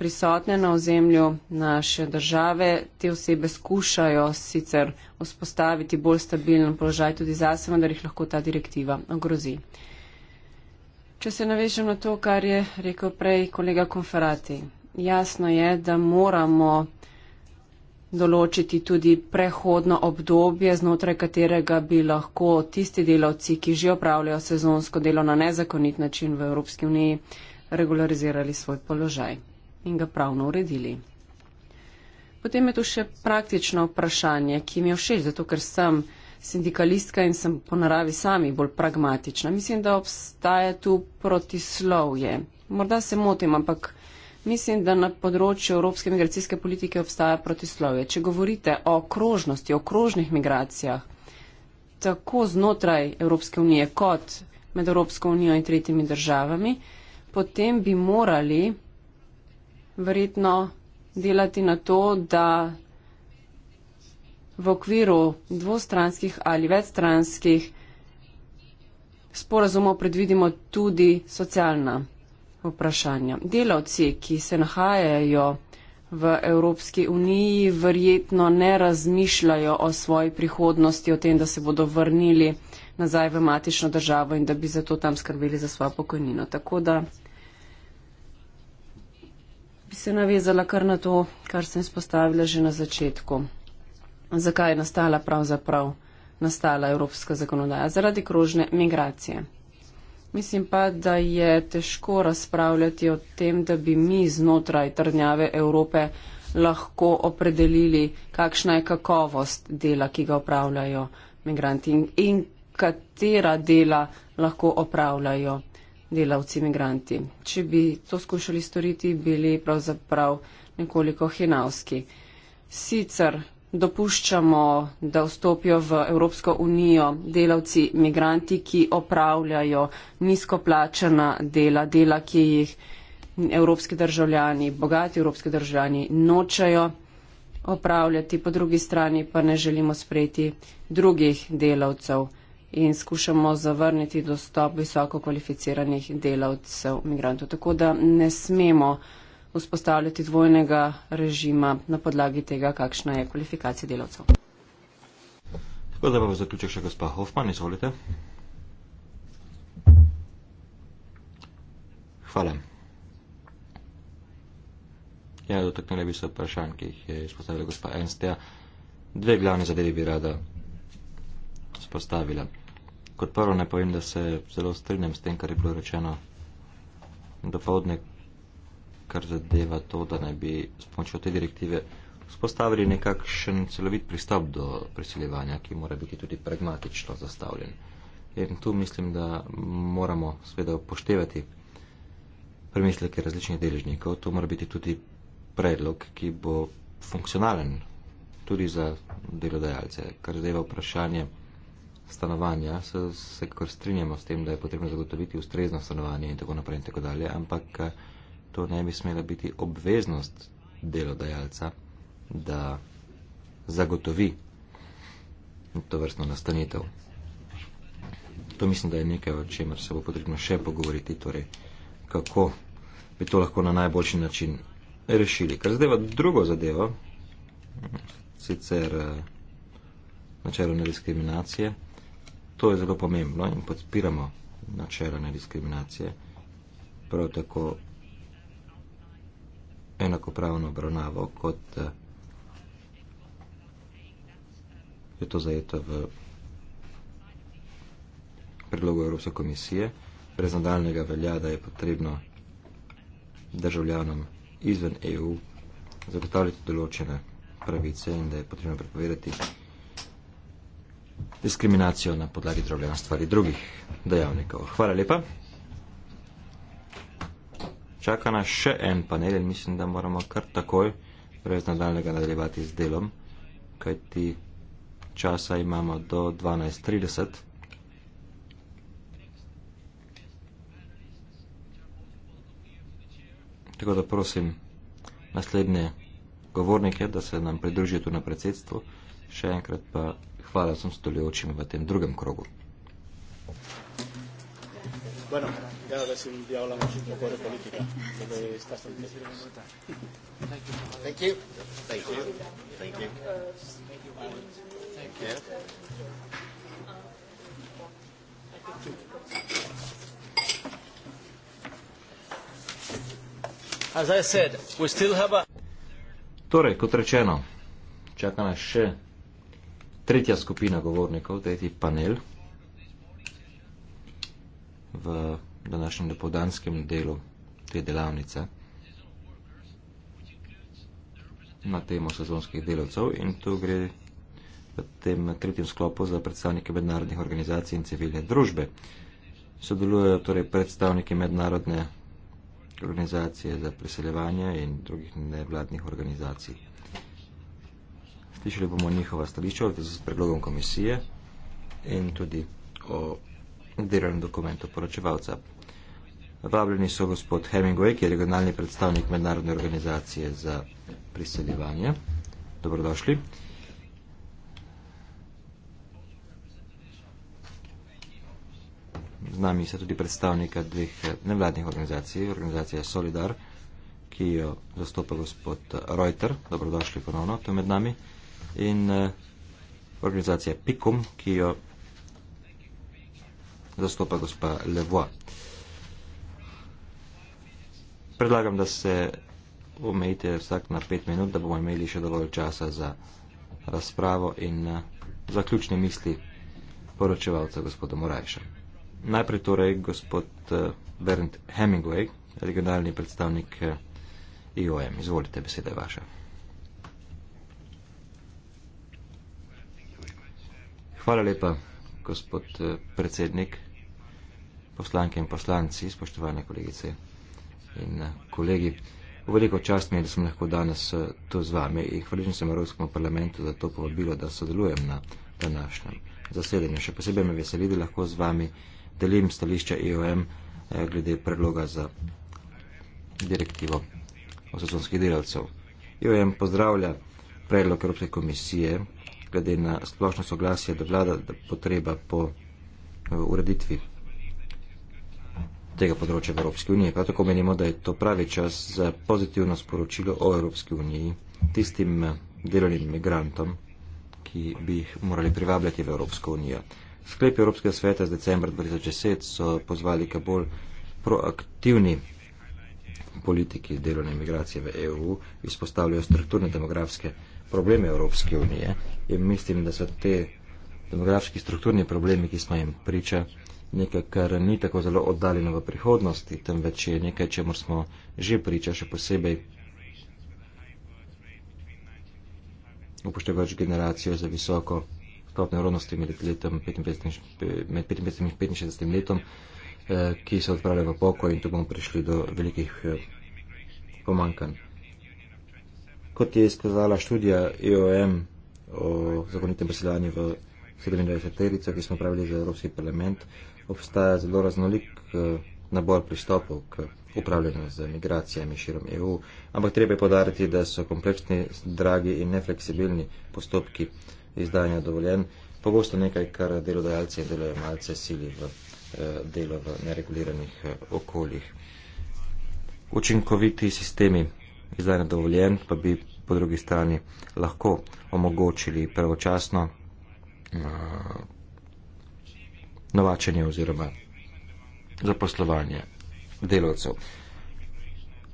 prisotne na ozemlju naše države. Te osebe skušajo sicer vzpostaviti bolj stabilen položaj tudi zase, vendar jih lahko ta direktiva ogrozi. Če se navežem na to, kar je rekel prej kolega Konferati, jasno je, da moramo določiti tudi prehodno obdobje, znotraj katerega bi lahko tisti delavci, ki že opravljajo sezonsko delo na nezakonit način v Evropski uniji, regularizirali svoj položaj in ga pravno uredili. Potem je tu še praktično vprašanje, ki mi je všeč, zato ker sem sindikalistka in sem po naravi sami bolj pragmatična. Mislim, da obstaja tu protislovje. Morda se motim, ampak mislim, da na področju evropske migracijske politike obstaja protislovje. Če govorite o krožnosti, o krožnih migracijah, tako znotraj Evropske unije kot med Evropsko unijo in tretjimi državami, potem bi morali verjetno delati na to, da v okviru dvostranskih ali večstranskih sporazumov predvidimo tudi socialna vprašanja. Delavci, ki se nahajajo v Evropski uniji, verjetno ne razmišljajo o svoji prihodnosti, o tem, da se bodo vrnili nazaj v matično državo in da bi zato tam skrbeli za svojo pokojnino. Tako da bi se navezala kar na to, kar sem izpostavila že na začetku. Zakaj je nastala pravzaprav nastala evropska zakonodaja? Zaradi krožne migracije. Mislim pa, da je težko razpravljati o tem, da bi mi znotraj trdnjave Evrope lahko opredelili, kakšna je kakovost dela, ki ga opravljajo migranti in katera dela lahko opravljajo delavci imigranti. Če bi to skušali storiti, bili pravzaprav nekoliko hinavski. Sicer dopuščamo, da vstopijo v Evropsko unijo delavci imigranti, ki opravljajo nizkoplačena dela, dela, ki jih evropski državljani, bogati evropski državljani nočajo opravljati, po drugi strani pa ne želimo sprejeti drugih delavcev in skušamo zavrniti dostop visoko kvalificiranih delavcev migrantov. Tako da ne smemo vzpostavljati dvojnega režima na podlagi tega, kakšna je kvalifikacija delavcev. Tako da bomo zaključek še gospa Hoffman, izvolite. Hvala. Ja, dotaknili bi se vprašanj, ki jih je izpostavila gospa Enstea. Ja, dve glavne zadeve bi rada spostavila. Kot prvo ne povem, da se zelo strinjam s tem, kar je bilo rečeno dopovdne, kar zadeva to, da ne bi s pomočjo te direktive spostavili nekakšen celovit pristop do priseljevanja, ki mora biti tudi pragmatično zastavljen. In tu mislim, da moramo sveda upoštevati premisleke različnih deležnikov. To mora biti tudi predlog, ki bo funkcionalen tudi za delodajalce, kar zadeva vprašanje stanovanja, se, se kar strinjamo s tem, da je potrebno zagotoviti ustrezno stanovanje in tako naprej in tako dalje, ampak eh, to ne bi smela biti obveznost delodajalca, da zagotovi to vrstno nastanitev. To mislim, da je nekaj, o čemer se bo potrebno še pogovoriti, torej kako bi to lahko na najboljši način rešili. Kar zadeva drugo zadevo, sicer eh, načelo nediskriminacije, to je zelo pomembno in podpiramo načelo nediskriminacije. Prav tako enakopravno obravnavo, kot eh, je to zajeto v predlogu Evropske komisije. Brez nadaljnega velja, da je potrebno državljanom izven EU zagotavljati določene pravice in da je potrebno prepovedati diskriminacijo na podlagi državljanstva ali drugih dejavnikov. Hvala lepa. Čaka nas še en panel in mislim, da moramo kar takoj brez nadaljnega nadaljevati z delom, kajti časa imamo do 12.30. Tako da prosim naslednje govornike, da se nam pridružijo tu na predsedstvu. Še enkrat pa Hvala vsem stoljevčim v tem drugem krogu. Bueno, ya a ver si ya hablamos un poco de política. De esta Thank you. Thank you. Thank you. Thank you. Thank you. Thank you. As I said, we still have a... Torej, kot rečeno, čaka nas še tretja skupina govornikov, tretji panel v današnjem dopoldanskem delu te delavnice na temo sezonskih delavcev in tu gre v tem tretjem sklopu za predstavnike mednarodnih organizacij in civilne družbe. Sodelujejo torej predstavniki mednarodne organizacije za priseljevanje in drugih nevladnih organizacij. Slišali bomo njihova stališča z predlogom komisije in tudi o delovnem dokumentu poročevalca. Vabljeni so gospod Hemingway, ki je regionalni predstavnik Mednarodne organizacije za priseljevanje. Dobrodošli. Z nami se tudi predstavnika dveh nevladnih organizacij, organizacija Solidar, ki jo zastopa gospod Reuter. Dobrodošli ponovno, to je med nami in uh, organizacija PIKUM, ki jo zastopa gospa Levoa. Predlagam, da se omejite vsak na pet minut, da bomo imeli še dovolj časa za razpravo in uh, zaključne misli poročevalca gospoda Morajša. Najprej torej gospod uh, Bernd Hemingway, legendarni predstavnik uh, IOM. Izvolite, beseda je vaša. Hvala lepa, gospod eh, predsednik, poslanke in poslanci, spoštovane kolegice in eh, kolegi. V veliko čast mi je, da sem lahko danes eh, tu z vami in hvaležen sem Evropskemu parlamentu za to povabilo, da sodelujem na današnjem zasedanju. Še posebej me veseli, da lahko z vami delim stališča IOM e glede predloga za direktivo o sezonskih delavcev. IOM e pozdravlja predlog Evropske komisije, glede na splošno soglasje, da vlada da potreba po eh, ureditvi tega področja v Evropski uniji. Prav tako menimo, da je to pravi čas za pozitivno sporočilo o Evropski uniji tistim eh, delovnim migrantom, ki bi jih morali privabljati v Evropsko unijo. Sklep Evropskega sveta z decembra 2010 so pozvali k bolj proaktivni politiki delovne migracije v EU, izpostavljajo strukturne demografske probleme Evropske unije in mislim, da so te demografski strukturni problemi, ki smo jim priča, nekaj, kar ni tako zelo oddaljeno v prihodnosti, temveč je nekaj, čemu smo že priča, še posebej upoštevajoč generacijo za visoko stopnjo rodnosti med, letom, med 55 in 65 letom, eh, ki se odpravlja v pokoj in tu bomo prišli do velikih eh, pomankanj kot je izkazala študija EOM o zakonitem preseljanju v 27 terico, ki smo pravili za Evropski parlament, obstaja zelo raznolik eh, nabor pristopov k upravljanju z migracijami širom EU, ampak treba je podariti, da so kompleksni, dragi in nefleksibilni postopki izdajanja dovoljen, pogosto nekaj, kar delodajalce in delojemalce sili v eh, delo v nereguliranih eh, okoljih. Učinkoviti sistemi izdajanja dovoljen pa bi po drugi strani lahko omogočili pravočasno uh, novačenje oziroma zaposlovanje delovcev.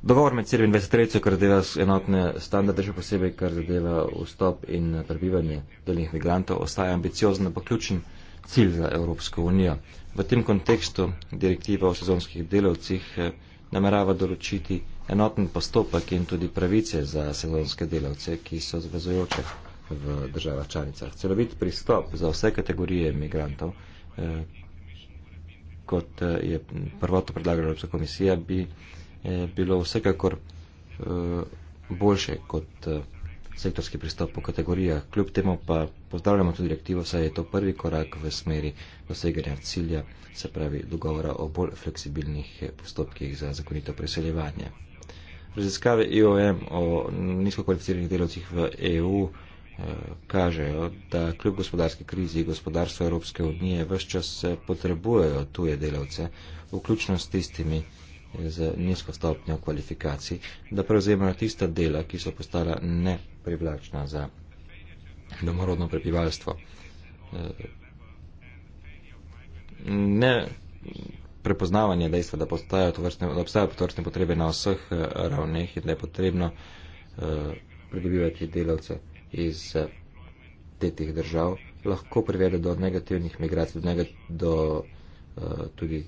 Dogovor med 27. kar zadeva enotne standarde, še posebej kar zadeva vstop in prebivanje dolnih migrantov, ostaja ambiciozen, ampak ključen cilj za Evropsko unijo. V tem kontekstu direktiva o sezonskih delovcih eh, namerava določiti enoten postopek in tudi pravice za sezonske delavce, ki so zvezujoče v državah članicah. Celovit pristop za vse kategorije migrantov, eh, kot eh, je prvotno predlagala Evropska komisija, bi eh, bilo vsekakor boljše kot sektorski pristop po kategorijah. Kljub temu pa pozdravljamo tudi direktivo, saj je to prvi korak v smeri doseganja cilja, se pravi dogovora o bolj fleksibilnih postopkih za zakonito preseljevanje. Raziskave IOM o nizkokvalificiranih delovcih v EU eh, kažejo, da kljub gospodarski krizi gospodarstvo Evropske unije vse čas potrebujejo tuje delavce, vključno s tistimi z nizko stopnjo kvalifikacij, da prevzemajo tista dela, ki so postala neprivlačna za domorodno prebivalstvo. Eh, ne, prepoznavanje dejstva, da, tovrstne, da obstajajo tovrstne potrebe na vseh eh, ravneh in da je potrebno uh, pridobivati delavce iz eh, tetih držav, lahko privede do negativnih migracij, do, nega, do uh, tudi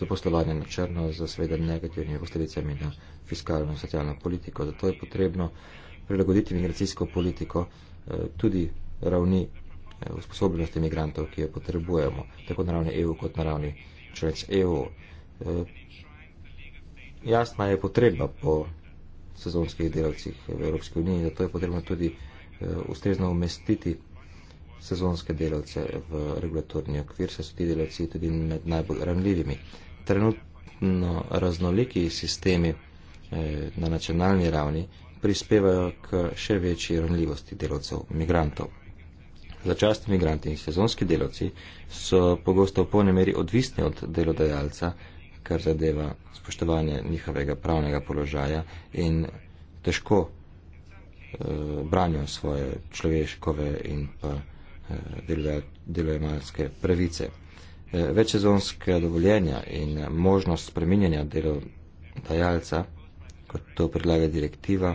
zaposlovanja na črno, za seveda negativnimi posledicami na fiskalno in socialno politiko. Zato je potrebno prilagoditi migracijsko politiko uh, tudi ravni usposobljenosti uh, migrantov, ki jo potrebujemo, tako na ravni EU kot na ravni uh, čez EU. Jasna je potreba po sezonskih delavcih v Evropski uniji, zato je potrebno tudi eh, ustrezno umestiti sezonske delavce v regulatorni okvir, saj so ti delavci tudi med najbolj ranljivimi. Trenutno raznoliki sistemi eh, na nacionalni ravni prispevajo k še večji ranljivosti delavcev, migrantov. Začasni migranti in sezonski delavci so pogosto v polni meri odvisni od delodajalca, kar zadeva spoštovanje njihovega pravnega položaja in težko eh, branijo svoje človeškove in pa eh, delojemalske pravice. Eh, več sezonske dovoljenja in možnost spreminjanja delodajalca, kot to predlaga direktiva,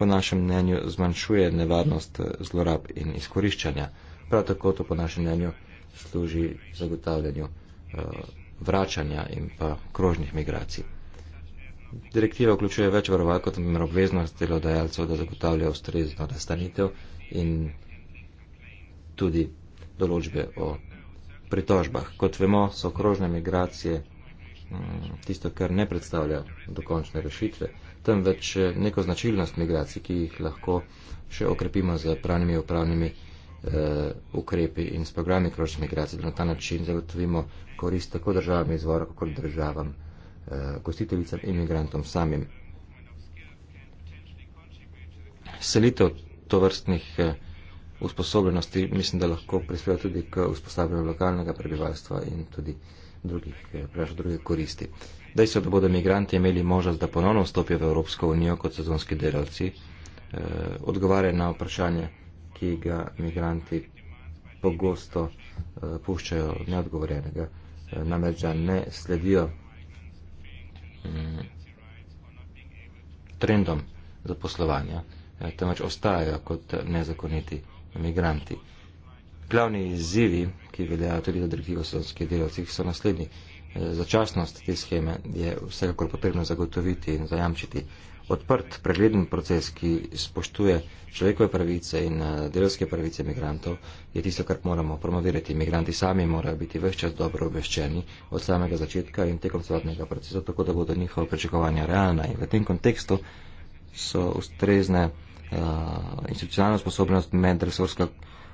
po našem mnenju zmanjšuje nevarnost eh, zlorab in izkoriščanja. Prav tako to po našem mnenju služi zagotavljanju uh, vračanja in pa krožnih migracij. Direktiva vključuje več varovalk, kot je obveznost delodajalcev, da zagotavlja ustrezno nastanitev in tudi določbe o pritožbah. Kot vemo, so krožne migracije um, tisto, kar ne predstavlja dokončne rešitve temveč eh, neko značilnost migracij, ki jih lahko še okrepimo z pravnimi upravnimi eh, ukrepi in s programi kroč migracij, da na ta način zagotovimo korist tako državam izvora, kot državam, eh, gostiteljicam in migrantom samim. Selitev tovrstnih eh, usposobljenosti mislim, da lahko prispeva tudi k usposabljanju lokalnega prebivalstva in tudi drugih, eh, drugih koristi. Eh, Dejstvo, da bodo imigranti imeli možnost, da ponovno vstopijo v Evropsko unijo kot sezonski delavci, eh, odgovarja na vprašanje, ki ga imigranti pogosto eh, puščajo neodgovorjenega. Eh, namreč, da ne sledijo hm, trendom zaposlovanja, eh, temveč ostajajo kot nezakoniti imigranti. Glavni izzivi, ki veljajo tudi za drugih sezonskih delavcih, so naslednji začasnost te scheme je vsekakor potrebno zagotoviti in zajamčiti odprt, pregleden proces, ki spoštuje človekove pravice in eh, delovske pravice imigrantov, je tisto, kar moramo promovirati. Imigranti sami morajo biti vse čas dobro obveščeni od samega začetka in tekom celotnega procesa, tako da bodo njihove pričakovanja realna. In v tem kontekstu so ustrezne uh, institucionalna sposobnost medresorska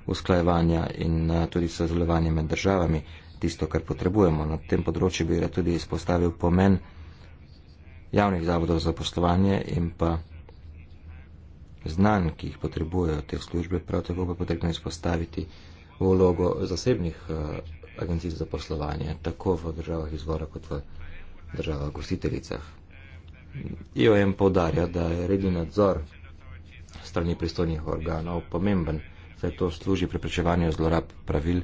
usklajevanja in uh, tudi sodelovanje med državami tisto, kar potrebujemo. Na tem področju bi rad tudi izpostavil pomen javnih zavodov za poslovanje in pa znanj, ki jih potrebujejo te službe, prav tako pa potrebno izpostaviti vlogo zasebnih eh, agencij za poslovanje, tako v državah izvora kot v državah gostiteljicah. IOM povdarja, da je redni nadzor strani pristojnih organov pomemben, saj to služi preprečevanju zlorab pravil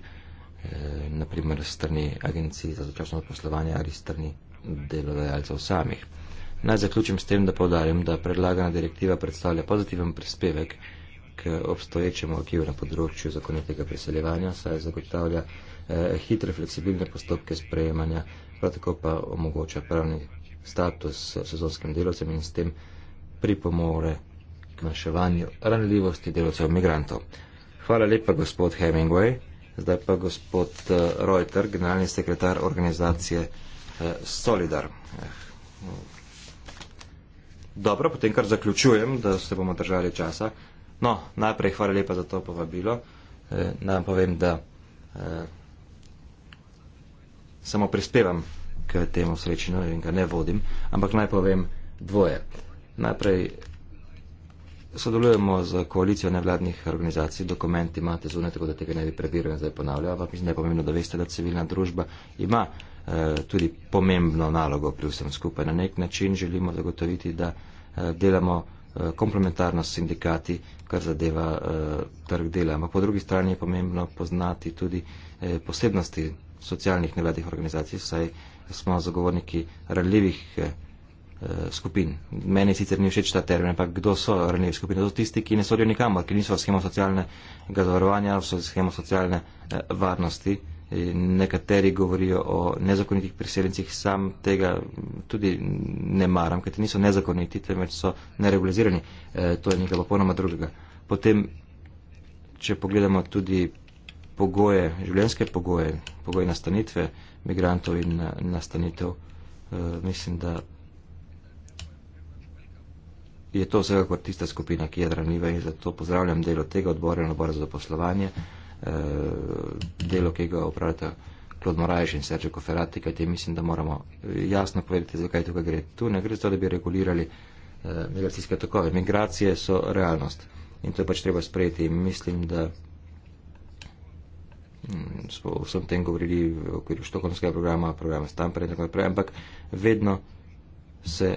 Eh, naprimer strani agencij za začasno poslovanje ali strani delodajalcev samih. Naj zaključim s tem, da povdarim, da predlagana direktiva predstavlja pozitiven prispevek k obstoječemu okviru na področju zakonitega preseljevanja, saj zagotavlja eh, hitre, fleksibilne postopke sprejemanja, prav tako pa omogoča pravni status sezonskim delovcem in s tem pripomore k manjševanju ranljivosti delovcev migrantov. Hvala lepa, gospod Hemingway. Zdaj pa gospod eh, Reuter, generalni sekretar organizacije eh, Solidar. Eh, dobro, potem kar zaključujem, da se bomo držali časa. No, najprej hvala lepa za to povabilo. Naj vam povem, da samo prispevam k temu srečino in ga ne vodim, ampak naj povem dvoje. Najprej sodelujemo z koalicijo nevladnih organizacij, dokument imate zunaj, tako da tega ne bi prediral in zdaj ponavljal, ampak mislim, da je pomembno, da veste, da civilna družba ima eh, tudi pomembno nalogo pri vsem skupaj. Na nek način želimo zagotoviti, da eh, delamo eh, komplementarno s sindikati, kar zadeva eh, trg dela. Ampak po drugi strani je pomembno poznati tudi eh, posebnosti socialnih nevladnih organizacij, saj smo zagovorniki ranljivih. Eh, Eh, skupin. Meni sicer ni všeč ta termin, ampak kdo so ranljive skupine? To so tisti, ki ne sodijo nikamor, ki niso v schemo socialnega zavarovanja, v schemo socialne eh, varnosti. Nekateri govorijo o nezakonitih priseljencih, sam tega tudi ne maram, ker ti niso nezakoniti, temveč so neregulizirani. E, to je nekaj popolnoma drugega. Potem, če pogledamo tudi pogoje, življenjske pogoje, pogoje nastanitve migrantov in nastanitev, e, mislim, da je to vsekakor tista skupina, ki je ranljiva in zato pozdravljam delo tega odbora in odbora za poslovanje, eh, delo, ki ga upravljata Klod Morajš in Serče Koferati, kajti mislim, da moramo jasno povedati, zakaj tukaj gre. Tu ne gre za to, da bi regulirali eh, migracijske tokove. Migracije so realnost in to je pač treba sprejeti. Mislim, da mm, smo o vsem tem govorili v okviru štokonskega programa, programa Stamper in tako naprej, ampak vedno se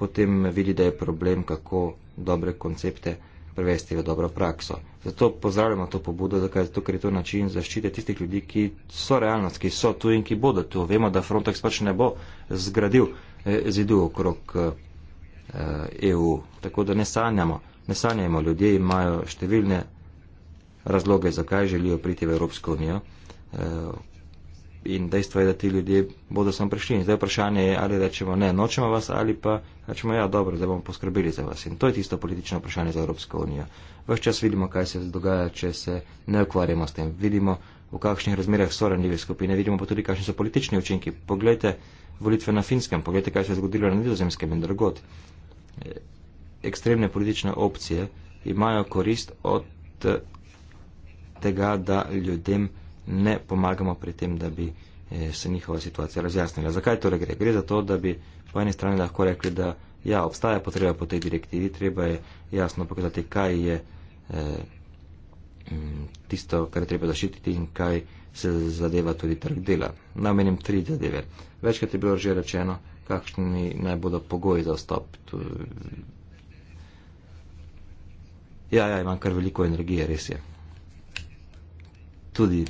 potem vidi, da je problem, kako dobre koncepte prevesti v dobro prakso. Zato pozdravljamo to pobudo, zakaj, zato, ker je to način zaščite tistih ljudi, ki so realnost, ki so tu in ki bodo tu. Vemo, da Frontex pač ne bo zgradil eh, zidu okrog EU. Eh, e Tako da ne sanjamo, ne sanjamo, ljudje imajo številne razloge, zakaj želijo priti v Evropsko unijo. Eh, in dejstvo je, da ti ljudje bodo sem prišli. In zdaj vprašanje je, ali rečemo ne, nočemo vas ali pa rečemo ja, dobro, zdaj bomo poskrbeli za vas. In to je tisto politično vprašanje za Evropsko unijo. Ves čas vidimo, kaj se dogaja, če se ne ukvarjamo s tem. Vidimo, v kakšnih razmerah so ranljive skupine, vidimo pa tudi, kakšni so politični učinki. Poglejte volitve na Finskem, poglejte, kaj se je zgodilo na Nizozemskem in drugod. Ekstremne politične opcije imajo korist od tega, da ljudem ne pomagamo pri tem, da bi eh, se njihova situacija razjasnila. Zakaj torej gre? Gre za to, da bi po eni strani lahko rekli, da ja, obstaja potreba po tej direktivi, treba je jasno pokazati, kaj je eh, tisto, kar je treba zaščititi in kaj se zadeva tudi trg dela. Namenim tri zadeve. Večkrat je bilo že rečeno, kakšni naj bodo pogoji za vstop. Ja, ja, imam kar veliko energije, res je. Tudi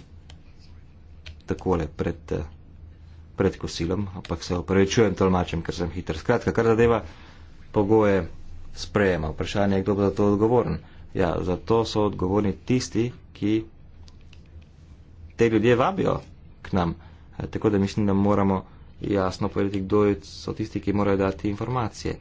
takole pred, eh, pred kosilom, ampak se opravičujem tolmačem, ker sem hiter. Skratka, kar zadeva pogoje sprejema. Vprašanje je, kdo bo za to odgovoren. Ja, za to so odgovorni tisti, ki te ljudje vabijo k nam. E, tako da mislim, da moramo jasno povedati, kdo so tisti, ki morajo dati informacije. E,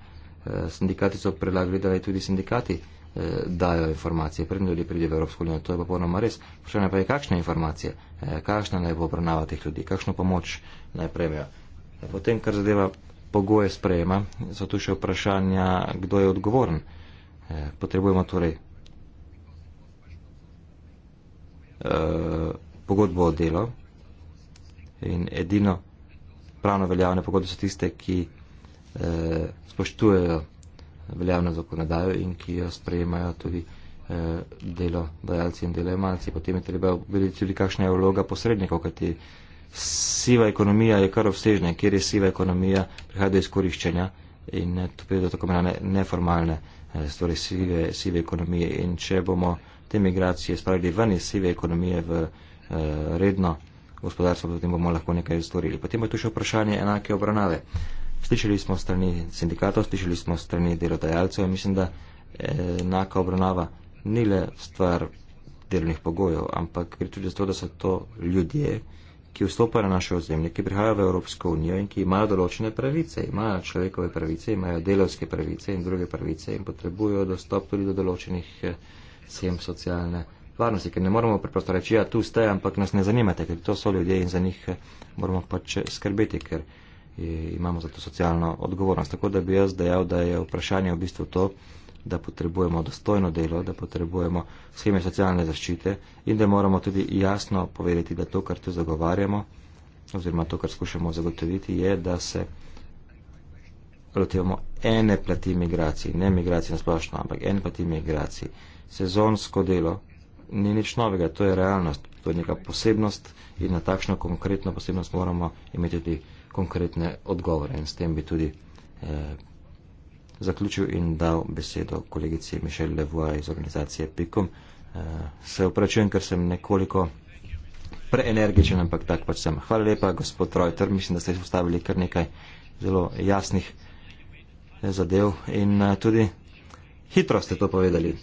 sindikati so predlagali, da je tudi sindikati. Eh, dajo informacije, preden ljudje pridejo v Evropsko unijo. To je pa ponoma res. Vprašanje pa je, kakšne informacije, eh, kakšna naj bo obravnava teh ljudi, kakšno pomoč naj prejmejo. Eh, potem, kar zadeva pogoje sprejema, so tu še vprašanja, kdo je odgovoren. Potrebujemo torej pogodbo o delo in edino pravno veljavne pogodbe so tiste, ki spoštujejo veljavno zakonodajo in ki jo sprejemajo tudi eh, delo dajalci in delojemalci. Potem je treba videti tudi, kakšna je vloga posrednikov, kajti siva ekonomija je kar obsežna, kjer je siva ekonomija, prihaja do izkoriščanja in eh, to pride do tako imenovane neformalne eh, stvari, torej sive, sive ekonomije. In če bomo te migracije spravili ven iz sive ekonomije v eh, redno gospodarstvo, potem bomo lahko nekaj storili. Potem je tu še vprašanje enake obravnave slišali smo strani sindikatov, slišali smo strani delodajalcev in mislim, da eh, enaka obravnava ni le stvar delovnih pogojev, ampak gre tudi za to, da so to ljudje, ki vstopajo na naše ozemlje, ki prihajajo v Evropsko unijo in ki imajo določene pravice, imajo človekove pravice, imajo delovske pravice in druge pravice in potrebujo dostop tudi do določenih eh, sem socialne varnosti, ker ne moramo preprosto reči, ja, tu ste, ampak nas ne zanimate, ker to so ljudje in za njih eh, moramo pač skrbeti, ker imamo za to socialno odgovornost. Tako da bi jaz dejal, da je vprašanje v bistvu to, da potrebujemo dostojno delo, da potrebujemo sheme socialne zaščite in da moramo tudi jasno povedati, da to, kar tu zagovarjamo, oziroma to, kar skušamo zagotoviti, je, da se lotevamo ene plati migracij, ne migracij nasplošno, ampak ene plati migracij. Sezonsko delo ni nič novega, to je realnost, to je neka posebnost in na takšno konkretno posebnost moramo imeti tudi konkretne odgovore. In s tem bi tudi eh, zaključil in dal besedo kolegici Mišel Levoja iz organizacije PIKOM. Eh, se upračujem, ker sem nekoliko preenergičen, ampak tak pač sem. Hvala lepa, gospod Reuter. Mislim, da ste izpostavili kar nekaj zelo jasnih eh, zadev in eh, tudi hitro ste to povedali.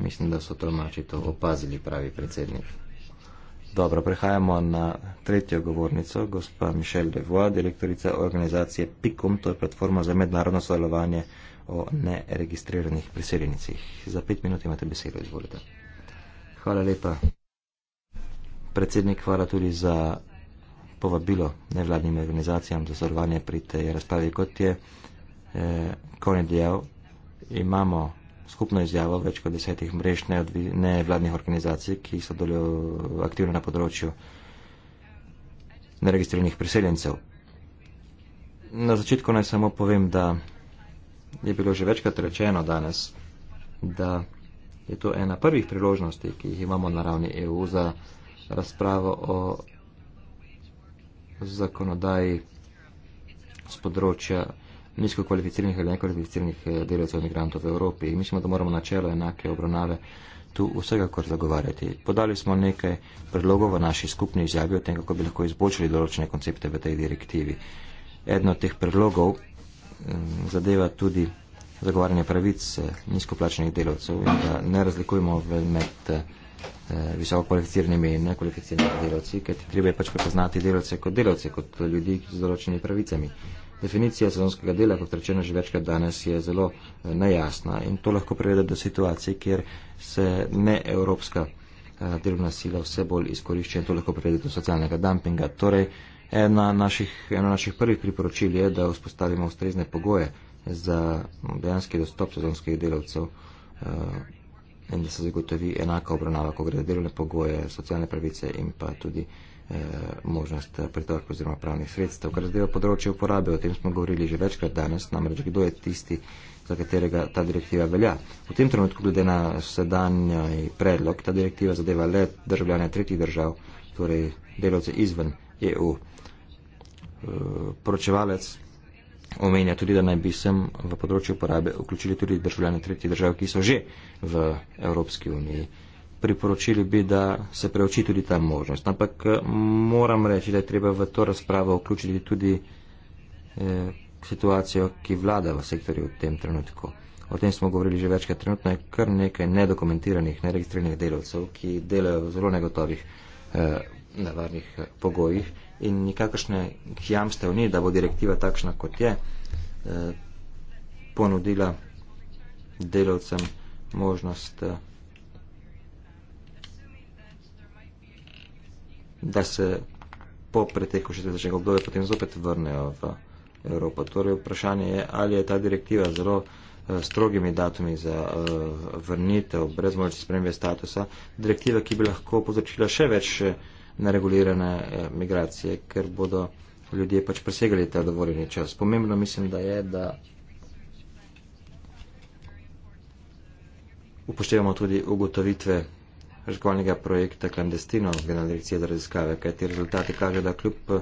Mislim, da so tolmači to opazili, pravi predsednik. Dobro, prehajamo na tretjo govornico, gospa Mišelj Devoa, direktorica organizacije PIKUM, to je platforma za mednarodno sodelovanje o neregistriranih priseljenicih. Za pet minut imate besedo, izvolite. Hvala lepa. Predsednik, hvala tudi za povabilo nevladnim organizacijam za sodelovanje pri tej razpravi, kot je eh, Kone dejal, imamo skupno izjavo več kot desetih mrež nevladnih organizacij, ki so delujo aktivno na področju neregistriranih priseljencev. Na začetku naj samo povem, da je bilo že večkrat rečeno danes, da je to ena prvih priložnosti, ki jih imamo na ravni EU za razpravo o zakonodaji z področja nizko kvalificiranih ali nekvalificiranih eh, delavcev imigrantov v Evropi. In mislimo, da moramo načelo enake obravnave tu vsega kar zagovarjati. Podali smo nekaj predlogov v naši skupni izjavi o tem, kako bi lahko izboljšali določene koncepte v tej direktivi. Edno od teh predlogov mm, zadeva tudi zagovarjanje pravic eh, nizkoplačenih delavcev in da ne razlikujemo med eh, visoko kvalificiranimi in nekvalificiranimi delavci, ker treba je pač prepoznati delavce kot delavce, kot ljudi z določenimi pravicami. Definicija sezonskega dela, kot rečeno že večkrat danes, je zelo eh, nejasna in to lahko prevede do situacije, kjer se ne evropska eh, delovna sila vse bolj izkorišča in to lahko prevede do socialnega dumpinga. Torej, ena naših, eno naših prvih priporočil je, da vzpostavimo ustrezne pogoje za mm, dejanski dostop sezonskih delavcev eh, in da se zagotovi enaka obravnava, ko gre za delovne pogoje, socialne pravice in pa tudi. Eh, možnost eh, pritožb oziroma pravnih sredstev. Kar zdaj je področje uporabe, o tem smo govorili že večkrat danes, namreč kdo je tisti, za katerega ta direktiva velja. V tem trenutku, glede na sedanji predlog, ta direktiva zadeva le državljane tretjih držav, torej delavce izven EU. Eh, poročevalec omenja tudi, da naj bi sem v področju uporabe vključili tudi državljane tretjih držav, ki so že v Evropski uniji priporočili bi, da se preuči tudi ta možnost. Ampak eh, moram reči, da je treba v to razpravo vključiti tudi eh, situacijo, ki vlada v sektorju v tem trenutku. O tem smo govorili že večkrat. Trenutno je kar nekaj nedokumentiranih, neregistriranih delavcev, ki delajo v zelo negotovih eh, nevarnih eh, pogojih in nikakršne jamstev ni, da bo direktiva takšna, kot je, eh, ponudila delavcem možnost. Eh, da se po preteku 60-ega obdobja potem zopet vrnejo v Evropo. Torej vprašanje je, ali je ta direktiva zelo eh, strogimi datumi za uh, vrnitev brez možnosti spremembe statusa, direktiva, ki bi lahko povzročila še več eh, neregulirane uh, migracije, ker bodo ljudje pač presegali ta dovoljeni čas. Pomembno mislim, da je, da upoštevamo tudi ugotovitve raziskovalnega projekta Klandestino Generalne direkcije za raziskave, kaj ti rezultati kaže, da kljub eh,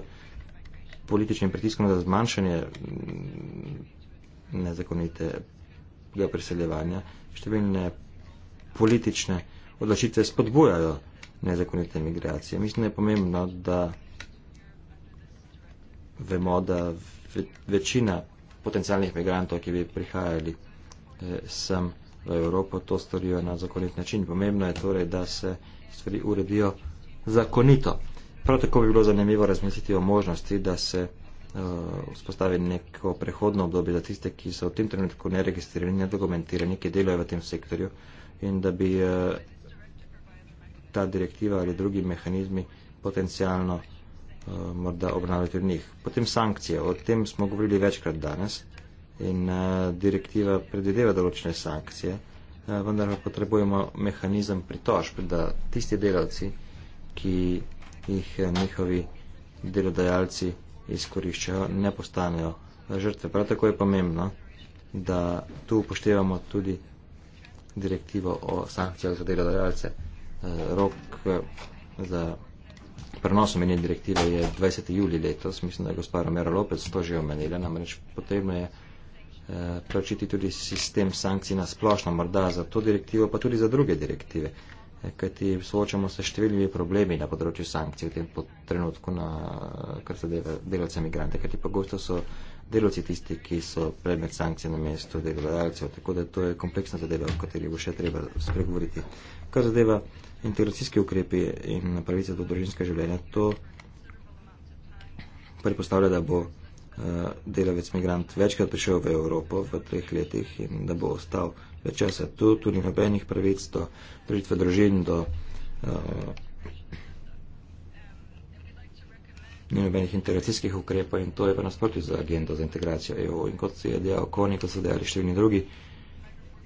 političnim pritiskom za zmanjšanje mm, nezakonite preseljevanja, številne politične odločitve spodbujajo nezakonite migracije. Mislim, da je pomembno, da vemo, da večina potencialnih migrantov, ki bi prihajali eh, sem, eh, v Evropo to storijo na zakonit način. Pomembno je torej, da se stvari uredijo zakonito. Prav tako bi bilo zanimivo razmisliti o možnosti, da se eh, vzpostavi uh, neko prehodno obdobje za tiste, ki so v tem trenutku neregistrirani, nedokumentirani, ki delajo v tem sektorju in da bi uh, ta direktiva ali drugi mehanizmi potencijalno uh, eh, morda obnavljati v njih. Potem sankcije, o tem smo govorili večkrat danes in uh, direktiva predvideva določene sankcije, uh, vendar pa potrebujemo mehanizem pritožb, da tisti delavci, ki jih eh, njihovi delodajalci izkoriščajo, ne postanejo žrtve. Prav tako je pomembno, da tu upoštevamo tudi direktivo o sankcijah za delodajalce. Rok za prenos omenjene direktive je 20. juli letos, mislim, da je gospa Romero Lopez to že omenila, namreč potrebno je. Potem je Eh, preučiti tudi sistem sankcij na splošno, morda za to direktivo, pa tudi za druge direktive, eh, kajti soočamo se številnimi problemi na področju sankcij v tem trenutku, na, kar se delavce imigrante, kajti pogosto so delavci tisti, ki so predmet sankcij na mesto delodajalcev, tako da to je kompleksna zadeva, o kateri bo še treba spregovoriti. Kar zadeva integracijske ukrepi in pravice do družinske življenja, to predpostavlja, da bo Eh, delavec migrant večkrat prišel v Evropo v treh letih in da bo ostal več časa tu, tudi nobenih pravic do družitve družin, do uh, ni nobenih integracijskih ukrepov in to je pa nasprotno za agendo za integracijo EU. In kot si je dejal Koni, kot so dejali številni drugi,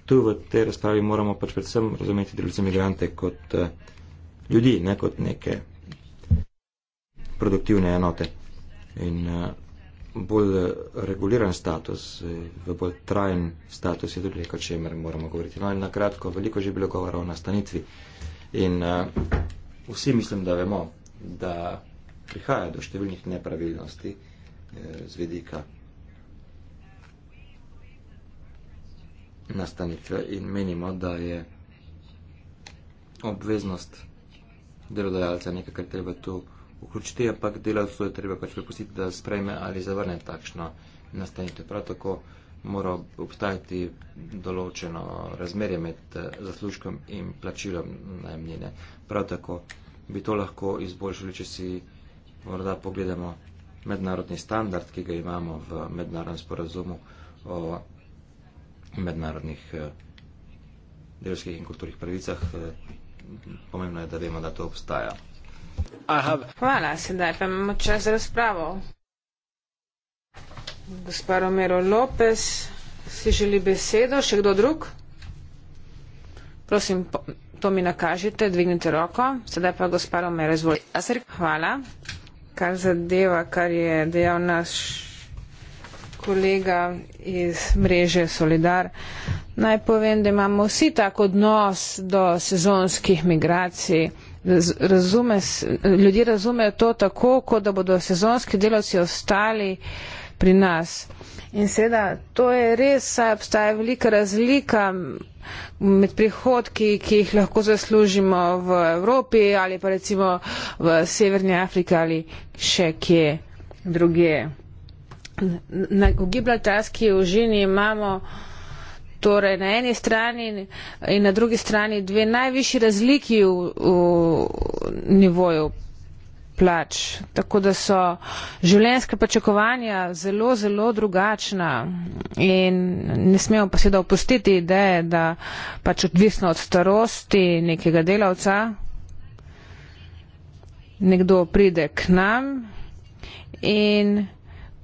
tu v tej razpravi moramo pač predvsem razumeti delavce migrante kot uh, ljudi, ne kot neke produktivne enote. In uh, bolj eh, reguliran status, eh, v bolj trajen status je tudi nekaj, o čemer moramo govoriti. No in na kratko, veliko že bilo govora o nastanitvi. In uh, vsi mislim, da vemo, da prihaja do številnih nepravilnosti eh, z vidika nastanitve in menimo, da je obveznost delodajalca nekaj, kar treba tu vključiti, ampak delavcu je treba pač prepustiti, da sprejme ali zavrne takšno nastanitev. Prav tako mora obstajati določeno razmerje med eh, zaslužkom in plačilom najemnine. Prav tako bi to lahko izboljšali, če si morda pogledamo mednarodni standard, ki ga imamo v mednarodnem sporazumu o mednarodnih eh, delovskih in kulturnih pravicah. Eh, pomembno je, da vemo, da to obstaja. Hvala, sedaj pa imamo čas za razpravo. Gospa Romero Lopez, si želi besedo, še kdo drug? Prosim, to mi nakažite, dvignite roko. Sedaj pa gospa Romero, izvolite. Hvala. Kar zadeva, kar je dejal naš kolega iz mreže Solidar. Naj povem, da imamo vsi tak odnos do sezonskih migracij razume, ljudje razumejo to tako, kot da bodo sezonski delavci ostali pri nas. In seveda, to je res, saj obstaja velika razlika med prihodki, ki jih lahko zaslužimo v Evropi ali pa recimo v Severni Afriki ali še kje drugje. Na Gibraltarski užini imamo uh, torej na eni strani in na drugi strani dve najvišji razliki v, v nivoju plač. Tako da so življenjska pričakovanja zelo, zelo drugačna in ne smemo pa seveda opustiti ideje, da pač odvisno od starosti nekega delavca nekdo pride k nam in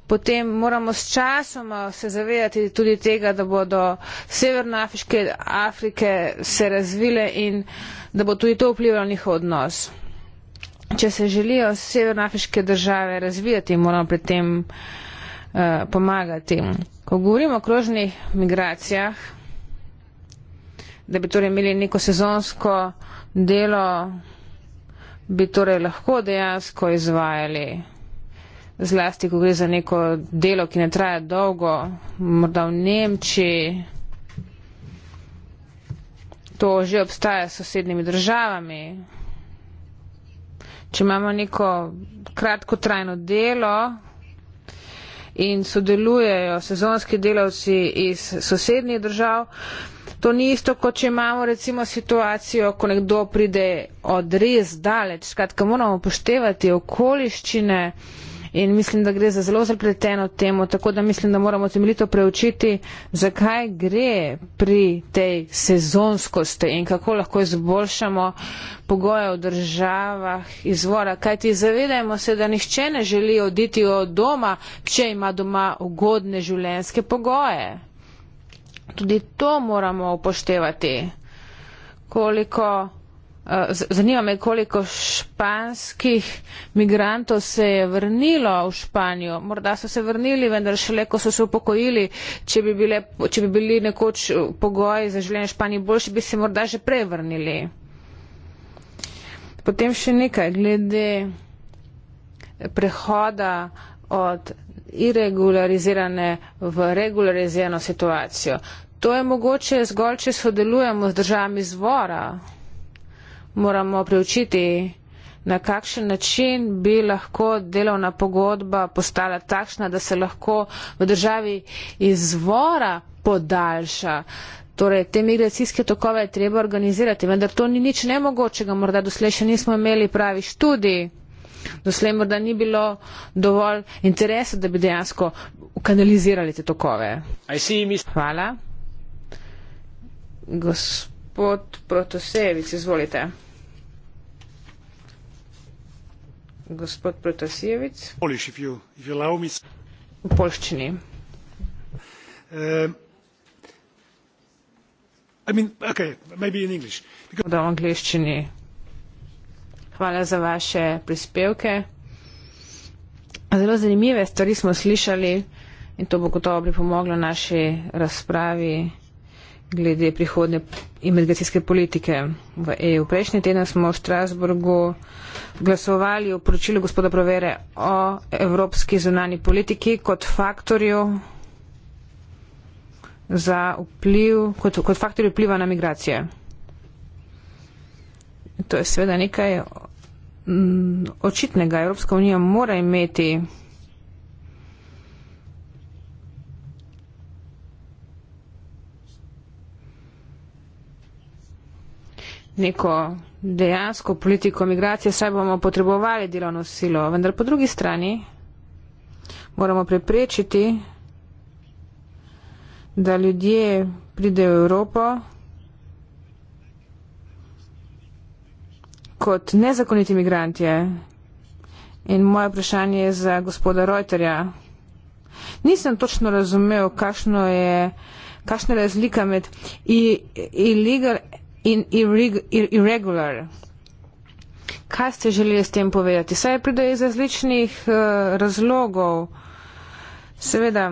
potem moramo s časoma eh, se zavedati tudi tega, da bodo severnoafriške Afrike se razvile in da bo tudi to vplivalo njihov odnos. Če se želijo severnoafriške države razvijati, moramo pri tem uh, pomagati. Ko govorimo o krožnih migracijah, da bi torej imeli neko sezonsko delo, bi torej lahko dejansko izvajali zlasti, ko gre za neko delo, ki ne traja dolgo, morda v Nemčiji. To že obstaja s sosednjimi državami. Če imamo neko kratkotrajno delo in sodelujejo sezonski delavci iz sosednjih držav, to ni isto, kot če imamo recimo situacijo, ko nekdo pride od res daleč. Skratka, moramo upoštevati okoliščine in mislim, da gre za zelo zapleteno temo, tako da mislim, da moramo temeljito preučiti, zakaj gre pri tej sezonskosti in kako lahko izboljšamo pogoje v državah izvora. Kaj ti zavedajmo se, da nihče ne želi oditi od doma, če ima doma ugodne življenjske pogoje. Tudi to moramo upoštevati. Koliko Eh, zanima me, koliko španskih migrantov se je vrnilo v Španijo. Morda so se vrnili, vendar šele, ko so se upokojili, če bi, bile, če bi bili nekoč eh, pogoji za življenje v Španiji boljši, bi se morda že prej vrnili. Potem še nekaj glede prehoda od irregularizirane v regularizirano situacijo. To je mogoče zgolj, če sodelujemo z državami zvora moramo preučiti, na kakšen način bi lahko delovna pogodba postala takšna, da se lahko v državi izvora podaljša. Torej, te migracijske tokove je treba organizirati, vendar to ni nič nemogočega, morda doslej še nismo imeli pravi študij, doslej morda ni bilo dovolj interesa, da bi dejansko kanalizirali te tokove. Hvala. Gospod Protosevic, izvolite. Ehm, hvala za vaše prispevke zelo zanimive stvari smo slišali in to bo gotovo pripomoglo naši razpravi glede prihodne imigracijske politike v EU. Prejšnji teden smo v Strasburgu glasovali v poročilu gospoda Provere o evropski zunani politiki kot faktorju za vpliv, kot, kot faktor vpliva na migracije. To je seveda nekaj mm, očitnega. Evropska unija mora imeti neko dejansko politiko migracije, saj bomo potrebovali delovno silo, vendar po drugi strani moramo preprečiti, da ljudje pridejo v Evropo kot nezakoniti migranti. In moje vprašanje je za gospoda Reuterja. Nisem točno razumel, kakšna je razlika med illegal in irregular. Kaj ste želeli s tem povedati? Saj pride iz različnih uh, razlogov. Seveda,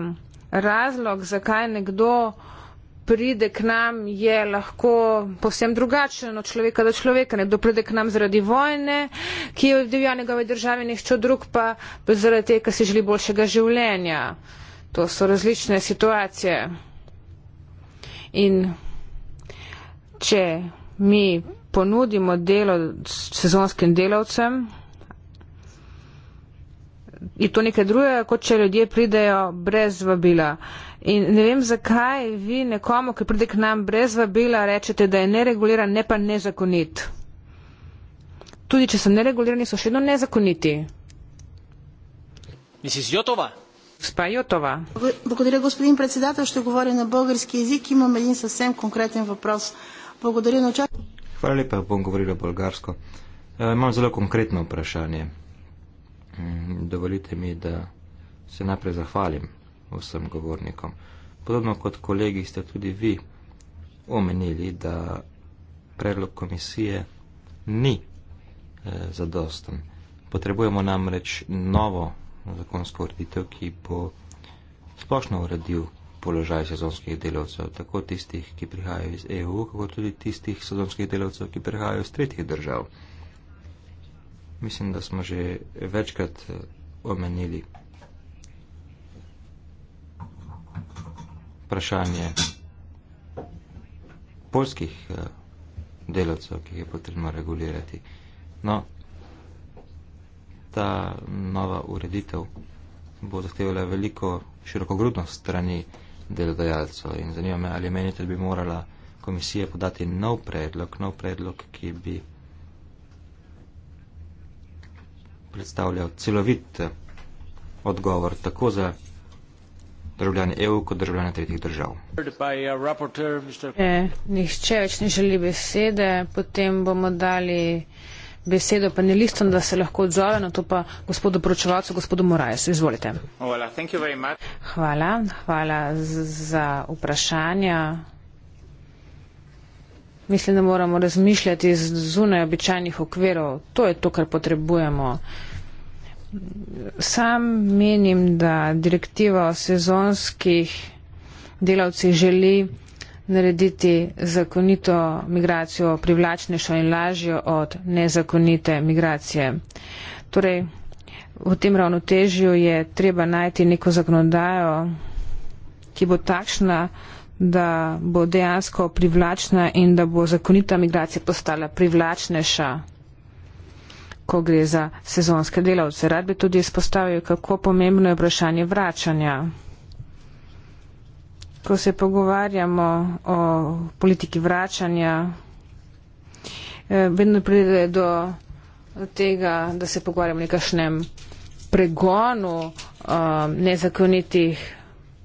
razlog, zakaj nekdo pride k nam, je lahko povsem drugačen od človeka do človeka. Nekdo pride k nam zaradi vojne, ki je divja njegove države, nihče drug pa zaradi tega, ker si želi boljšega življenja. To so različne situacije. In če mi ponudimo delo sezonskim delavcem, je to nekaj druge, kot če ljudje pridejo brez vabila. In ne vem, zakaj vi nekomu, ki pride k nam brez vabila, rečete, da je nereguliran, ne pa nezakonit. Tudi če so neregulirani, so še vedno nezakoniti. Mrs. Jotova. Gospa Jotova. Благодаря, gospodin predsedatelj, što govori na bolgarski jezik, imam en sasvim konkreten vprašanje. Благодаря на участие. Hvala lepa, bom govorila bolgarsko. E, imam zelo konkretno vprašanje. Dovolite mi, da se najprej zahvalim vsem govornikom. Podobno kot kolegi ste tudi vi omenili, da predlog komisije ni e, zadosten. Potrebujemo namreč novo zakonsko ureditev, ki bo splošno uredil položaj sezonskih delavcev, tako tistih, ki prihajajo iz EU, kako tudi tistih sezonskih delavcev, ki prihajajo iz tretjih držav. Mislim, da smo že večkrat eh, omenili vprašanje polskih eh, delavcev, ki jih je potrebno regulirati. No, ta nova ureditev bo zahtevala veliko širokogrudnost strani delodajalcev. In zanima me, ali menite, da bi morala komisija podati nov predlog, nov predlog, ki bi predstavljal celovit odgovor tako za državljane EU kot državljane tretjih držav. Ja, eh, nihče več ne želi besede, potem bomo dali besedo panelistom, da se lahko odzove, na to pa gospodu poročevalcu, gospodu Morajesu. Izvolite. Hvala, hvala za vprašanja. Mislim, da moramo razmišljati zunaj običajnih okverov. To je to, kar potrebujemo. Sam menim, da direktiva o sezonskih delavcih želi narediti zakonito migracijo privlačnejšo in lažjo od nezakonite migracije. Torej, v tem ravnotežju je treba najti neko zakonodajo, ki bo takšna, da bo dejansko privlačna in da bo zakonita migracija postala privlačnejša, ko gre za sezonske delavce. Rad bi tudi izpostavil, kako pomembno je vprašanje vračanja ko se pogovarjamo o politiki vračanja, eh, vedno pride do tega, da se pogovarjamo o nekašnem pregonu eh, nezakonitih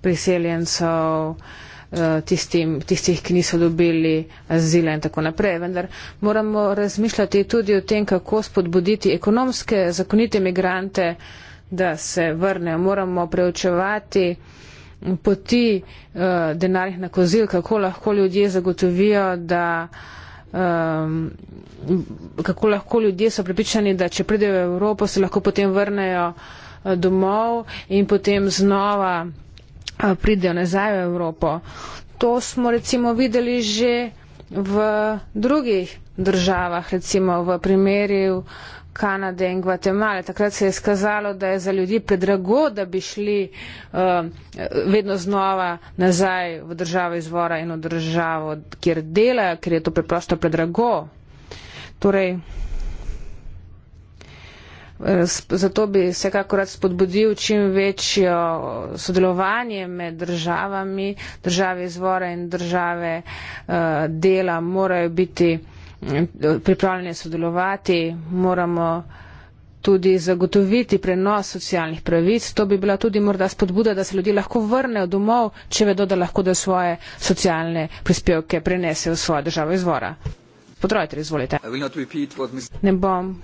priseljencev, eh, tistim, tistih, ki niso dobili azila in tako naprej. Vendar moramo razmišljati tudi o tem, kako spodbuditi ekonomske zakonite migrante, da se vrnejo. Moramo preučevati poti uh, denarnih nakazil, kako lahko ljudje zagotovijo, da um, kako lahko ljudje so pripričani, da če pridejo v Evropo, se lahko potem vrnejo eh, domov in potem znova eh, pridejo nazaj v Evropo. To smo recimo videli že v drugih državah, recimo v primerju Kanade in Gvatemale. Takrat se je skazalo, da je za ljudi predrago, da bi šli uh, vedno znova nazaj v državo izvora in v državo, kjer delajo, ker je to preprosto predrago. Torej, zato bi vsekakor rad spodbudil čim večjo sodelovanje med državami, države izvora in države uh, dela morajo biti pripravljeni sodelovati, moramo tudi zagotoviti prenos socialnih pravic. To bi bila tudi morda spodbuda, da se ljudje lahko vrnejo domov, če vedo, da lahko da svoje socialne prispevke prenesejo v svojo državo izvora. Podrojite, izvolite. Ne bom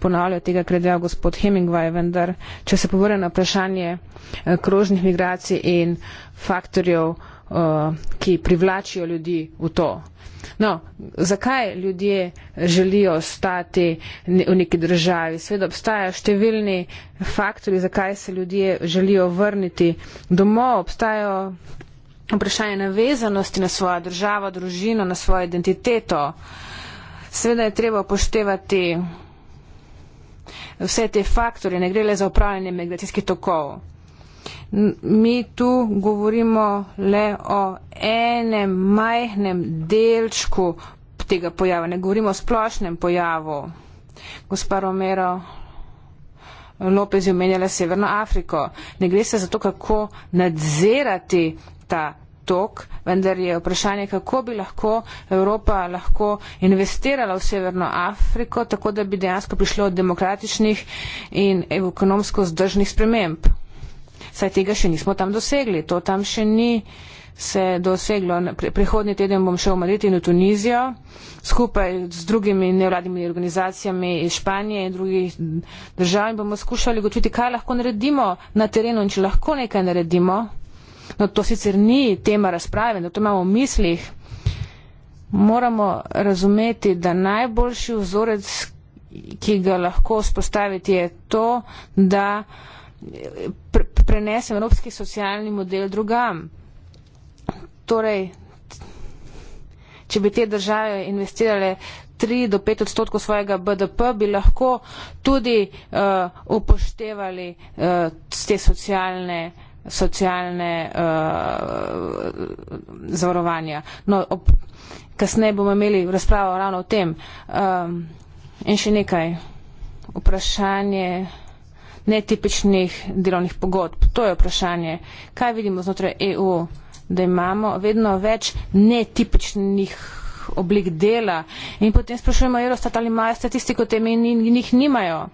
ponavljal tega, kar je dejal gospod Hemingway, vendar, če se povrne na vprašanje eh, krožnih migracij in faktorjev, Eh, ki privlačijo ljudi v to. No, zakaj ljudje želijo ostati v neki državi? Sveda obstajajo številni faktori, zakaj se ljudje želijo vrniti domov. Obstajajo vprašanje navezanosti na svojo državo, družino, na svojo identiteto. Sveda je treba upoštevati vse te faktore, ne gre le za upravljanje migracijskih tokov. Mi tu govorimo le o enem majhnem delčku tega pojava, ne govorimo o splošnem pojavu. Gospa Romero Lopez je omenjala Severno Afriko. Ne gre se za to, kako nadzirati ta tok, vendar je vprašanje, kako bi lahko Evropa lahko investirala v Severno Afriko, tako da bi dejansko prišlo od demokratičnih in ekonomsko zdržnih sprememb saj tega še nismo tam dosegli. To tam še ni se doseglo. Prihodnji teden bom šel v Madrid in v Tunizijo skupaj z drugimi nevladnimi organizacijami iz Španije in drugih držav in bomo skušali gotoviti, kaj lahko naredimo na terenu in če lahko nekaj naredimo. No, to sicer ni tema razprave, da to imamo v mislih. Moramo razumeti, da najboljši vzorec, ki ga lahko spostaviti, je to, da prenesem evropski socialni model drugam. Torej, če bi te države investirale 3 do 5 odstotkov svojega BDP, bi lahko tudi uh, upoštevali uh, te socialne socialne uh, zavarovanja. No, ob, kasneje bomo imeli razpravo ravno o tem. Um, in še nekaj. Vprašanje netipičnih delovnih pogodb. To je vprašanje, kaj vidimo znotraj EU, da imamo vedno več netipičnih oblik dela in potem sprašujemo Eurostat, ali imajo statistiko tem in njih nimajo.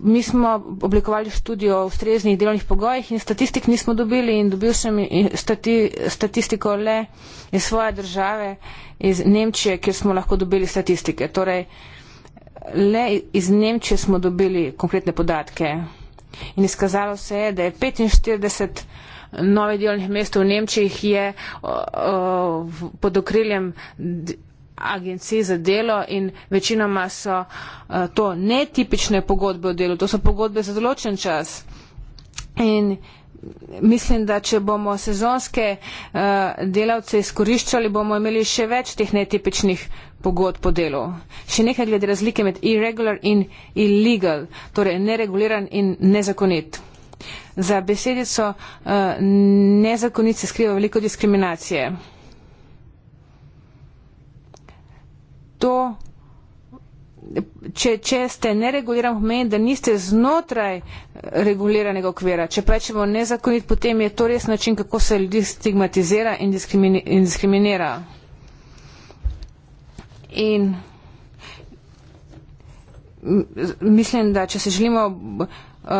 Mi smo oblikovali študijo o ustreznih delovnih pogojih in statistik nismo dobili in dobil sem stati, statistiko le iz svoje države, iz Nemčije, kjer smo lahko dobili statistike. Torej, uh, Le iz Nemčije smo dobili konkretne podatke in izkazalo se je, da je 45 novih delovnih mest v Nemčiji je pod okriljem agencij za delo in večinoma so e, to netipične pogodbe o delu, to so pogodbe za določen čas. In mislim, da če bomo sezonske eh, delavce izkoriščali, bomo imeli še več teh netipičnih pogod po delu. Še nekaj glede razlike med irregular in illegal, torej nereguliran in nezakonit. Za besedico eh, nezakonit se skriva veliko diskriminacije. To če, če ste nereguliran, pomeni, da niste znotraj eh, reguliranega okvira. Če pa rečemo nezakonit, potem je to res način, kako se ljudi stigmatizira in, diskrimini, in diskriminira. In mislim, da če se želimo eh,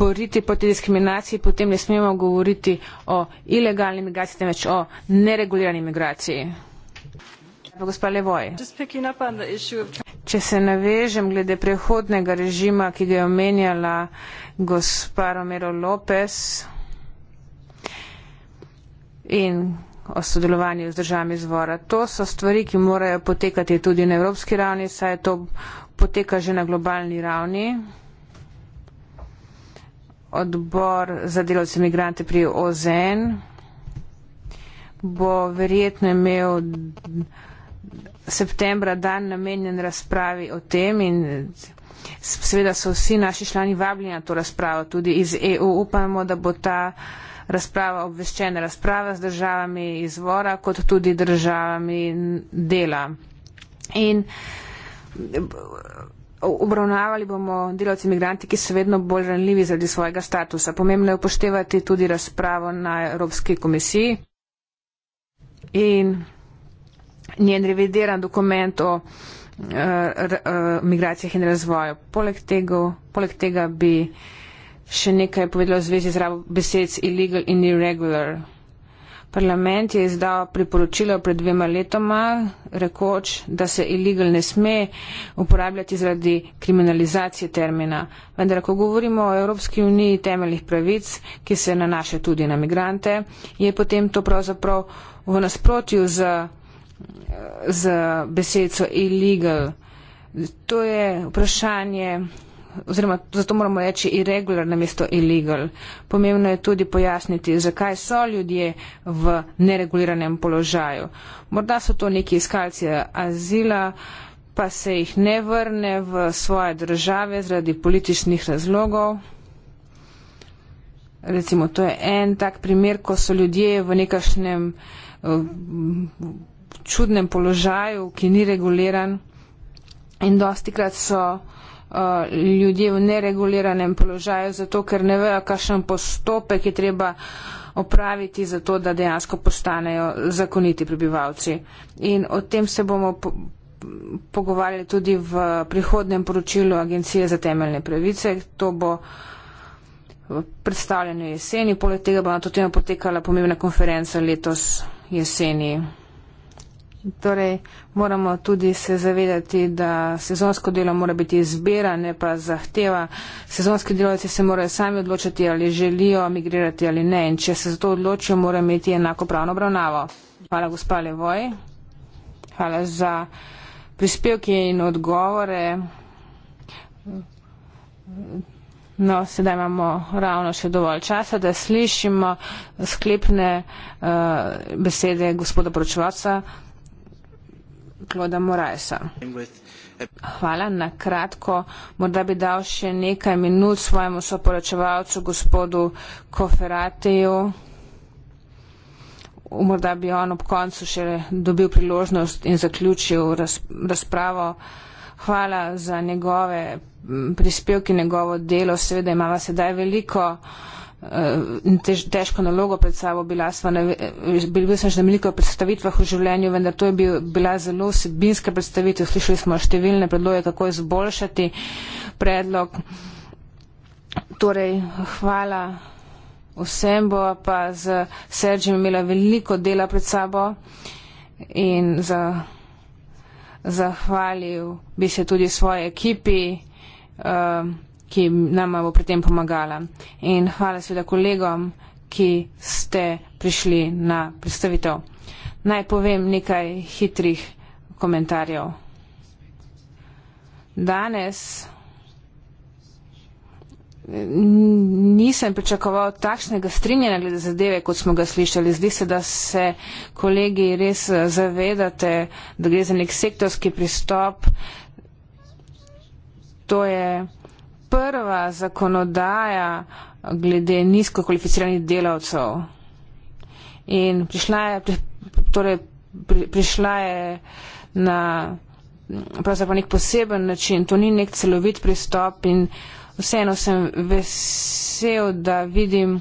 boriti proti diskriminaciji, potem ne smemo govoriti o ilegalni migraciji, temveč o neregulirani migraciji. Gospa Levoj. Če se navežem glede prehodnega režima, ki ga je omenjala gospa Romero Lopez in o sodelovanju z državami izvora. To so stvari, ki morajo potekati tudi na evropski ravni, saj to poteka že na globalni ravni. Odbor za delovce imigrante pri OZN bo verjetno imel septembra dan namenjen razpravi o tem in seveda so vsi naši člani vabljeni na to razpravo, tudi iz EU. Upamo, da bo ta razprava obveščena, razprava z državami izvora, kot tudi državami dela. In obravnavali bomo delavci imigranti, ki so vedno bolj ranljivi zaradi svojega statusa. Pomembno je upoštevati tudi razpravo na Evropski komisiji. In njen revideran dokument o eh, eh, migracijah in razvoju. Poleg tega, poleg tega bi še nekaj povedala v zvezi z rabo besed illegal in irregular. Parlament je izdal priporočilo pred dvema letoma, rekoč, da se illegal ne sme uporabljati zaradi kriminalizacije termina. Vendar, ko govorimo o Evropski uniji temeljih pravic, ki se nanaša tudi na migrante, je potem to pravzaprav v nasprotju z z besedico illegal. To je vprašanje, oziroma zato moramo reči irregular namesto illegal. Pomembno je tudi pojasniti, zakaj so ljudje v nereguliranem položaju. Morda so to neki iskalci azila, pa se jih ne vrne v svoje države zaradi političnih razlogov. Recimo, to je en tak primer, ko so ljudje v nekašnem. V, eh, čudnem položaju, ki ni reguliran in dosti krat so uh, ljudje v nereguliranem položaju, zato ker ne vejo, kakšen postopek je treba opraviti za to, da dejansko postanejo zakoniti prebivalci. In o tem se bomo po pogovarjali tudi v prihodnem poročilu Agencije za temeljne pravice. To bo predstavljeno jeseni, poleg tega bo na to temo potekala pomembna konferenca letos jeseni. Torej, moramo tudi se zavedati, da sezonsko delo mora biti izbira, ne pa zahteva. Sezonski delovci se morajo sami odločiti, ali želijo migrirati ali ne. In če se za to odločijo, morajo imeti enako pravno obravnavo. Hvala, gospa Levoj. Hvala za prispevke in odgovore. No, sedaj imamo ravno še dovolj časa, da slišimo sklepne uh, besede gospoda Pročvaca. Kloda Moraesa. Hvala na kratko. Morda bi dal še nekaj minut svojemu soporočevalcu, gospodu Koferateju. Morda bi on ob koncu še dobil priložnost in zaključil razpravo. Hvala za njegove prispevke, njegovo delo. Seveda imamo sedaj veliko. Eh, tež, težko nalogo pred sabo. Bila, ne, eh, bil, bil sem že na veliko predstavitvah v življenju, vendar to je bil, bila zelo vsebinska predstavitev. Slišali smo številne predloge, kako izboljšati predlog. Torej, hvala vsem, bo pa z Sergijem imela veliko dela pred sabo in za, zahvalil bi se tudi svoji ekipi. Uh, ki nam bo pri tem pomagala. In hvala seveda kolegom, ki ste prišli na predstavitev. Naj povem nekaj hitrih komentarjev. Danes nisem pričakoval takšnega strinjanja glede zadeve, kot smo ga slišali. Zdi se, da se kolegi res zavedate, da gre za nek sektorski pristop. To je prva zakonodaja glede nizko kvalificiranih delavcev. In prišla je, torej, prišla je na pravzaprav nek poseben način, to ni nek celovit pristop in vseeno sem vesel, da vidim,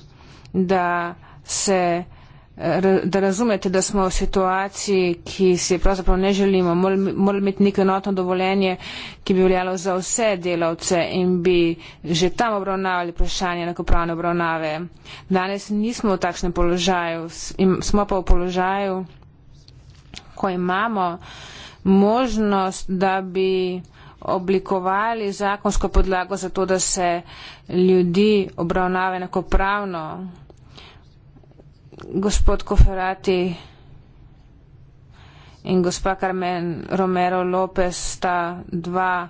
da se da razumete, da smo v situaciji, ki si pravzaprav ne želimo, mora imeti neko enotno dovoljenje, ki bi veljalo za vse delavce in bi že tam obravnavali vprašanje enakopravne obravnave. Danes nismo v takšnem položaju, smo pa v položaju, ko imamo možnost, da bi oblikovali zakonsko podlago za to, da se ljudi obravnava enakopravno gospod Koferati in gospa Carmen Romero Lopez sta dva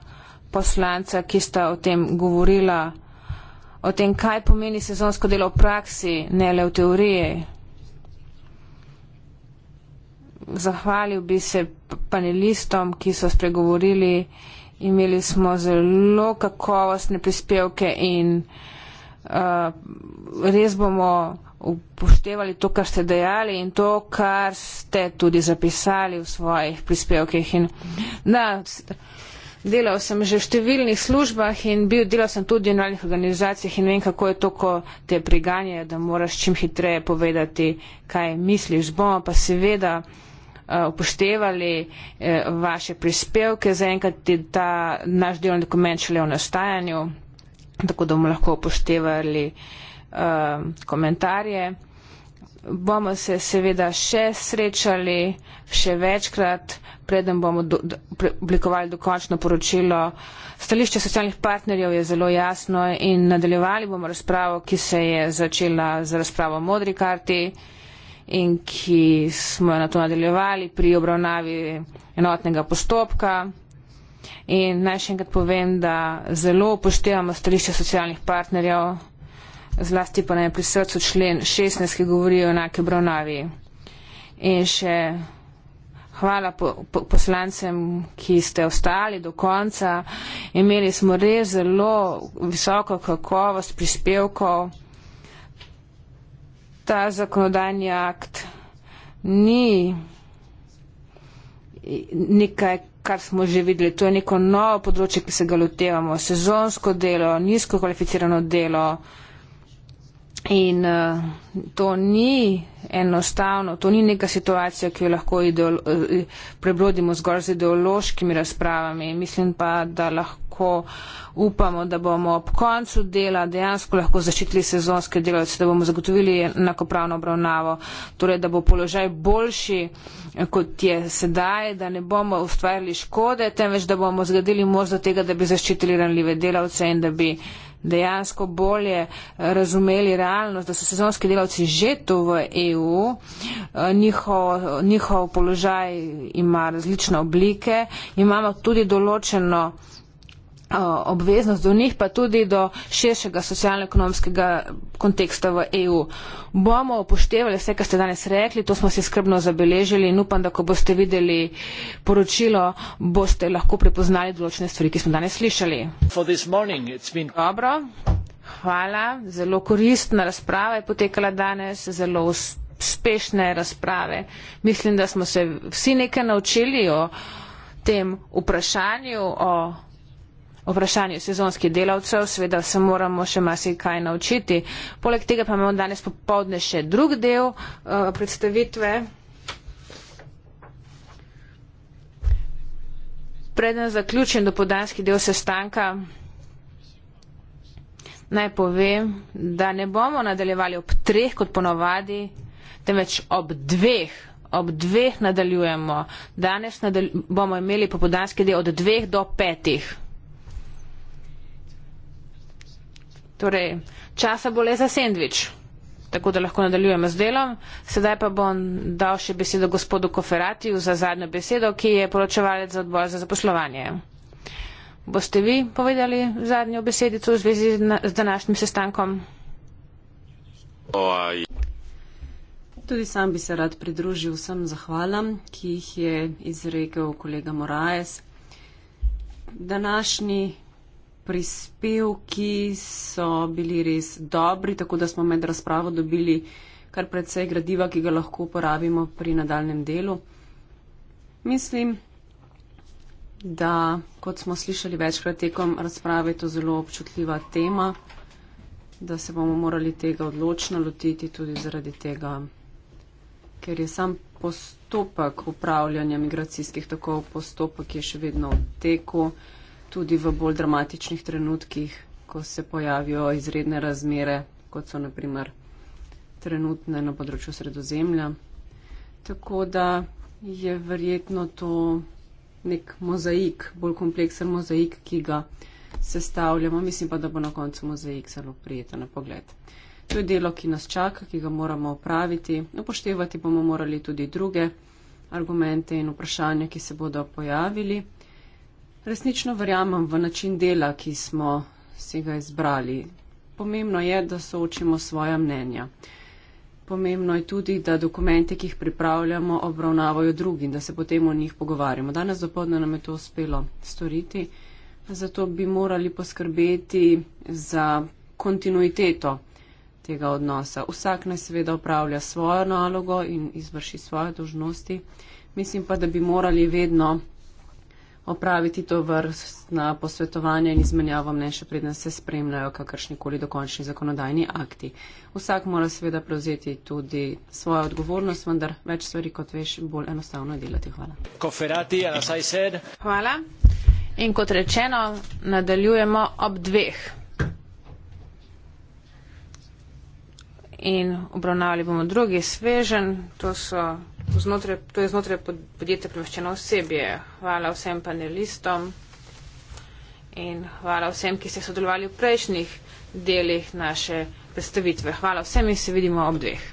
poslanca, ki sta o tem govorila, o tem, kaj pomeni sezonsko delo v praksi, ne le v teoriji. Zahvalil bi se panelistom, ki so spregovorili. Imeli smo zelo kakovostne prispevke in uh, res bomo upoštevali to, kar ste dejali in to, kar ste tudi zapisali v svojih prispevkih. In, da, delal sem že v številnih službah in bil, delal sem tudi v novinarnih organizacijah in vem, kako je to, ko te priganje, da moraš čim hitreje povedati, kaj misliš. Bomo pa seveda eh, upoštevali eh, vaše prispevke, zaenkrat je ta naš delovni dokument šele v nastajanju, tako da bomo lahko upoštevali. Um, komentarje. Bomo se seveda še srečali, še večkrat, preden bomo do, pre, oblikovali dokončno poročilo. Stališče socialnih partnerjev je zelo jasno in nadaljevali bomo razpravo, ki se je začela z razpravo o modri karti in ki smo jo na to nadaljevali pri obravnavi enotnega postopka. In naj še enkrat povem, da zelo upoštevamo stališče socialnih partnerjev zlasti pa nam je pri srcu člen 16, ki govori o enake obravnavi. In še hvala po, po, poslancem, ki ste ostali do konca. Imeli smo res zelo visoko kakovost prispevkov. Ta zakonodajni akt ni nekaj, kar smo že videli. To je neko novo področje, ki se ga lotevamo. Sezonsko delo, nizko kvalificirano delo. In uh, to ni enostavno, to ni neka situacija, ki jo lahko uh, prebrodimo zgolj z ideološkimi razpravami. Mislim pa, da lahko upamo, da bomo ob koncu dela dejansko lahko zaščitili sezonske delavce, da bomo zagotovili enakopravno obravnavo, torej da bo položaj boljši, eh, kot je sedaj, da ne bomo ustvarjali škode, temveč da bomo zgradili možnost tega, da bi zaščitili ranljive delavce in da bi. Uh, dejansko bolje eh, razumeli realnost, da so sezonski delavci že tu v EU, eh, njihov, njihov položaj ima različne oblike. Imamo tudi določeno obveznost do njih, pa tudi do širšega socialno-ekonomskega konteksta v EU. Bomo upoštevali vse, kar ste danes rekli, to smo si skrbno zabeležili in upam, da ko boste videli poročilo, boste lahko prepoznali določene stvari, ki smo danes slišali. Morning, been... Dobro, hvala, zelo koristna razprava je potekala danes, zelo uspešne razprave. Mislim, da smo se vsi nekaj naučili o tem vprašanju, o vprašanju sezonskih delavcev, seveda se moramo še marsikaj naučiti. Poleg tega pa imamo danes popovdne še drug del uh, predstavitve. Preden zaključim dopodanski del sestanka, naj povem, da ne bomo nadaljevali ob treh kot ponovadi, temveč ob dveh. Ob dveh nadaljujemo. Danes nadalj bomo imeli popodanski del od dveh do petih. Torej, časa bo le za sendvič, tako da lahko nadaljujemo z delom. Sedaj pa bom dal še besedo gospodu Koferatiju za zadnjo besedo, ki je poročevalec za odbor za zaposlovanje. Boste vi povedali zadnjo besedico v zvezi z današnjim sestankom? Tudi sam bi se rad pridružil vsem zahvalam, ki jih je izrekel kolega Moraes. Današnji prispevki so bili res dobri, tako da smo med razpravo dobili kar precej gradiva, ki ga lahko uporabimo pri nadaljem delu. Mislim, da, kot smo slišali večkrat tekom razprave, je to zelo občutljiva tema, da se bomo morali tega odločno lotiti tudi zaradi tega, ker je sam postopek upravljanja migracijskih tokov, postopek je še vedno v teku tudi v bolj dramatičnih trenutkih, ko se pojavijo izredne razmere, kot so naprimer trenutne na področju sredozemlja. Tako da je verjetno to nek mozaik, bolj kompleksen mozaik, ki ga sestavljamo, mislim pa, da bo na koncu mozaik zelo prijeten na pogled. To je delo, ki nas čaka, ki ga moramo opraviti. Upoštevati bomo morali tudi druge argumente in vprašanja, ki se bodo pojavili. Resnično verjamem v način dela, ki smo si ga izbrali. Pomembno je, da soočimo svoja mnenja. Pomembno je tudi, da dokumente, ki jih pripravljamo, obravnavajo drugi in da se potem o njih pogovarjamo. Danes dopoledne nam je to uspelo storiti, zato bi morali poskrbeti za kontinuiteto tega odnosa. Vsak naj seveda upravlja svojo nalogo in izvrši svoje dožnosti. Mislim pa, da bi morali vedno opraviti to vrstna posvetovanja in izmenjavo mnen, še predna se spremljajo kakršnikoli dokončni zakonodajni akti. Vsak mora seveda prevzeti tudi svojo odgovornost, vendar več stvari, kot veš, bolj enostavno je delati. Hvala. Hvala. In kot rečeno, nadaljujemo ob dveh. In obravnavali bomo drugi svežen, to so znotraj, to je znotraj podjetja premeščeno osebje. Hvala vsem panelistom in hvala vsem, ki ste sodelovali v prejšnjih delih naše predstavitve. Hvala vsem in se vidimo ob dveh.